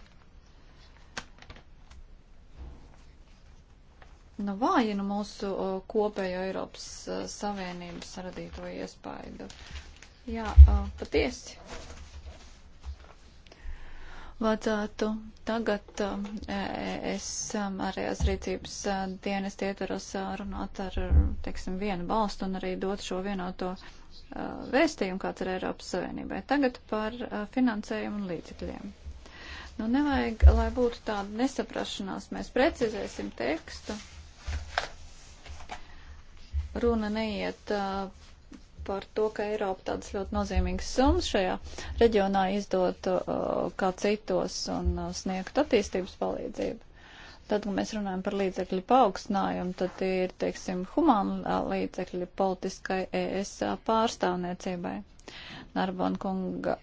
nu, vājina nu, mūsu kopējo Eiropas Savienības radīto iespaidu. Jā, patiesi. Vajadzētu tagad es arī rīcības dienas ietveros runāt ar, teiksim, vienu valstu un arī dot šo vienoto. No vēstījumu, kāds ir Eiropas Savienībai. Tagad par finansējumu un līdzekļiem. Nu, nevajag, lai būtu tāda nesaprašanās. Mēs precizēsim tekstu. Runa neiet uh, par to, ka Eiropa tādas ļoti nozīmīgas summas šajā reģionā izdot uh, kā citos un uh, sniegt attīstības palīdzību. Tad, kad mēs runājam par līdzekļu paaugstinājumu, tad tie ir, teiksim, humāna līdzekļi politiskai ES pārstāvniecībai. Narbon kunga,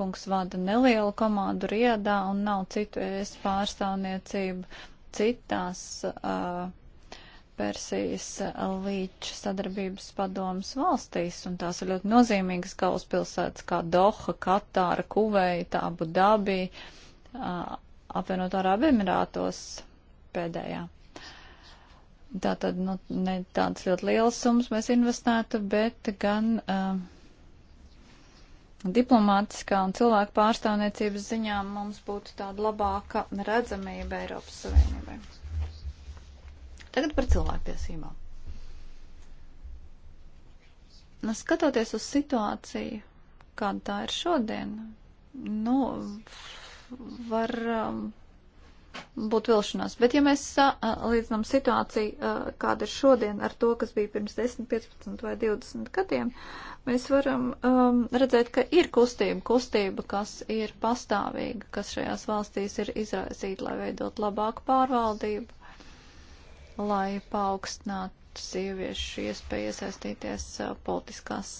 kungs vada nelielu komandu Riedā un nav citu ES pārstāvniecību citās uh, Persijas līča sadarbības padomas valstīs, un tās ir ļoti nozīmīgas galvaspilsētas kā Doha, Katāra, Kuveita, Abu Dabī, uh, apvienot Arābu Emirātos pēdējā. Tātad, nu, ne tāds ļoti liels sums mēs investētu, bet gan uh, diplomātiskā un cilvēku pārstāvniecības ziņā mums būtu tāda labāka redzamība Eiropas Savienībai. Tagad par cilvēktiesībām. Nu, skatoties uz situāciju, kāda tā ir šodien, nu, var um, būtu vilšanās. Bet ja mēs salīdzinām situāciju, eh, kāda ir šodien ar to, kas bija pirms 10, 15 vai 20 gadiem, mēs varam um, redzēt, ka ir kustība, kustība, kas ir pastāvīga, kas šajās valstīs ir izraisīta, lai veidot labāku pārvaldību, lai paaugstinātu sieviešu iespēju iesaistīties uh, politiskās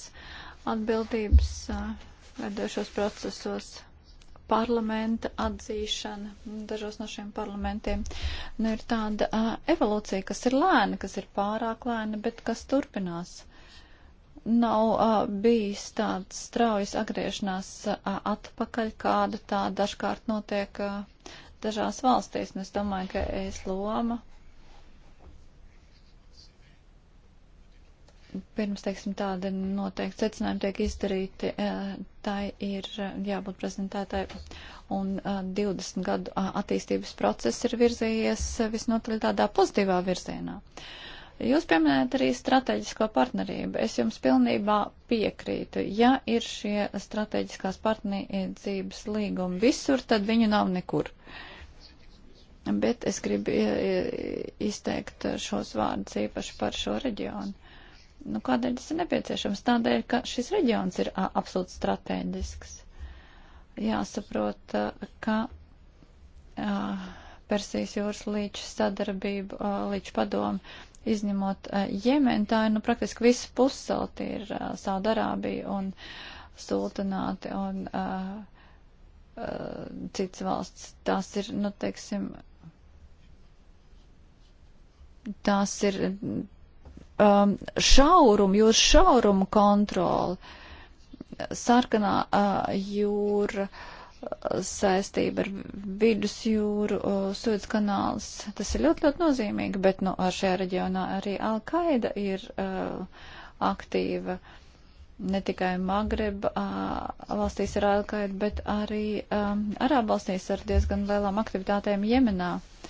atbildības uh, eh, veidošos procesos parlamenta atzīšana dažos no šiem parlamentiem nu, ir tāda uh, evolūcija, kas ir lēna, kas ir pārāk lēna, bet kas turpinās. Nav uh, bijis tāds straujas atgriešanās uh, atpakaļ, kāda tā dažkārt notiek uh, dažās valstīs, un nu, es domāju, ka es loma pirms, teiksim, tāda noteikti secinājuma tiek izdarīti, eh, tai ir eh, jābūt prezentētai. Un 20 eh, gadu attīstības process ir virzījies visnotaļ tādā pozitīvā virzienā. Jūs pieminējat arī strateģisko partnerību. Es jums pilnībā piekrītu. Ja ir šie strateģiskās partnerības līgumi visur, tad viņu nav nekur. Bet es gribu izteikt šos vārdus īpaši par šo reģionu Nu, kādēļ tas ir nepieciešams? Tādēļ, ka šis reģions ir a, absolūti strateģisks. Jāsaprot, a, ka a, Persijas jūras līča sadarbība, a, līča padoma, izņemot a, Jemeni, tā ir nu, praktiski viss pussalti ir a, Saudarābija un Sultanāti un a, a, cits valsts. Tās ir, nu, teiksim, tās ir um, šaurumu, jūras šaurumu kontroli. Sarkanā uh, jūra uh, saistība ar vidusjūru, uh, Suez kanāls. Tas ir ļoti, ļoti nozīmīgi, bet nu, ar šajā reģionā arī Al-Qaida ir uh, aktīva. Ne tikai Magreba uh, valstīs ar Al-Qaida, bet arī um, Arāb valstīs ar diezgan lielām aktivitātēm Jemenā. Uh,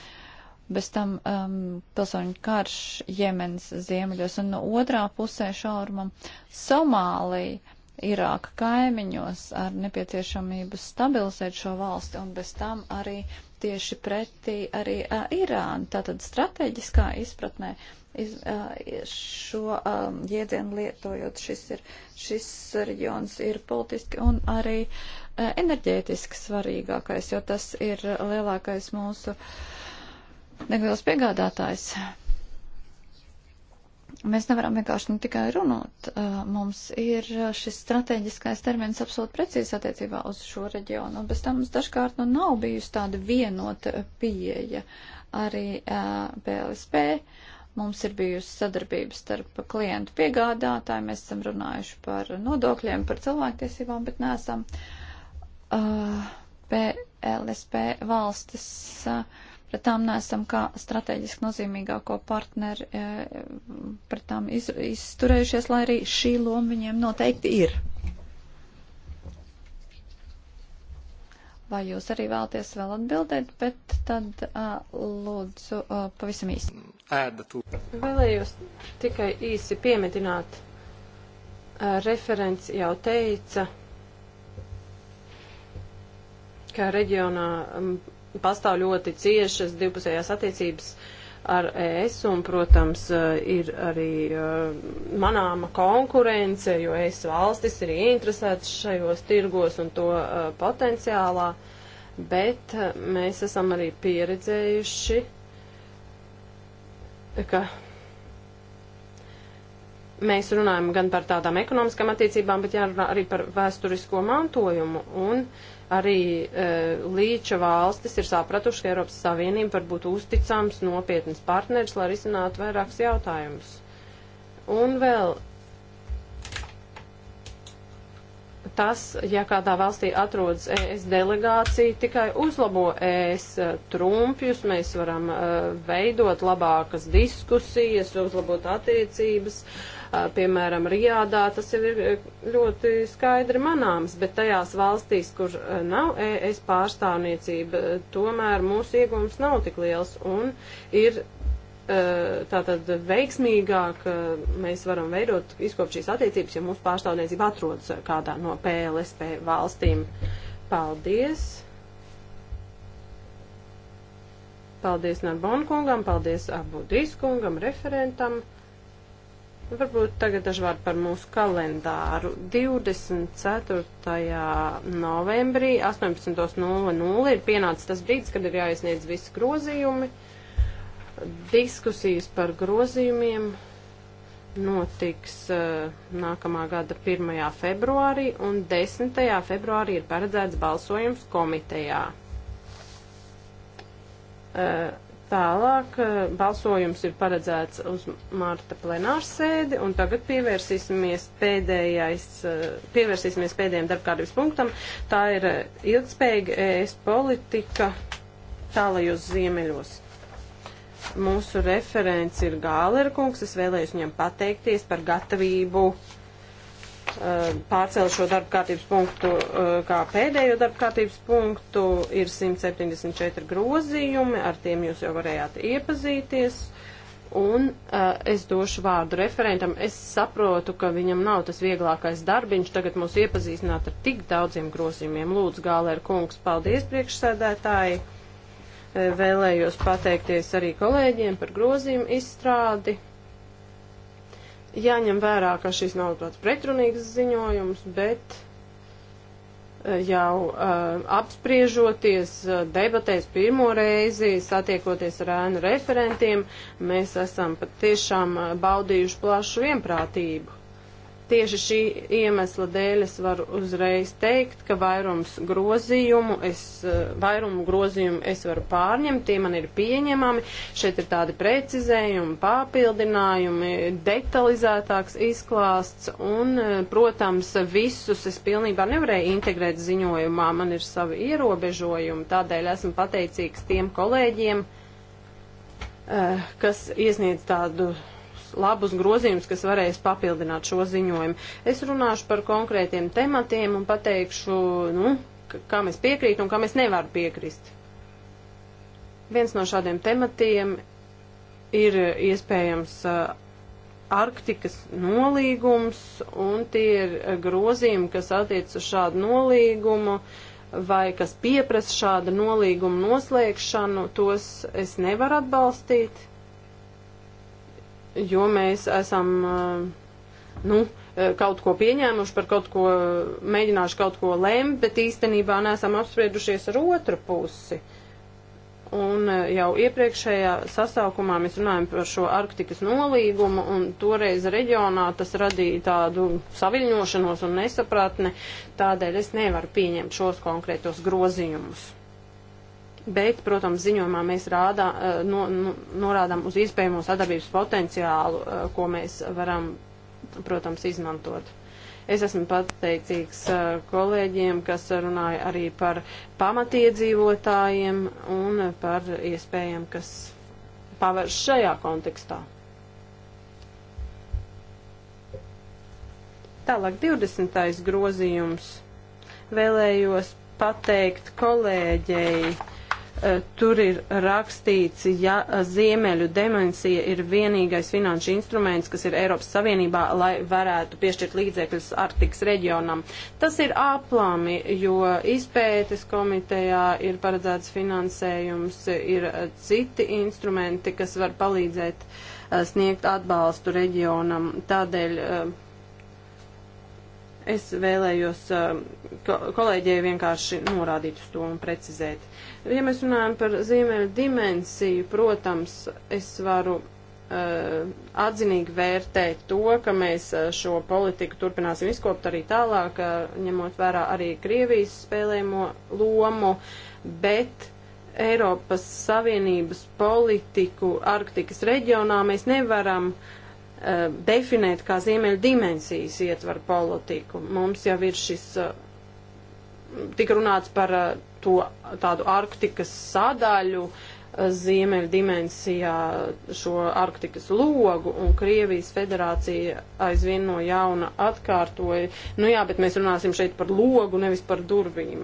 Bez tam um, pilsoņu karš Jemens ziemeļos un no otrā pusē šaurumam Somālija. Irāka kaimiņos ar nepieciešamību stabilizēt šo valsti un bez tam arī tieši pretī arī uh, Irāna. Tātad strateģiskā izpratnē iz, uh, šo um, jēdzienu lietojot, šis, ir, šis reģions ir politiski un arī uh, enerģētiski svarīgākais, jo tas ir lielākais mūsu uh, degvielas piegādātājs. Mēs nevaram vienkārši nu, tikai runāt. Uh, mums ir šis strateģiskais termins absolūti precīzi attiecībā uz šo reģionu, un bez tam mums dažkārt nu, nav bijusi tāda vienota pieeja arī PLSP. Uh, mums ir bijusi sadarbība starp klientu piegādātāju, mēs esam runājuši par nodokļiem, par cilvēktiesībām, bet neesam uh, PLSP valstis. Uh, pret tām neesam kā strateģiski nozīmīgāko partneri e, pret tām iz, izturējušies, lai arī šī loma viņiem noteikti ir. Vai jūs arī vēlaties vēl atbildēt, bet tad uh, lūdzu uh, pavisam īsi. Ēda tu. Vēlējos tikai īsi piemetināt. Uh, referents jau teica, ka reģionā pastāv ļoti ciešas divpusējās attiecības ar ES un, protams, ir arī manāma konkurence, jo ES valstis ir ieinteresētas šajos tirgos un to potenciālā, bet mēs esam arī pieredzējuši, ka mēs runājam gan par tādām ekonomiskām attiecībām, bet jārunā arī par vēsturisko mantojumu. Un Arī e, līča valstis ir sapratuši, ka Eiropas Savienība var būt uzticams, nopietns partners, lai risinātu vairākus jautājumus. Un vēl tas, ja kādā valstī atrodas ES delegācija, tikai uzlabo ES trumpjus, mēs varam uh, veidot labākas diskusijas, uzlabot attiecības, uh, piemēram, Rijādā tas jau ir e, ļoti skaidri manāms, bet tajās valstīs, kur e, nav ES pārstāvniecība, e, tomēr mūsu iegums nav tik liels un ir tātad veiksmīgāk mēs varam veidot, izkopt šīs attiecības, ja mūsu pārstāvniecība atrodas kādā no PLSP valstīm. Paldies! Paldies Narbon kungam, paldies Abudīs kungam, referentam. Varbūt tagad dažvārdi par mūsu kalendāru. 24. novembrī 18.00 ir pienācis tas brīdis, kad ir jāiesniedz visi grozījumi. Diskusijas par grozījumiem notiks uh, nākamā gada 1. februārī un 10. februārī ir paredzēts balsojums komitejā. Uh, Tālāk eh, balsojums ir paredzēts uz marta plenārsēdi, un tagad pievērsīsimies, pēdējais, eh, pievērsīsimies pēdējiem darbkārtības punktam. Tā ir eh, ilgspējīga ES politika tālajos ziemeļos. Mūsu referents ir Gālera kungs, es vēlējos viņam pateikties par gatavību uh, Eh, pārcēlu šo darba kārtības punktu eh, kā pēdējo darba kārtības punktu. Ir 174 grozījumi, ar tiem jūs jau varējāt iepazīties. Un eh, es došu vārdu referentam. Es saprotu, ka viņam nav tas vieglākais darbiņš tagad mūs iepazīstināt ar tik daudziem grozījumiem. Lūdzu, Gālēra kungs, paldies priekšsēdētāji. Vēlējos pateikties arī kolēģiem par grozījumu izstrādi Jāņem vērā, ka šis nav tāds pretrunīgs ziņojums, bet eh, jau uh, apspriežoties, eh, debatēs pirmo reizi, satiekoties ar ēnu referentiem, mēs esam patiešām baudījuši plašu vienprātību. Tieši šī iemesla dēļ es varu uzreiz teikt, ka vairums grozījumu es, eh, vairumu grozījumu es varu pārņemt, tie man ir pieņemami. Šeit ir tādi precizējumi, papildinājumi, detalizētāks izklāsts un, eh, protams, visus es pilnībā nevarēju integrēt ziņojumā. Man ir savi ierobežojumi, tādēļ esmu pateicīgs tiem kolēģiem, eh, kas iesniedz tādu labus grozījumus, kas varēs papildināt šo ziņojumu. Es runāšu par konkrētiem tematiem un pateikšu, nu, kam es piekrītu un kam es nevaru piekrist. Viens no šādiem tematiem ir iespējams uh, Arktikas nolīgums, un tie ir uh, grozījumi, kas attiec uz šādu nolīgumu, vai kas pieprasa šāda nolīguma noslēgšanu, tos es nevaru atbalstīt jo mēs esam. Eh, nu, eh, kaut ko pieņēmuši, par kaut ko eh, mēģinājuši kaut ko lemt, bet īstenībā neesam apspriedušies ar otru pusi. Un jau iepriekšējā sasaukumā mēs runājam par šo Arktikas nolīgumu, un toreiz reģionā tas radīja tādu saviļņošanos un nesapratni, tādēļ es nevaru pieņemt šos konkrētos grozījumus. Bet, protams, ziņojumā mēs rādā, eh, no, no, norādām uz iespējamo sadarbības potenciālu, eh, ko mēs varam, protams, izmantot. Es esmu pateicīgs eh, kolēģiem, kas runāja arī par pamatiedzīvotājiem un par iespējām, kas pavērš šajā kontekstā. Tālāk 20. grozījums. Vēlējos pateikt kolēģei E, tur ir rakstīts, ja e, ziemeļu dimensija ir vienīgais finanšu instruments, kas ir Eiropas Savienībā, lai varētu piešķirt līdzekļus Arktikas reģionam. Tas ir aplami, jo izpētes komitejā ir paredzēts finansējums, ir e, citi instrumenti, kas var palīdzēt sniegt atbalstu reģionam. Tādēļ es vēlējos kolēģiem vienkārši norādīt uz to un precizēt. Uh, Ja mēs runājam par ziemeļu dimensiju, protams, es varu uh, atzinīgi vērtēt to, ka mēs eh, šo politiku turpināsim izkopt arī tālāk, uh, ņemot vērā arī Krievijas spēlēmo lomu, bet Eiropas Savienības politiku Arktikas reģionā mēs nevaram uh, definēt kā ziemeļu dimensijas ietvaru politiku. Mums jau ir šis, tika runāts par to tādu Arktikas sadaļu eh, ziemeļu dimensijā šo Arktikas logu un Krievijas federācija aizvien no jauna atkārtoja. Nu jā, bet mēs runāsim šeit par logu, nevis par durvīm.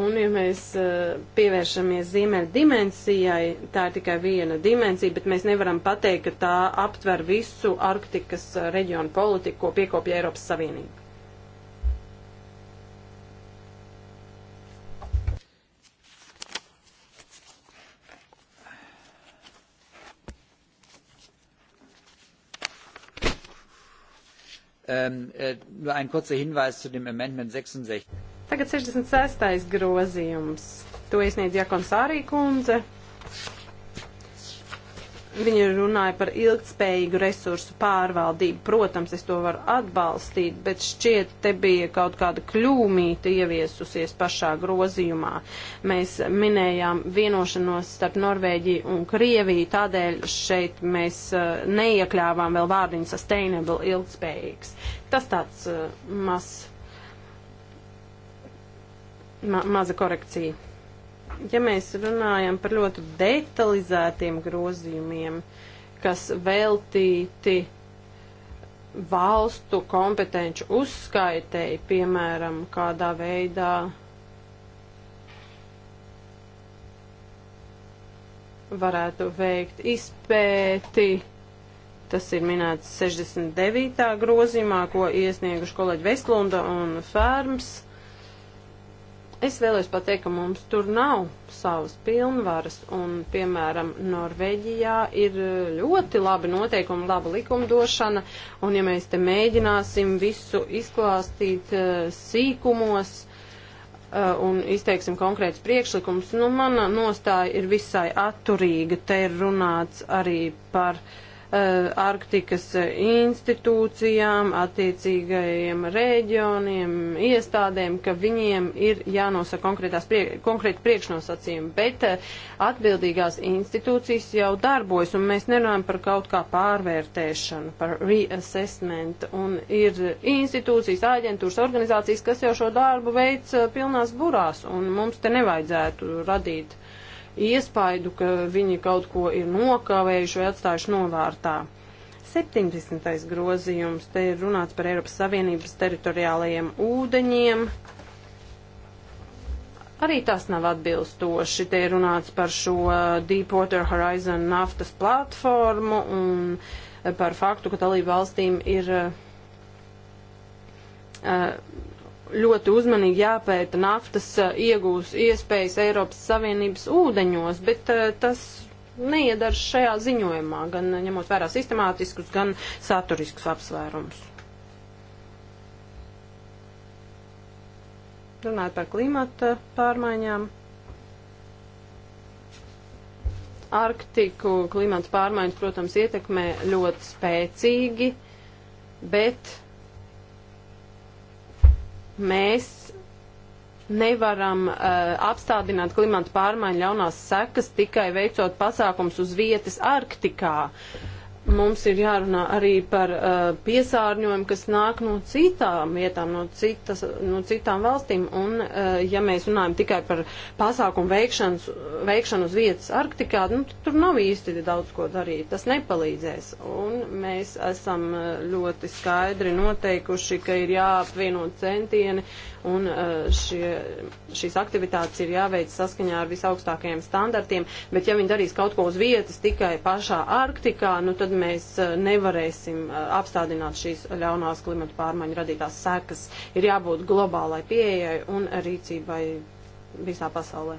Un ja mēs eh, pievēršamies ziemeļu dimensijai, tā ir tikai viena dimensija, bet mēs nevaram pateikt, ka tā aptver visu Arktikas eh, reģionu politiku, ko piekopja Eiropas Savienība. Ähm, äh, nur ein kurzer Hinweis zu dem Amendment 66. Tagad 66. grozījums. To iesniedz Jakons Ārī kundze. Viņa runāja par ilgtspējīgu resursu pārvaldību. Protams, es to varu atbalstīt, bet šķiet, te bija kaut kāda kļūmīta ieviesusies pašā grozījumā. Mēs minējām vienošanos starp Norvēģiju un Krieviju, tādēļ šeit mēs uh, neiekļāvām vēl vārdiņu sustainable, ilgtspējīgs. Tas tāds uh, maz, ma, maza korekcija. Ja mēs runājam par ļoti detalizētiem grozījumiem, kas veltīti valstu kompetenci uzskaitēji, piemēram, kādā veidā varētu veikt izpēti. Tas ir minēts 69. grozīmā, ko iesnieguši kolēģi Veslunda un Fērms. Es vēlos pateikt, ka mums tur nav savas pilnvaras, un, piemēram, Norvēģijā ir e, ļoti labi noteikumi, laba likumdošana, un ja mēs te mēģināsim visu izklāstīt e, sīkumos e, un izteiksim konkrēts priekšlikums, nu, mana nostāja ir visai atturīga. Te ir runāts arī par. Uh, Eh, Arktikas eh, institūcijām, attiecīgajiem reģioniem, iestādēm, ka viņiem ir jānosaka prie, konkrēti priekšnosacījumi, bet eh, atbildīgās institūcijas jau darbojas, un mēs nerunājam par kaut kā pārvērtēšanu, par reassessment, un ir institūcijas, āģentūras, organizācijas, kas jau šo darbu veids pilnās burās, un mums te nevajadzētu radīt uh, iespaidu, ka viņi kaut ko ir nokavējuši vai atstājuši novārtā. 70. grozījums, te ir runāts par Eiropas Savienības teritoriālajiem ūdeņiem. Arī tas nav atbilstoši. Te ir runāts par šo uh, Deepwater Horizon naftas platformu un uh, par faktu, ka dalību valstīm ir uh, uh ļoti uzmanīgi jāpēta naftas eh, iegūs iespējas Eiropas Savienības ūdeņos, bet eh, tas neiedara šajā ziņojumā, gan ņemot vērā sistemātiskus, gan saturiskus apsvērumus. Runājot par klimata pārmaiņām. Arktiku klimata pārmaiņas, protams, ietekmē ļoti spēcīgi, bet mēs nevaram uh, apstādināt klimata pārmaiņu ļaunās sekas tikai veicot pasākums uz vietas Arktikā. Uh, mums ir jārunā arī par uh, piesārņojumu, kas nāk no citām vietām, no, citas, no citām valstīm. Un, uh, ja mēs runājam tikai par pasākumu veikšanu uz vietas Arktikā, nu, tur nav īsti daudz ko darīt. Tas nepalīdzēs. Un mēs esam uh, ļoti skaidri noteikuši, ka ir jāapvieno centieni un uh, šie, šīs aktivitātes ir jāveic saskaņā ar visaugstākajiem standartiem, bet ja viņi darīs kaut ko uz vietas tikai pašā Arktikā, nu tad mēs uh, nevarēsim uh, apstādināt šīs ļaunās klimata pārmaiņu radītās sekas. Ir jābūt globālai pieejai un rīcībai visā pasaulē.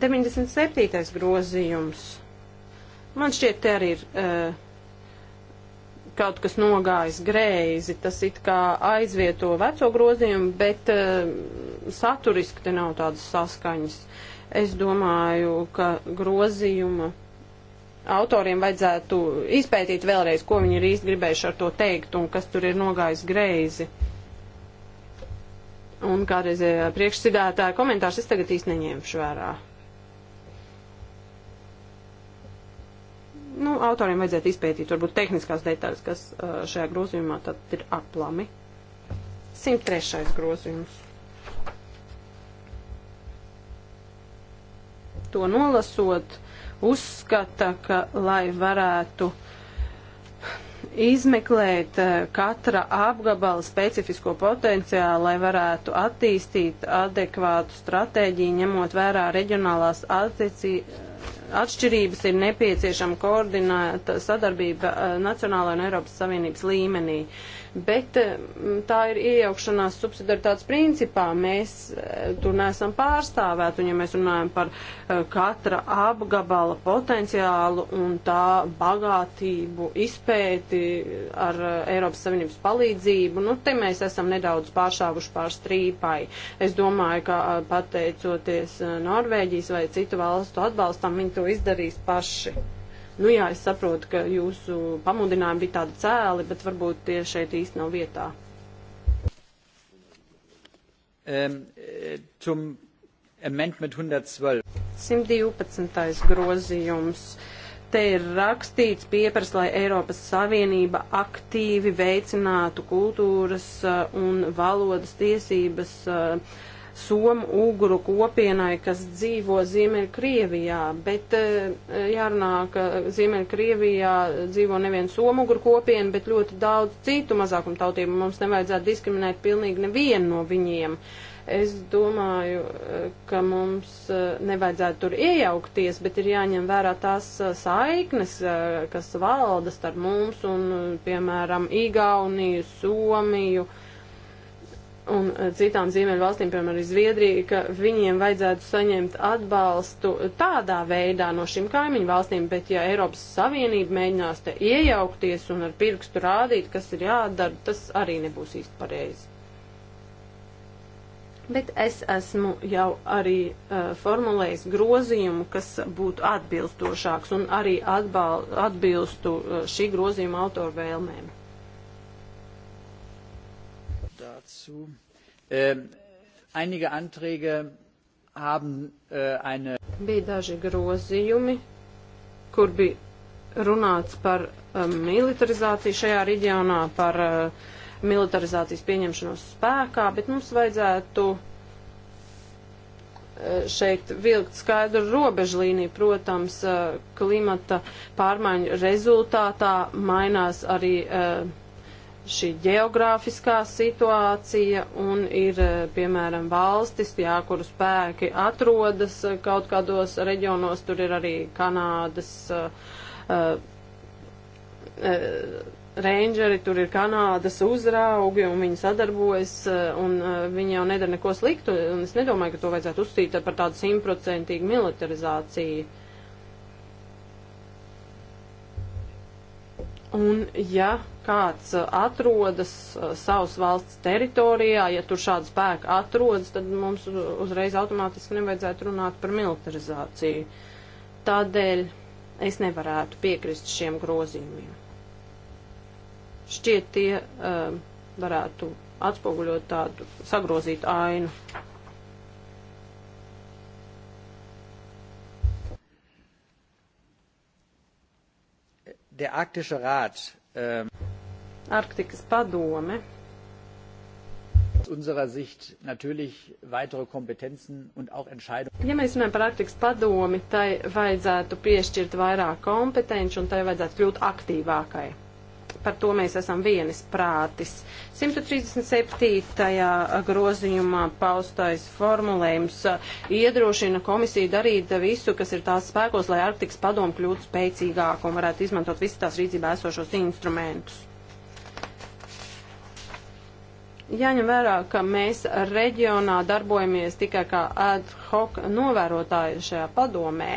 97. grozījums. Man šķiet, te arī ir uh, kaut kas nogājis greizi, tas it kā aizvieto veco grozījumu, bet uh, saturiski te nav tādas saskaņas. Es domāju, ka grozījuma autoriem vajadzētu izpētīt vēlreiz, ko viņi ir īsti gribējuši ar to teikt un kas tur ir nogājis greizi. Un kādreiz eh, priekšsidētāja komentārs es tagad īsti neņemšu vērā. Nu, autoriem vajadzētu izpētīt varbūt tehniskās detaļas, kas uh, šajā grozījumā tad ir aplami. 103. grozījums. To nolasot, uzskata, ka, lai varētu izmeklēt uh, katra apgabala specifisko potenciālu, lai varētu attīstīt adekvātu stratēģiju, ņemot vērā reģionālās attiecības atšķirības, ir nepieciešama koordinēta sadarbība eh, nacionālā un Eiropas Savienības līmenī. Uh, bet eh, tā ir iejaukšanās subsidaritātes principā. Mēs eh, tur neesam pārstāvēti, un ja mēs runājam par eh, katra apgabala potenciālu un tā bagātību izpēti ar Eiropas Savienības palīdzību, nu te mēs esam nedaudz pāršāvuši pār strīpai. Es domāju, ka pateicoties Norvēģijas vai citu valstu atbalstam, viņi to izdarīs paši. Nu jā, es saprotu, ka jūsu pamudinājumi bija tādi cēli, bet varbūt tie šeit īsti nav vietā. Um, um, 112. 112. grozījums. Te ir rakstīts pieprasa, lai Eiropas Savienība aktīvi veicinātu kultūras eh, un valodas tiesības uh, somu uguru kopienai, kas dzīvo Ziemeļkrievijā, bet eh, jārunā, ka Ziemeļkrievijā dzīvo nevien somu uguru kopiena, bet ļoti daudz citu mazākumu tautību. Mums nevajadzētu diskriminēt pilnīgi nevienu no viņiem. Es domāju, eh, ka mums eh, nevajadzētu tur iejaukties, bet ir jāņem vērā tās saiknes, kas valda starp mums un, piemēram, Igauniju, Somiju. Uh, un eh, citām ziemeļu valstīm, piemēram, arī Zviedrija, ka viņiem vajadzētu saņemt atbalstu tādā veidā no šīm kaimiņu valstīm, bet ja Eiropas Savienība mēģinās te iejaukties un ar pirkstu rādīt, kas ir jādara, tas arī nebūs īsti pareizi. Bet es esmu jau arī uh, formulējis grozījumu, kas būtu atbilstošāks un arī atbal, atbilstu uh, šī grozījuma autoru vēlmēm. dazu. Ähm, einige Anträge haben äh, eine. Bija daži grozījumi, kur bija runāts par um, militarizāciju šajā reģionā, par uh, militarizācijas pieņemšanos spēkā, bet mums vajadzētu äh, šeit vilkt skaidru robežlīniju. Protams, äh, klimata pārmaiņu rezultātā mainās arī uh, šī geogrāfiskā situācija un ir, eh, piemēram, valstis, jā, kuru spēki atrodas eh, kaut kādos reģionos, tur ir arī Kanādas uh, uh, rangeri, tur ir Kanādas uzraugi un viņi sadarbojas un uh, viņi jau nedara neko sliktu un es nedomāju, ka to vajadzētu uzstīt par tādu simtprocentīgu militarizāciju. Un, ja kāds uh, atrodas uh, savas valsts teritorijā, ja tur šāda spēka atrodas, tad mums uzreiz automātiski nevajadzētu runāt par militarizāciju. Tādēļ es nevarētu piekrist šiem grozījumiem. Šķiet, tie uh, varētu atspoguļot tādu sagrozītu ainu. Der Arktische Rat ähm um... Arktikas padome. Ja mēs runājam par Arktikas padomi, tai vajadzētu piešķirt vairāk kompetenci un tai vajadzētu kļūt aktīvākai. Par to mēs esam vienis prātis. 137. grozījumā paustais formulējums uh, iedrošina komisiju darīt visu, kas ir tās spēkos, lai Arktikas padomu kļūtu spēcīgāk un varētu izmantot visas tās rīcībā esošos instrumentus. Jāņem vērā, ka mēs reģionā darbojamies tikai kā ad hoc novērotāji šajā padomē,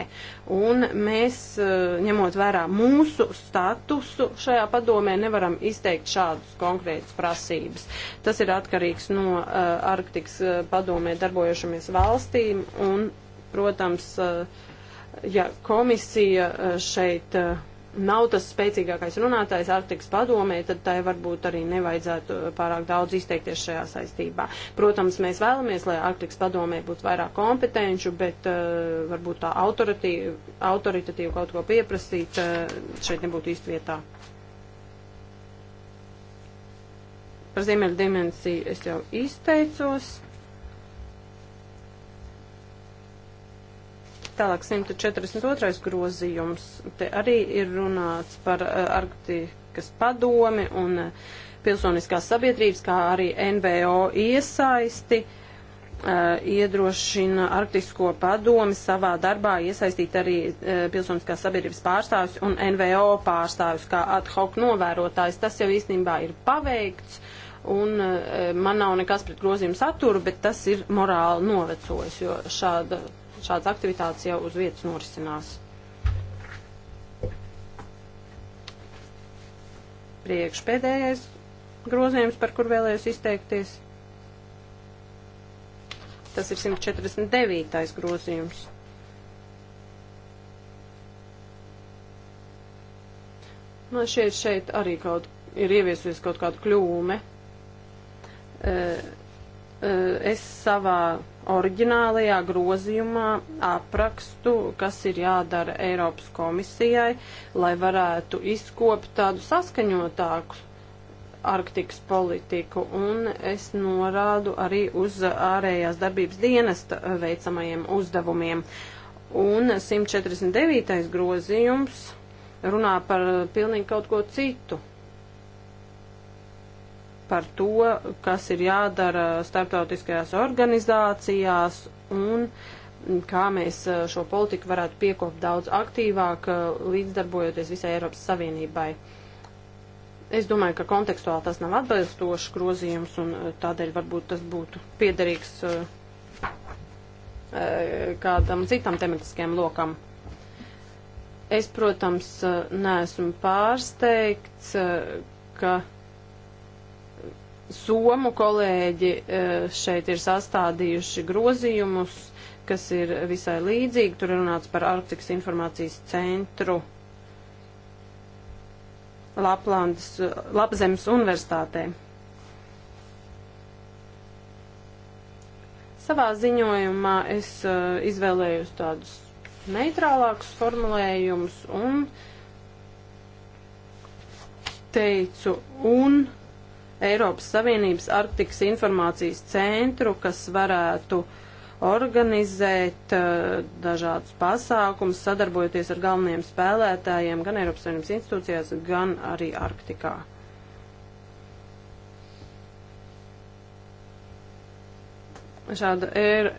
un mēs, eh, ņemot vērā mūsu statusu šajā padomē, nevaram izteikt šādus konkrētus prasības. Tas ir atkarīgs no uh, Arktikas eh, padomē darbojušamies valstīm, un, protams, uh, ja komisija šeit. Uh, nav tas spēcīgākais runātājs Arktikas padomē, tad tai varbūt arī nevajadzētu uh, pārāk daudz izteikties šajā saistībā. Protams, mēs vēlamies, lai Arktikas padomē būtu vairāk kompetenču, bet uh, varbūt tā autoritatīvu kaut ko pieprasīt uh, šeit nebūtu īsti vietā. Par ziemeļu dimensiju es jau izteicos. Tālāk 142. grozījums. Te arī ir runāts par eh, Arktikas padomi un eh, pilsoniskās sabiedrības, kā arī NVO iesaisti eh, iedrošina Arktisko padomi savā darbā iesaistīt arī pilsoniskās sabiedrības pārstāvis un NVO pārstāvis kā ad hoc novērotājs. Tas jau īstenībā ir paveikts un man nav nekas pret grozījumu saturu, bet tas ir morāli novecojis, jo šāda šādas aktivitātes jau uz vietas norisinās. Priekšpēdējais grozījums, par kur vēlējos izteikties, tas ir 149. grozījums. Man nu, šeit, šeit arī kaut ir ieviesusi kaut kāda kļūme. Uh, es savā oriģinālajā grozījumā aprakstu, kas ir jādara Eiropas komisijai, lai varētu izkopt tādu saskaņotāku Arktikas politiku, un es norādu arī uz ārējās darbības dienesta veicamajiem uzdevumiem. Un 149. grozījums runā par pilnīgi kaut ko citu par to, kas ir jādara starptautiskajās organizācijās un kā mēs uh, šo politiku varētu piekopt daudz aktīvāk, uh, līdzdarbojoties visai Eiropas Savienībai. Es domāju, ka kontekstuāli tas nav atbilstošs grozījums un uh, tādēļ varbūt tas būtu piederīgs kādam citam tematiskajam lokam. Es, protams, neesmu pārsteigts, ka Somu kolēģi e, šeit ir sastādījuši grozījumus, kas ir visai līdzīgi. Tur ir runāts par Arktikas informācijas centru Laplandas, Lapzemes universitātē. Savā ziņojumā es e, izvēlējos tādus neitrālākus formulējumus un teicu un Eiropas Savienības Arktikas informācijas centru, kas varētu organizēt uh, dažādus pasākumus, sadarbojoties ar galvenajiem spēlētājiem gan Eiropas Savienības institūcijās, gan arī Arktikā. Šāda ir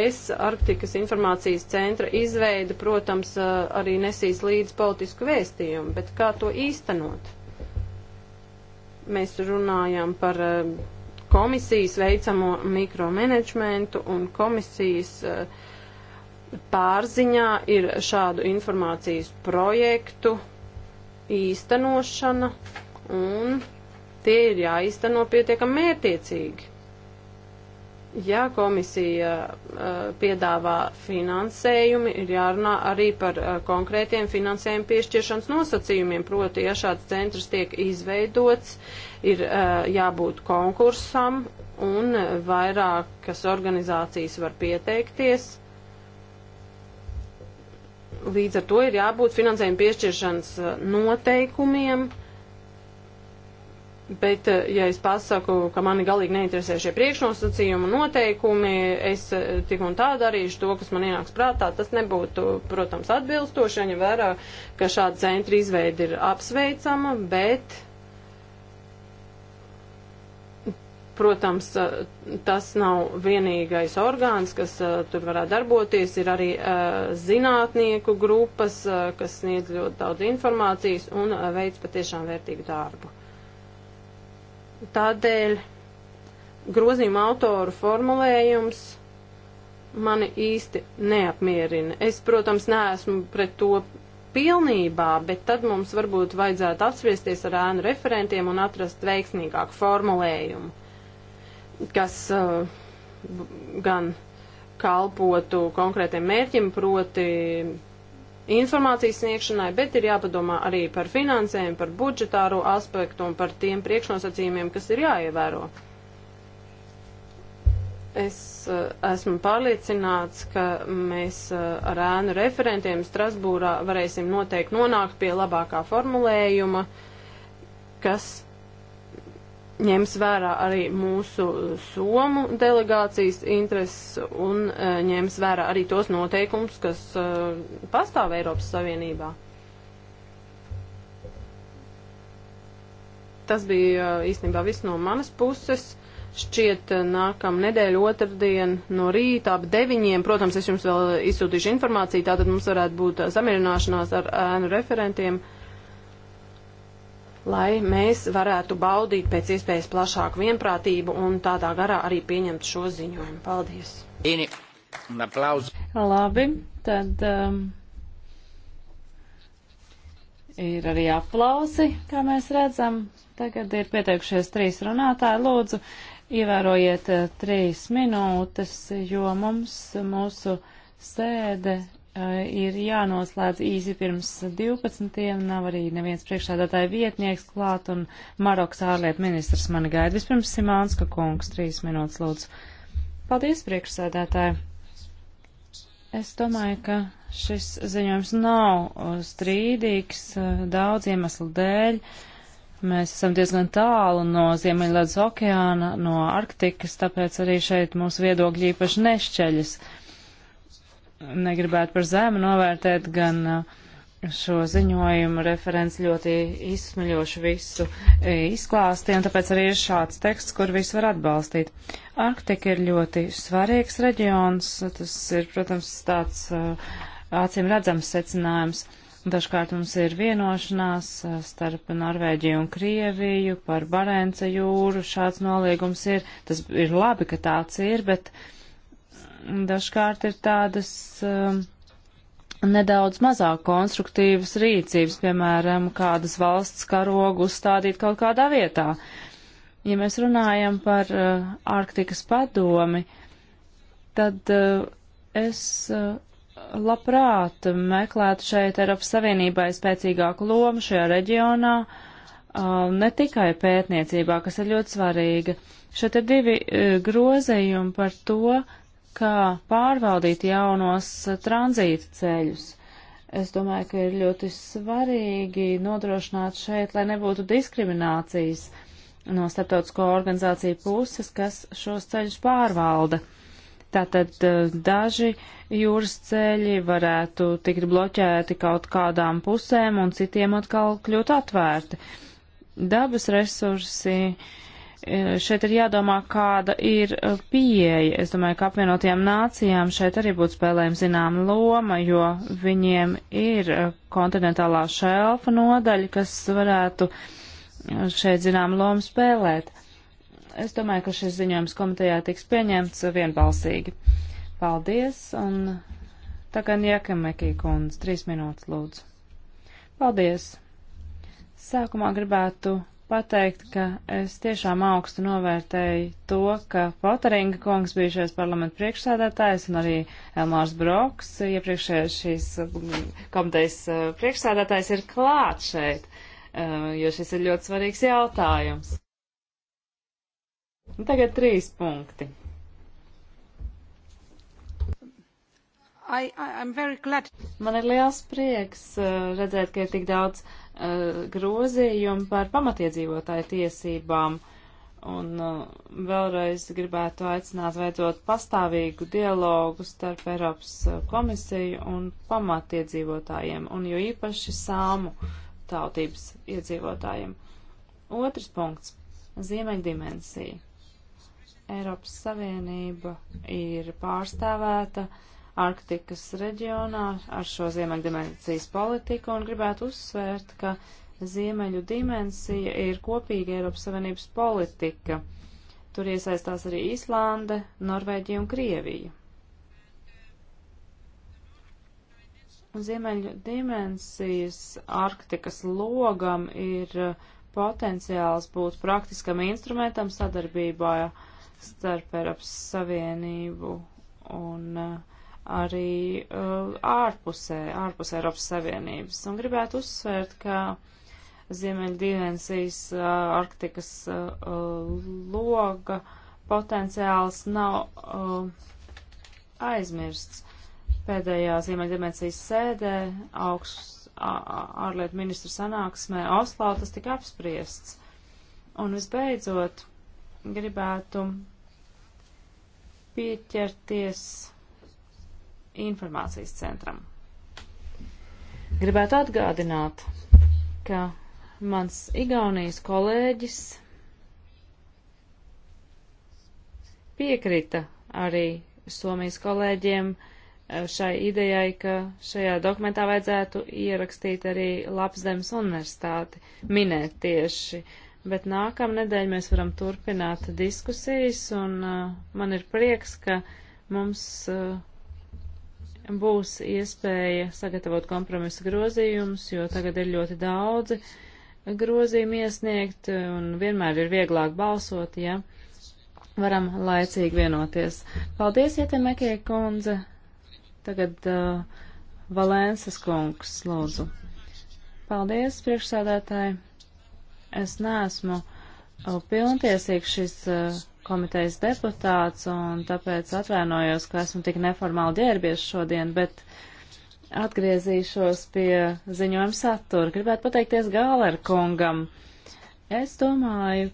es Arktikas informācijas centra izveida, protams, uh, arī nesīs līdz politisku vēstījumu, bet kā to īstenot? Mēs runājam par eh, komisijas veicamo mikromanagementu un komisijas eh, pārziņā ir šādu informācijas projektu īstenošana un tie ir jāīsteno pietiekami mērtiecīgi. Ja komisija eh, piedāvā finansējumi, ir jārunā arī par eh, konkrētiem finansējumu piešķiršanas nosacījumiem, proti, ja šāds centrs tiek izveidots, ir eh, jābūt konkursam un vairākas organizācijas var pieteikties līdz ar to ir jābūt finansējuma piešķiršanas noteikumiem, Bet, eh, ja es pasaku, ka mani galīgi neinteresē šie priekšnosacījumi un noteikumi, es eh, tik un tā darīšu to, kas man ienāks prātā, tas nebūtu, protams, atbilstoši, ja ņem vērā, ka šāda centra izveida ir apsveicama, bet protams, eh, tas nav vienīgais orgāns, kas tur varētu darboties. Ir arī zinātnieku grupas, kas sniedz ļoti daudz informācijas un veids patiešām vērtīgu darbu. Tādēļ grozījuma autoru formulējums mani īsti neapmierina. Es, protams, neesmu pret to pilnībā, bet tad mums varbūt vajadzētu apspriesties ar ēnu referentiem un atrast veiksmīgāku formulējumu, kas uh, gan kalpotu konkrētiem mērķim, proti informācijas sniegšanai, bet ir jāpadomā arī par finansēm, par budžetāro aspektu un par tiem priekšnosacījumiem, kas ir jāievēro. Es uh, esmu pārliecināts, ka mēs uh, ar ēnu referentiem Strasbūrā varēsim noteikti nonākt pie labākā formulējuma, kas ņems vērā arī mūsu Somu delegācijas intereses un e, ņems vērā arī tos noteikums, kas e, pastāv Eiropas Savienībā. Tas bija e, īstenībā viss no manas puses šķiet nākam nedēļa otrdien no rīta ap deviņiem. Protams, es jums vēl izsūtīšu informāciju, tātad mums varētu būt samierināšanās ar ēnu referentiem lai mēs varētu baudīt pēc iespējas plašāku vienprātību un tādā garā arī pieņemt šo ziņojumu. Paldies! Ini. Un aplauz. Labi, tad um, ir arī aplausi, kā mēs redzam. Tagad ir pieteikušies trīs runātāji. Lūdzu, ievērojiet uh, trīs minūtes, jo mums mūsu sēde Eh, ir jānoslēdz īsi pirms 12. Nav arī neviens priekšsādātāja vietnieks klāt, un Maroks ārlietu ministrs mani gaida. Vispirms Simānska kungs, trīs minūtes lūdzu. Paldies, priekšsādātāji. Es domāju, ka šis ziņojums nav eh, strīdīgs eh, daudz iemeslu dēļ. Mēs esam diezgan tālu no Ziemeļlēdz okeāna, no Arktikas, tāpēc arī šeit mūsu viedokļi īpaši nešķeļas. Uh, negribētu par zēmu novērtēt gan uh, šo ziņojumu referents ļoti izsmeļoši visu e, izklāstīja, un tāpēc arī ir šāds teksts, kur visu var atbalstīt. Arktika ir ļoti svarīgs reģions, tas ir, protams, tāds uh, acīm redzams secinājums. Dažkārt mums ir vienošanās uh, starp Norvēģiju un Krieviju par Barenca jūru. Šāds noliegums ir. Tas ir labi, ka tāds ir, bet uh, dažkārt ir tādas um, nedaudz mazāk konstruktīvas rīcības, piemēram, kādas valsts karogu uzstādīt kaut kādā vietā. Ja mēs runājam par Ārktikas uh, padomi, tad uh, es uh, labprāt meklētu šeit Eiropas Savienībai spēcīgāku lomu šajā reģionā, ne tikai pētniecībā, kas ir ļoti svarīga. Šeit ir divi grozījumi par to, uh, kā pārvaldīt jaunos eh, tranzīta ceļus. Es domāju, ka ir ļoti svarīgi nodrošināt šeit, lai nebūtu diskriminācijas no starptautisko organizāciju puses, kas šos ceļus pārvalda. Tātad eh, daži jūras ceļi varētu tikt bloķēti kaut kādām pusēm un citiem atkal kļūt atvērti. Dabas resursi uh, E, šeit ir jādomā, kāda ir e, pieeja. Es domāju, ka apvienotajām nācijām šeit arī būtu spēlējama zināma loma, jo viņiem ir e, kontinentālā šelfa nodaļa, kas varētu šeit zināma loma spēlēt. Es domāju, ka šis ziņojums komitejā tiks pieņemts vienbalsīgi. Paldies, un tagad Jekamekī kundze, trīs minūtes lūdzu. Paldies! Sākumā gribētu pateikt, ka es tiešām augstu novērtēju to, ka Poteringa kungs bijušais parlamenta priekšsēdētājs un arī Elmārs Broks, iepriekšējais šīs mm, komitejas eh, priekšsēdētājs, ir klāt šeit, eh, jo šis ir ļoti svarīgs jautājums. Un tagad trīs punkti. I, I, Man ir liels prieks eh, redzēt, ka ir tik daudz uh, Eh, grozījumu par pamatiedzīvotāju tiesībām. Un eh, vēlreiz gribētu aicināt veidot pastāvīgu dialogu starp Eiropas eh, komisiju un pamatiedzīvotājiem, un jo īpaši sāmu tautības iedzīvotājiem. Otrs punkts - ziemeļdimensija. Eiropas Savienība ir pārstāvēta uh, Arktikas reģionā ar šo ziemeļdimensijas politiku un gribētu uzsvērt, ka ziemeļu dimensija ir kopīga Eiropas Savienības politika. Tur iesaistās arī Īslande, Norvēģija un Krievija. Ziemeļu dimensijas Arktikas logam ir potenciāls būt praktiskam instrumentam sadarbībā starp Eiropas Savienību un uh, arī uh, ārpusē, ārpus Eiropas Savienības. Un gribētu uzsvērt, ka Ziemeļdimensijas uh, Arktikas uh, loga potenciāls nav uh, aizmirsts. Pēdējā Ziemeļdimensijas sēdē augsts ārlietu ministru sanāksmē Oslā tas tika apspriests. Un visbeidzot, gribētu pieķerties informācijas centram. Gribētu atgādināt, ka mans Igaunijas kolēģis piekrita arī Somijas kolēģiem eh, šai idejai, ka šajā dokumentā vajadzētu ierakstīt arī Lapsdemes universitāti, minēt tieši bet nākamnedēļ mēs varam turpināt diskusijas, un uh, man ir prieks, ka mums uh, būs iespēja sagatavot kompromisa grozījumus, jo tagad ir ļoti daudzi grozījumi iesniegt un vienmēr ir vieglāk balsot, ja varam laicīgi vienoties. Paldies, Ietemekie kundze. Tagad uh, Valēnsas kungs, lūdzu. Paldies, priekšsādātāji. Es neesmu pilntiesīgs šis uh, komitejas deputāts, un tāpēc atvainojos, ka esmu tik neformāli ģērbies šodien, bet atgriezīšos pie ziņojuma satura. Gribētu pateikties Gāler kungam. Es domāju,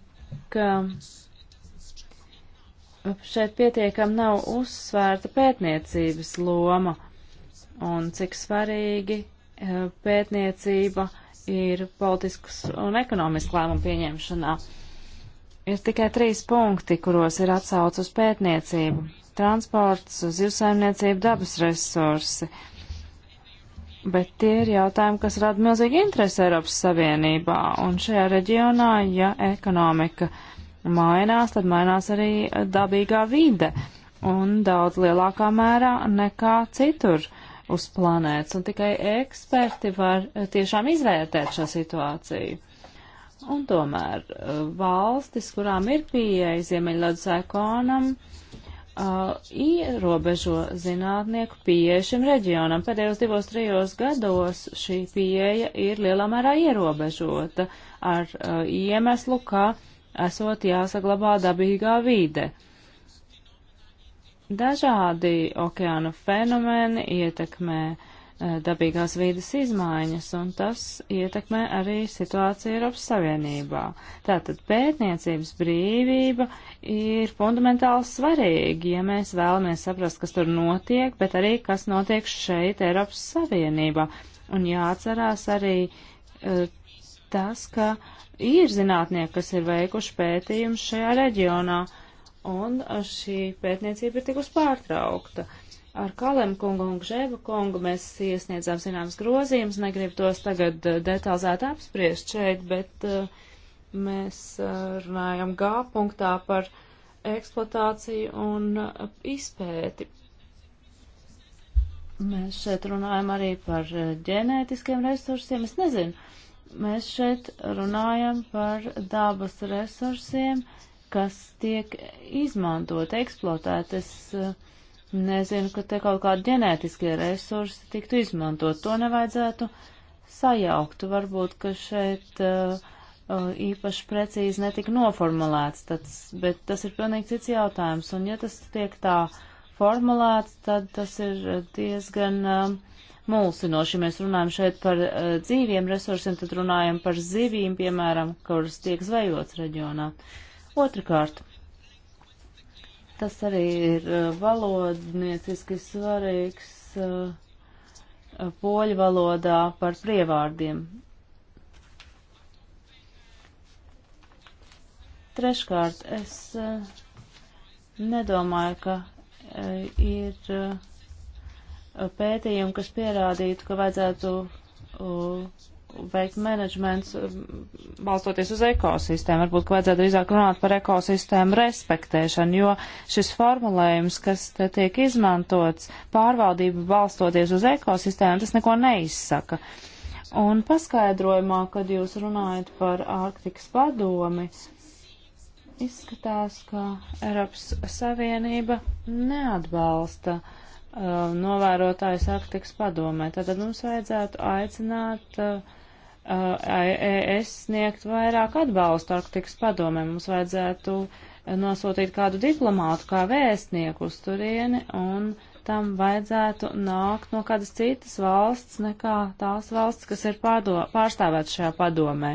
ka šeit pietiekam nav uzsvērta pētniecības loma un cik svarīgi eh, pētniecība ir politiskas un ekonomiskas lēmumu pieņemšanā. Uh, Ir tikai trīs punkti, kuros ir atsauc uz pētniecību - transports, zivsaimniecība, dabas resursi. Bet tie ir jautājumi, kas rada milzīgi interesi Eiropas Savienībā, un šajā reģionā, ja ekonomika mainās, tad mainās arī dabīgā vide, un daudz lielākā mērā nekā citur uz planētas, un tikai eksperti var tiešām izvērtēt šo situāciju un tomēr uh, valstis, kurām ir pieeja Ziemeļlodus ekonam, uh, ierobežo zinātnieku pieeja šim reģionam. Pēdējos divos, trijos gados šī pieeja ir lielā mērā ierobežota ar uh, iemeslu, ka esot jāsaglabā dabīgā vide. Dažādi okeāna fenomeni ietekmē uh, Eh, dabīgās vīdes izmaiņas, un tas ietekmē arī situāciju Eiropas Savienībā. Tātad pētniecības brīvība ir fundamentāli svarīga, ja mēs vēlamies saprast, kas tur notiek, bet arī kas notiek šeit Eiropas Savienībā. Un jāatcerās arī eh, tas, ka ir zinātnieki, kas ir veikuši pētījumus šajā reģionā, un eh, šī pētniecība ir tikus pārtraukta. Ar Kalem kungu un Gžēvu kungu mēs iesniedzām zināmas grozījumus, negribu tos tagad eh, detalizēti apspriest šeit, bet uh, mēs eh, runājam G punktā par eksploatāciju un izpēti. Mēs šeit runājam arī par ģenētiskiem resursiem. Es nezinu, mēs šeit runājam par dabas resursiem, kas tiek izmantot, eksploatēt. Es Nezinu, ka te kaut kādi ģenētiskie resursi tiktu izmantot. To nevajadzētu sajaukt. Varbūt, ka šeit uh, uh īpaši precīzi netika noformulēts, tāds, bet tas ir pilnīgi cits jautājums. Un ja tas tiek tā formulēts, tad tas ir uh, diezgan uh, mulsinoši. Mēs runājam šeit par uh, dzīviem resursiem, tad runājam par zivīm, piemēram, kuras tiek zvejots reģionā. Otrakārt, Tas arī ir uh, valodnieciski svarīgs uh, poļu valodā par prievārdiem. Treškārt, es uh, nedomāju, ka ir pētījumi, kas pierādītu, ka vajadzētu veikt menedžments um, balstoties uz ekosistēmu. Varbūt, ka vajadzētu drīzāk runāt par ekosistēmu respektēšanu, jo šis formulējums, kas te tiek izmantots, pārvaldība balstoties uz ekosistēmu, tas neko neizsaka. Un paskaidrojumā, kad jūs runājat par Ārktikas padomi, izskatās, ka Eiropas Savienība neatbalsta uh, novērotājus Arktikas padomē. Tātad mums vajadzētu aicināt uh, Uh, ES sniegt vairāk atbalstu Arktikas padomē. Mums vajadzētu uh, nosūtīt kādu diplomātu kā vēstnieku e uz turieni, un tam vajadzētu nākt no kādas citas valsts nekā tās valsts, kas ir pārstāvētas šajā padomē.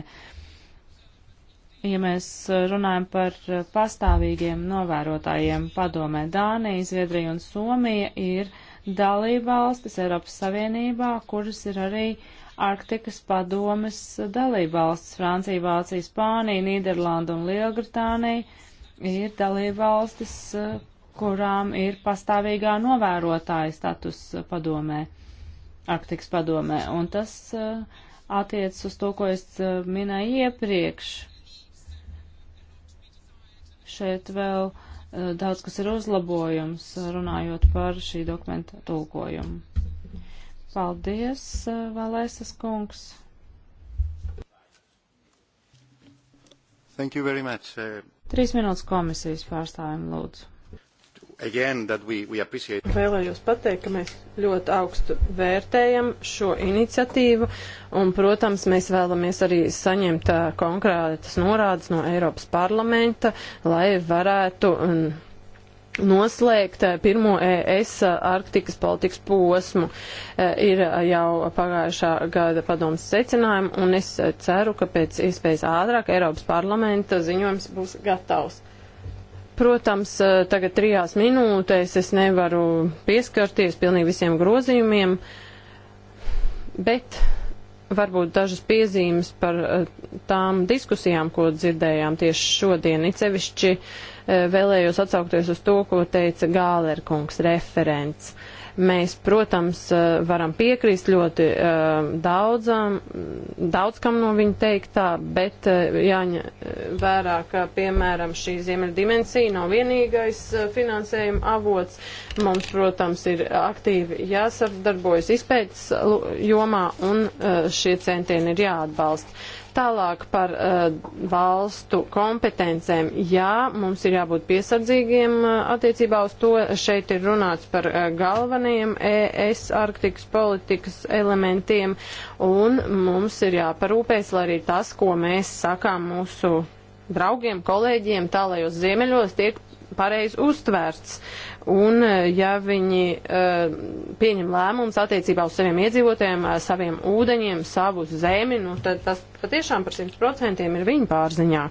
Ja mēs uh, runājam par pastāvīgiem novērotājiem padomē, Dānija, Zviedrija un Somija ir dalībvalstis Eiropas Savienībā, kuras ir arī uh, Arktikas padomes dalībvalstis Francija, Vācija, Spānija, Nīderlanda un Lielbritānija ir dalībvalstis, kurām ir pastāvīgā novērotāja status padomē, Arktikas padomē. Un tas uh, attiec uz to, ko es uh, minēju iepriekš. Šeit vēl uh, daudz kas ir uzlabojums, runājot par šī dokumenta tulkojumu. Paldies, eh, Valēsas kungs. Thank you very much. Eh. Trīs minūtes komisijas pārstāvim lūdzu. Again, we, we appreciate... Vēlējos pateikt, ka mēs ļoti augstu vērtējam šo iniciatīvu un, protams, mēs vēlamies arī saņemt eh, konkrētas norādes no Eiropas parlamenta, lai varētu. Un, noslēgt eh, pirmo ES Arktikas politikas posmu. Eh, ir eh, jau pagājušā gada padomas secinājumi, un es ceru, ka pēc iespējas ātrāk Eiropas parlamenta ziņojums būs gatavs. Protams, tagad trijās minūtēs es nevaru pieskarties pilnīgi visiem grozījumiem, bet varbūt dažas piezīmes par tām diskusijām, ko dzirdējām tieši šodien. It sevišķi uh, Eh, vēlējos atsaukties uz to, ko teica Gālerkungs referents. Mēs, protams, eh, varam piekrist ļoti eh, daudzam, daudz kam no viņa teiktā, bet jāņa vērā, ka, piemēram, šī ziemeļa dimensija nav vienīgais finansējuma avots. Mums, protams, ir aktīvi jāsadarbojas izpētes jomā un šie centieni ir jāatbalsta. Tālāk par uh, valstu kompetencēm. Jā, mums ir jābūt piesardzīgiem uh, attiecībā uz to. Šeit ir runāts par uh, galvenajiem ES Arktikas politikas elementiem, un mums ir jāparūpēs, lai arī tas, ko mēs sakām mūsu draugiem, kolēģiem, tālajos ziemeļos, tiek pareizi uztvērts. Uh, Un, eh, ja viņi uh, pieņem lēmumus attiecībā uz saviem iedzīvotājiem, uh, saviem ūdeņiem, savu zemi, nu, tad tas patiešām par 100% ir viņu pārziņā.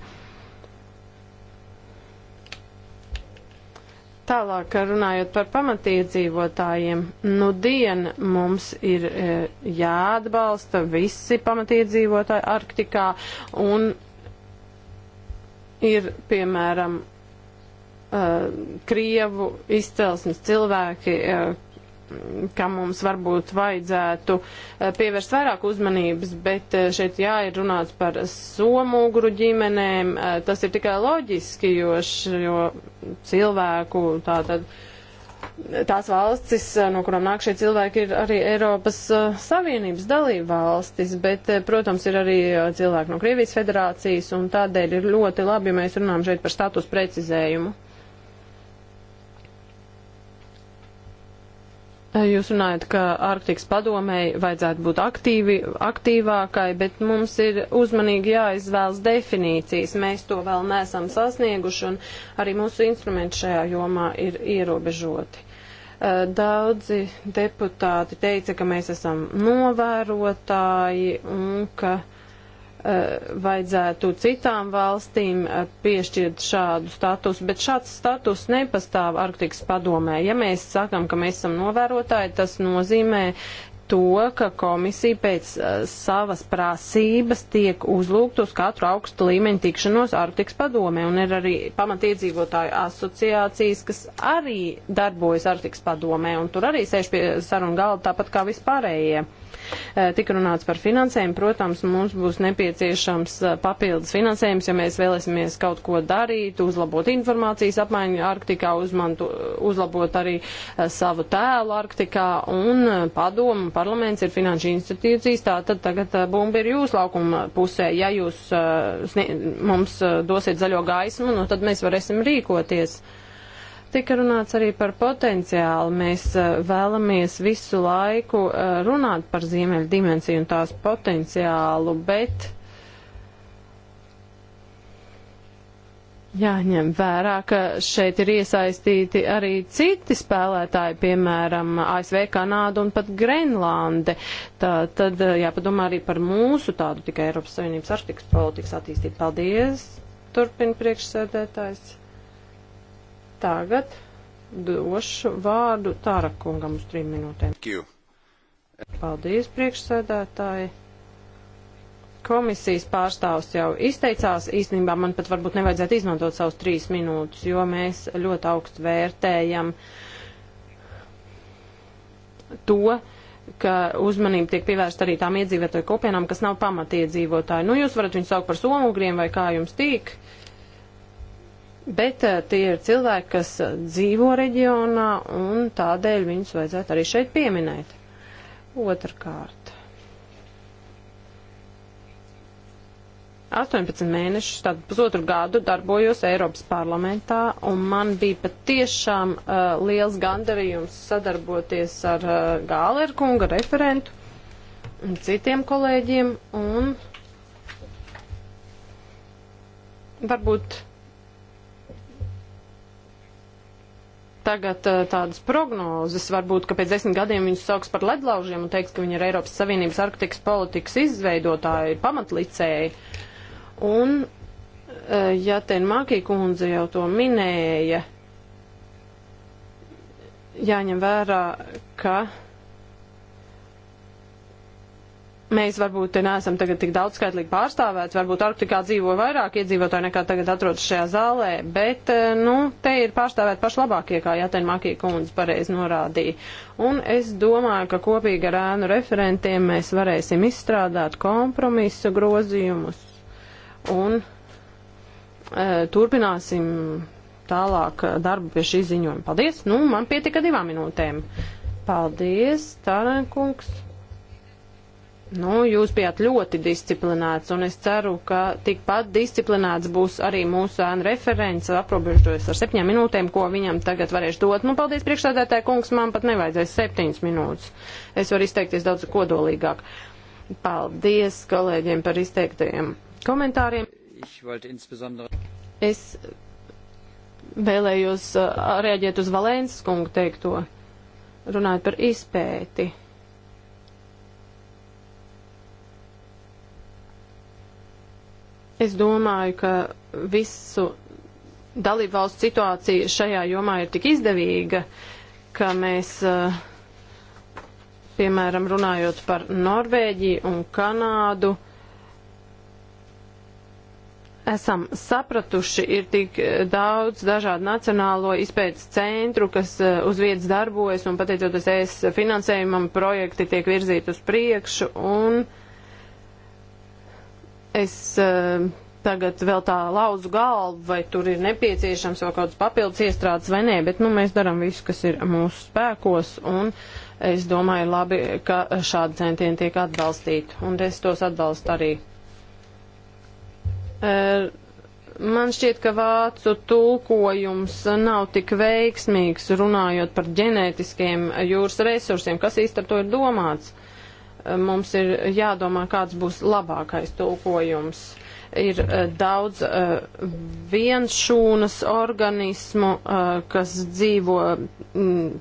Tālāk runājot par pamatiedzīvotājiem, nu dien mums ir e, jāatbalsta visi pamatiedzīvotāji Arktikā un ir, piemēram, Eh, krievu izcelsmes cilvēki, eh, kam mums varbūt vajadzētu eh, pievērst vairāk uzmanības, bet šeit jā, ir runāts par somūguru ģimenēm. Tas ir tikai loģiski, jo šo cilvēku tātad. Tās valstis, no kurām nāk šie cilvēki, ir arī Eiropas Savienības dalība valstis, bet, protams, ir arī cilvēki no Krievijas federācijas, un tādēļ ir ļoti labi, ja mēs runājam šeit par status precizējumu. Jūs runājat, ka Arktikas padomēji vajadzētu būt aktīvi, aktīvākai, bet mums ir uzmanīgi jāizvēlas definīcijas. Mēs to vēl neesam sasnieguši, un arī mūsu instrumenti šajā jomā ir ierobežoti eh, daudzi deputāti teica, ka mēs esam novērotāji un ka Eh, vajadzētu citām valstīm eh, piešķirt šādu statusu, bet šāds status nepastāv Arktikas padomē. Ja mēs sakam, ka mēs esam novērotāji, tas nozīmē to, ka komisija pēc eh, savas prasības tiek uzlūgt uz katru augstu līmeņu tikšanos Arktikas padomē, un ir arī pamatiedzīvotāju asociācijas, kas arī darbojas Arktikas padomē, un tur arī sēž pie sarunu galda tāpat kā vispārējie. Eh, Tik runāts par finansējumu. Protams, mums būs nepieciešams eh, papildus finansējums, ja mēs vēlēsimies kaut ko darīt, uzlabot informācijas apmaiņu Arktikā, uzmantu, uzlabot arī eh, savu tēlu Arktikā. Un padomu parlaments ir finanšu institūcijas, tā tad tagad bumba ir jūsu laukuma pusē. Ja jūs mums dosiet zaļo gaismu, nu, tad mēs varēsim rīkoties. Tika runāts arī par potenciālu. Mēs eh, vēlamies visu laiku eh, runāt par ziemeļu dimensiju un tās potenciālu, bet jāņem vērā, ka šeit ir iesaistīti arī citi spēlētāji, piemēram, ASV, Kanāda un pat Grenlande. Tā, tad eh, jāpadomā arī par mūsu tādu tikai Eiropas Savienības arktikas politikas attīstību. Paldies! Turpin priekšsēdētājs tagad došu vārdu Tārakungam uz trim minūtēm. Paldies, priekšsēdētāji. Komisijas pārstāvs jau izteicās, īstenībā man pat varbūt nevajadzētu izmantot savus trīs minūtes, jo mēs ļoti augstu vērtējam to, ka uzmanība tiek pievērsta arī tām iedzīvotāju kopienām, kas nav pamatiedzīvotāji. Nu, jūs varat viņus saukt par somugriem vai kā jums tīk. Uh, bet eh, tie ir cilvēki, kas eh, dzīvo reģionā, un tādēļ viņus vajadzētu arī šeit pieminēt. Otrkārt. 18 mēnešus, tad pusotru gadu darbojos Eiropas parlamentā, un man bija patiešām uh, liels gandarījums sadarboties ar uh, Gāleru kunga referentu un citiem kolēģiem, un varbūt tagad uh, tādas prognozes, varbūt, ka pēc desmit gadiem viņus sauks par ledlaužiem un teiks, ka viņi ir Eiropas Savienības arktikas politikas izveidotāji, pamatlicēji. Un, uh, ja ten Mākī kundze jau to minēja, jāņem vērā, ka. Uh, Mēs varbūt neesam tagad tik daudz skaitlīgi pārstāvēti, varbūt Arktikā dzīvo vairāk iedzīvotāji nekā tagad atrodas šajā zālē, bet, eh, nu, te ir pārstāvēti pašlabākie, kā Jātenmākī kundze pareizi norādīja. Un es domāju, ka kopīgi ar ēnu referentiem mēs varēsim izstrādāt kompromisu grozījumus un e, turpināsim tālāk darbu pie šī ziņojuma. Paldies! Nu, man pietika divām minūtēm. Paldies, Tārenkungs! Nu, jūs bijāt ļoti disciplinēts, un es ceru, ka tikpat disciplinēts būs arī mūsu ēna referents, aprobežoties ar septiņām minūtēm, ko viņam tagad varēšu dot. Nu, paldies priekšsādētāji, kungs, man pat nevajadzēs septiņas minūtes. Es varu izteikties daudz kodolīgāk. Paldies kolēģiem par izteiktajiem komentāriem. Es vēlējos uh, reaģēt uz Valēnas kungu teikto, runājot par izpēti Es domāju, ka visu dalībvalstu situācija šajā jomā ir tik izdevīga, ka mēs, eh, piemēram, runājot par Norvēģiju un Kanādu, esam sapratuši, ir tik eh, daudz dažādu nacionālo izpētes centru, kas eh, uz vietas darbojas, un pateicoties es finansējumam, projekti tiek virzīti uz priekšu, un uh, Es uh, tagad vēl tā lauzu galvu, vai tur ir nepieciešams vēl kaut kāds papildus iestrādes vai nē, bet nu, mēs darām visu, kas ir mūsu spēkos, un es domāju, labi, ka šādi centieni tiek atbalstīti, un es tos atbalstu arī. Uh, man šķiet, ka vācu tulkojums nav tik veiksmīgs runājot par ģenētiskiem jūras resursiem. Kas īsti ar to ir domāts? mums ir jādomā, kāds būs labākais tulkojums. Ir eh, daudz eh, vienšūnas organismu, eh, kas dzīvo mm,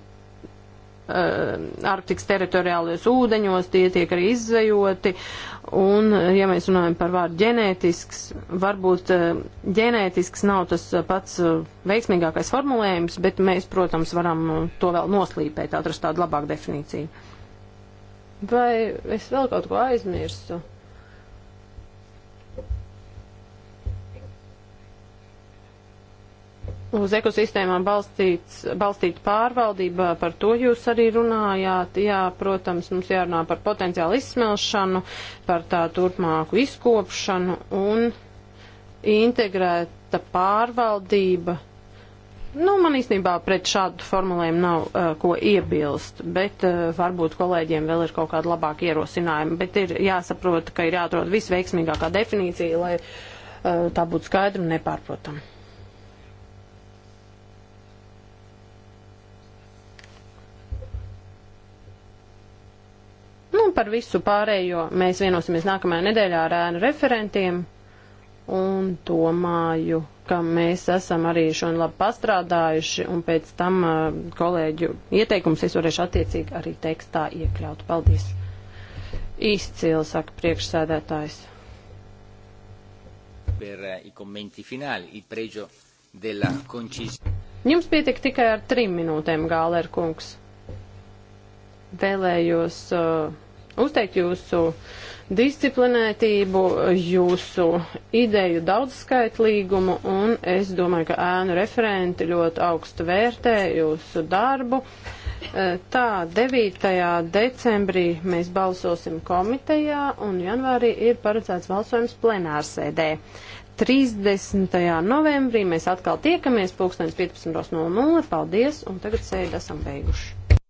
Arktikas teritoriālajos ūdeņos, tie tiek arī izzvejoti. Un, ja mēs runājam par vārdu ģenētisks, varbūt ģenētisks nav tas pats veiksmīgākais formulējums, bet mēs, protams, varam to vēl noslīpēt, atrast tādu labāku definīciju. Vai es vēl kaut ko aizmirstu? Uz ekosistēmām balstīts, balstīta pārvaldība, par to jūs arī runājāt. Jā, protams, mums jārunā par potenciālu izsmelšanu, par tā turpmāku izkopšanu un integrēta pārvaldība Nu, man īstenībā pret šādu formulējumu nav uh, ko iebilst, bet uh, varbūt kolēģiem vēl ir kaut kāda labāka ierosinājuma, bet ir jāsaprot, ka ir jāatrod visveiksmīgākā definīcija, lai uh, tā būtu skaidra un nepārprotama. Nu, par visu pārējo mēs vienosimies nākamajā nedēļā ar ēnu referentiem un domāju, ka mēs esam arī šodien labi pastrādājuši, un pēc tam uh, kolēģu ieteikums es varēšu attiecīgi arī tekstā iekļaut. Paldies! Izcili, saka priekšsēdētājs. Per uh, i commenti finali, il pregio della concisione. Jums pietiek tikai ar trim minūtēm, Gālēr kungs. Vēlējos uh, uzteikt jūsu uh, disciplinētību, jūsu ideju daudzskaitlīgumu, un es domāju, ka ēnu referenti ļoti augstu vērtē jūsu darbu. Eh, tā, 9. decembrī mēs balsosim komitejā, un janvārī ir paredzēts balsojums plenārsēdē. 30. novembrī mēs atkal tiekamies, pulkstens 15.00. Paldies, un tagad sēdi esam beiguši.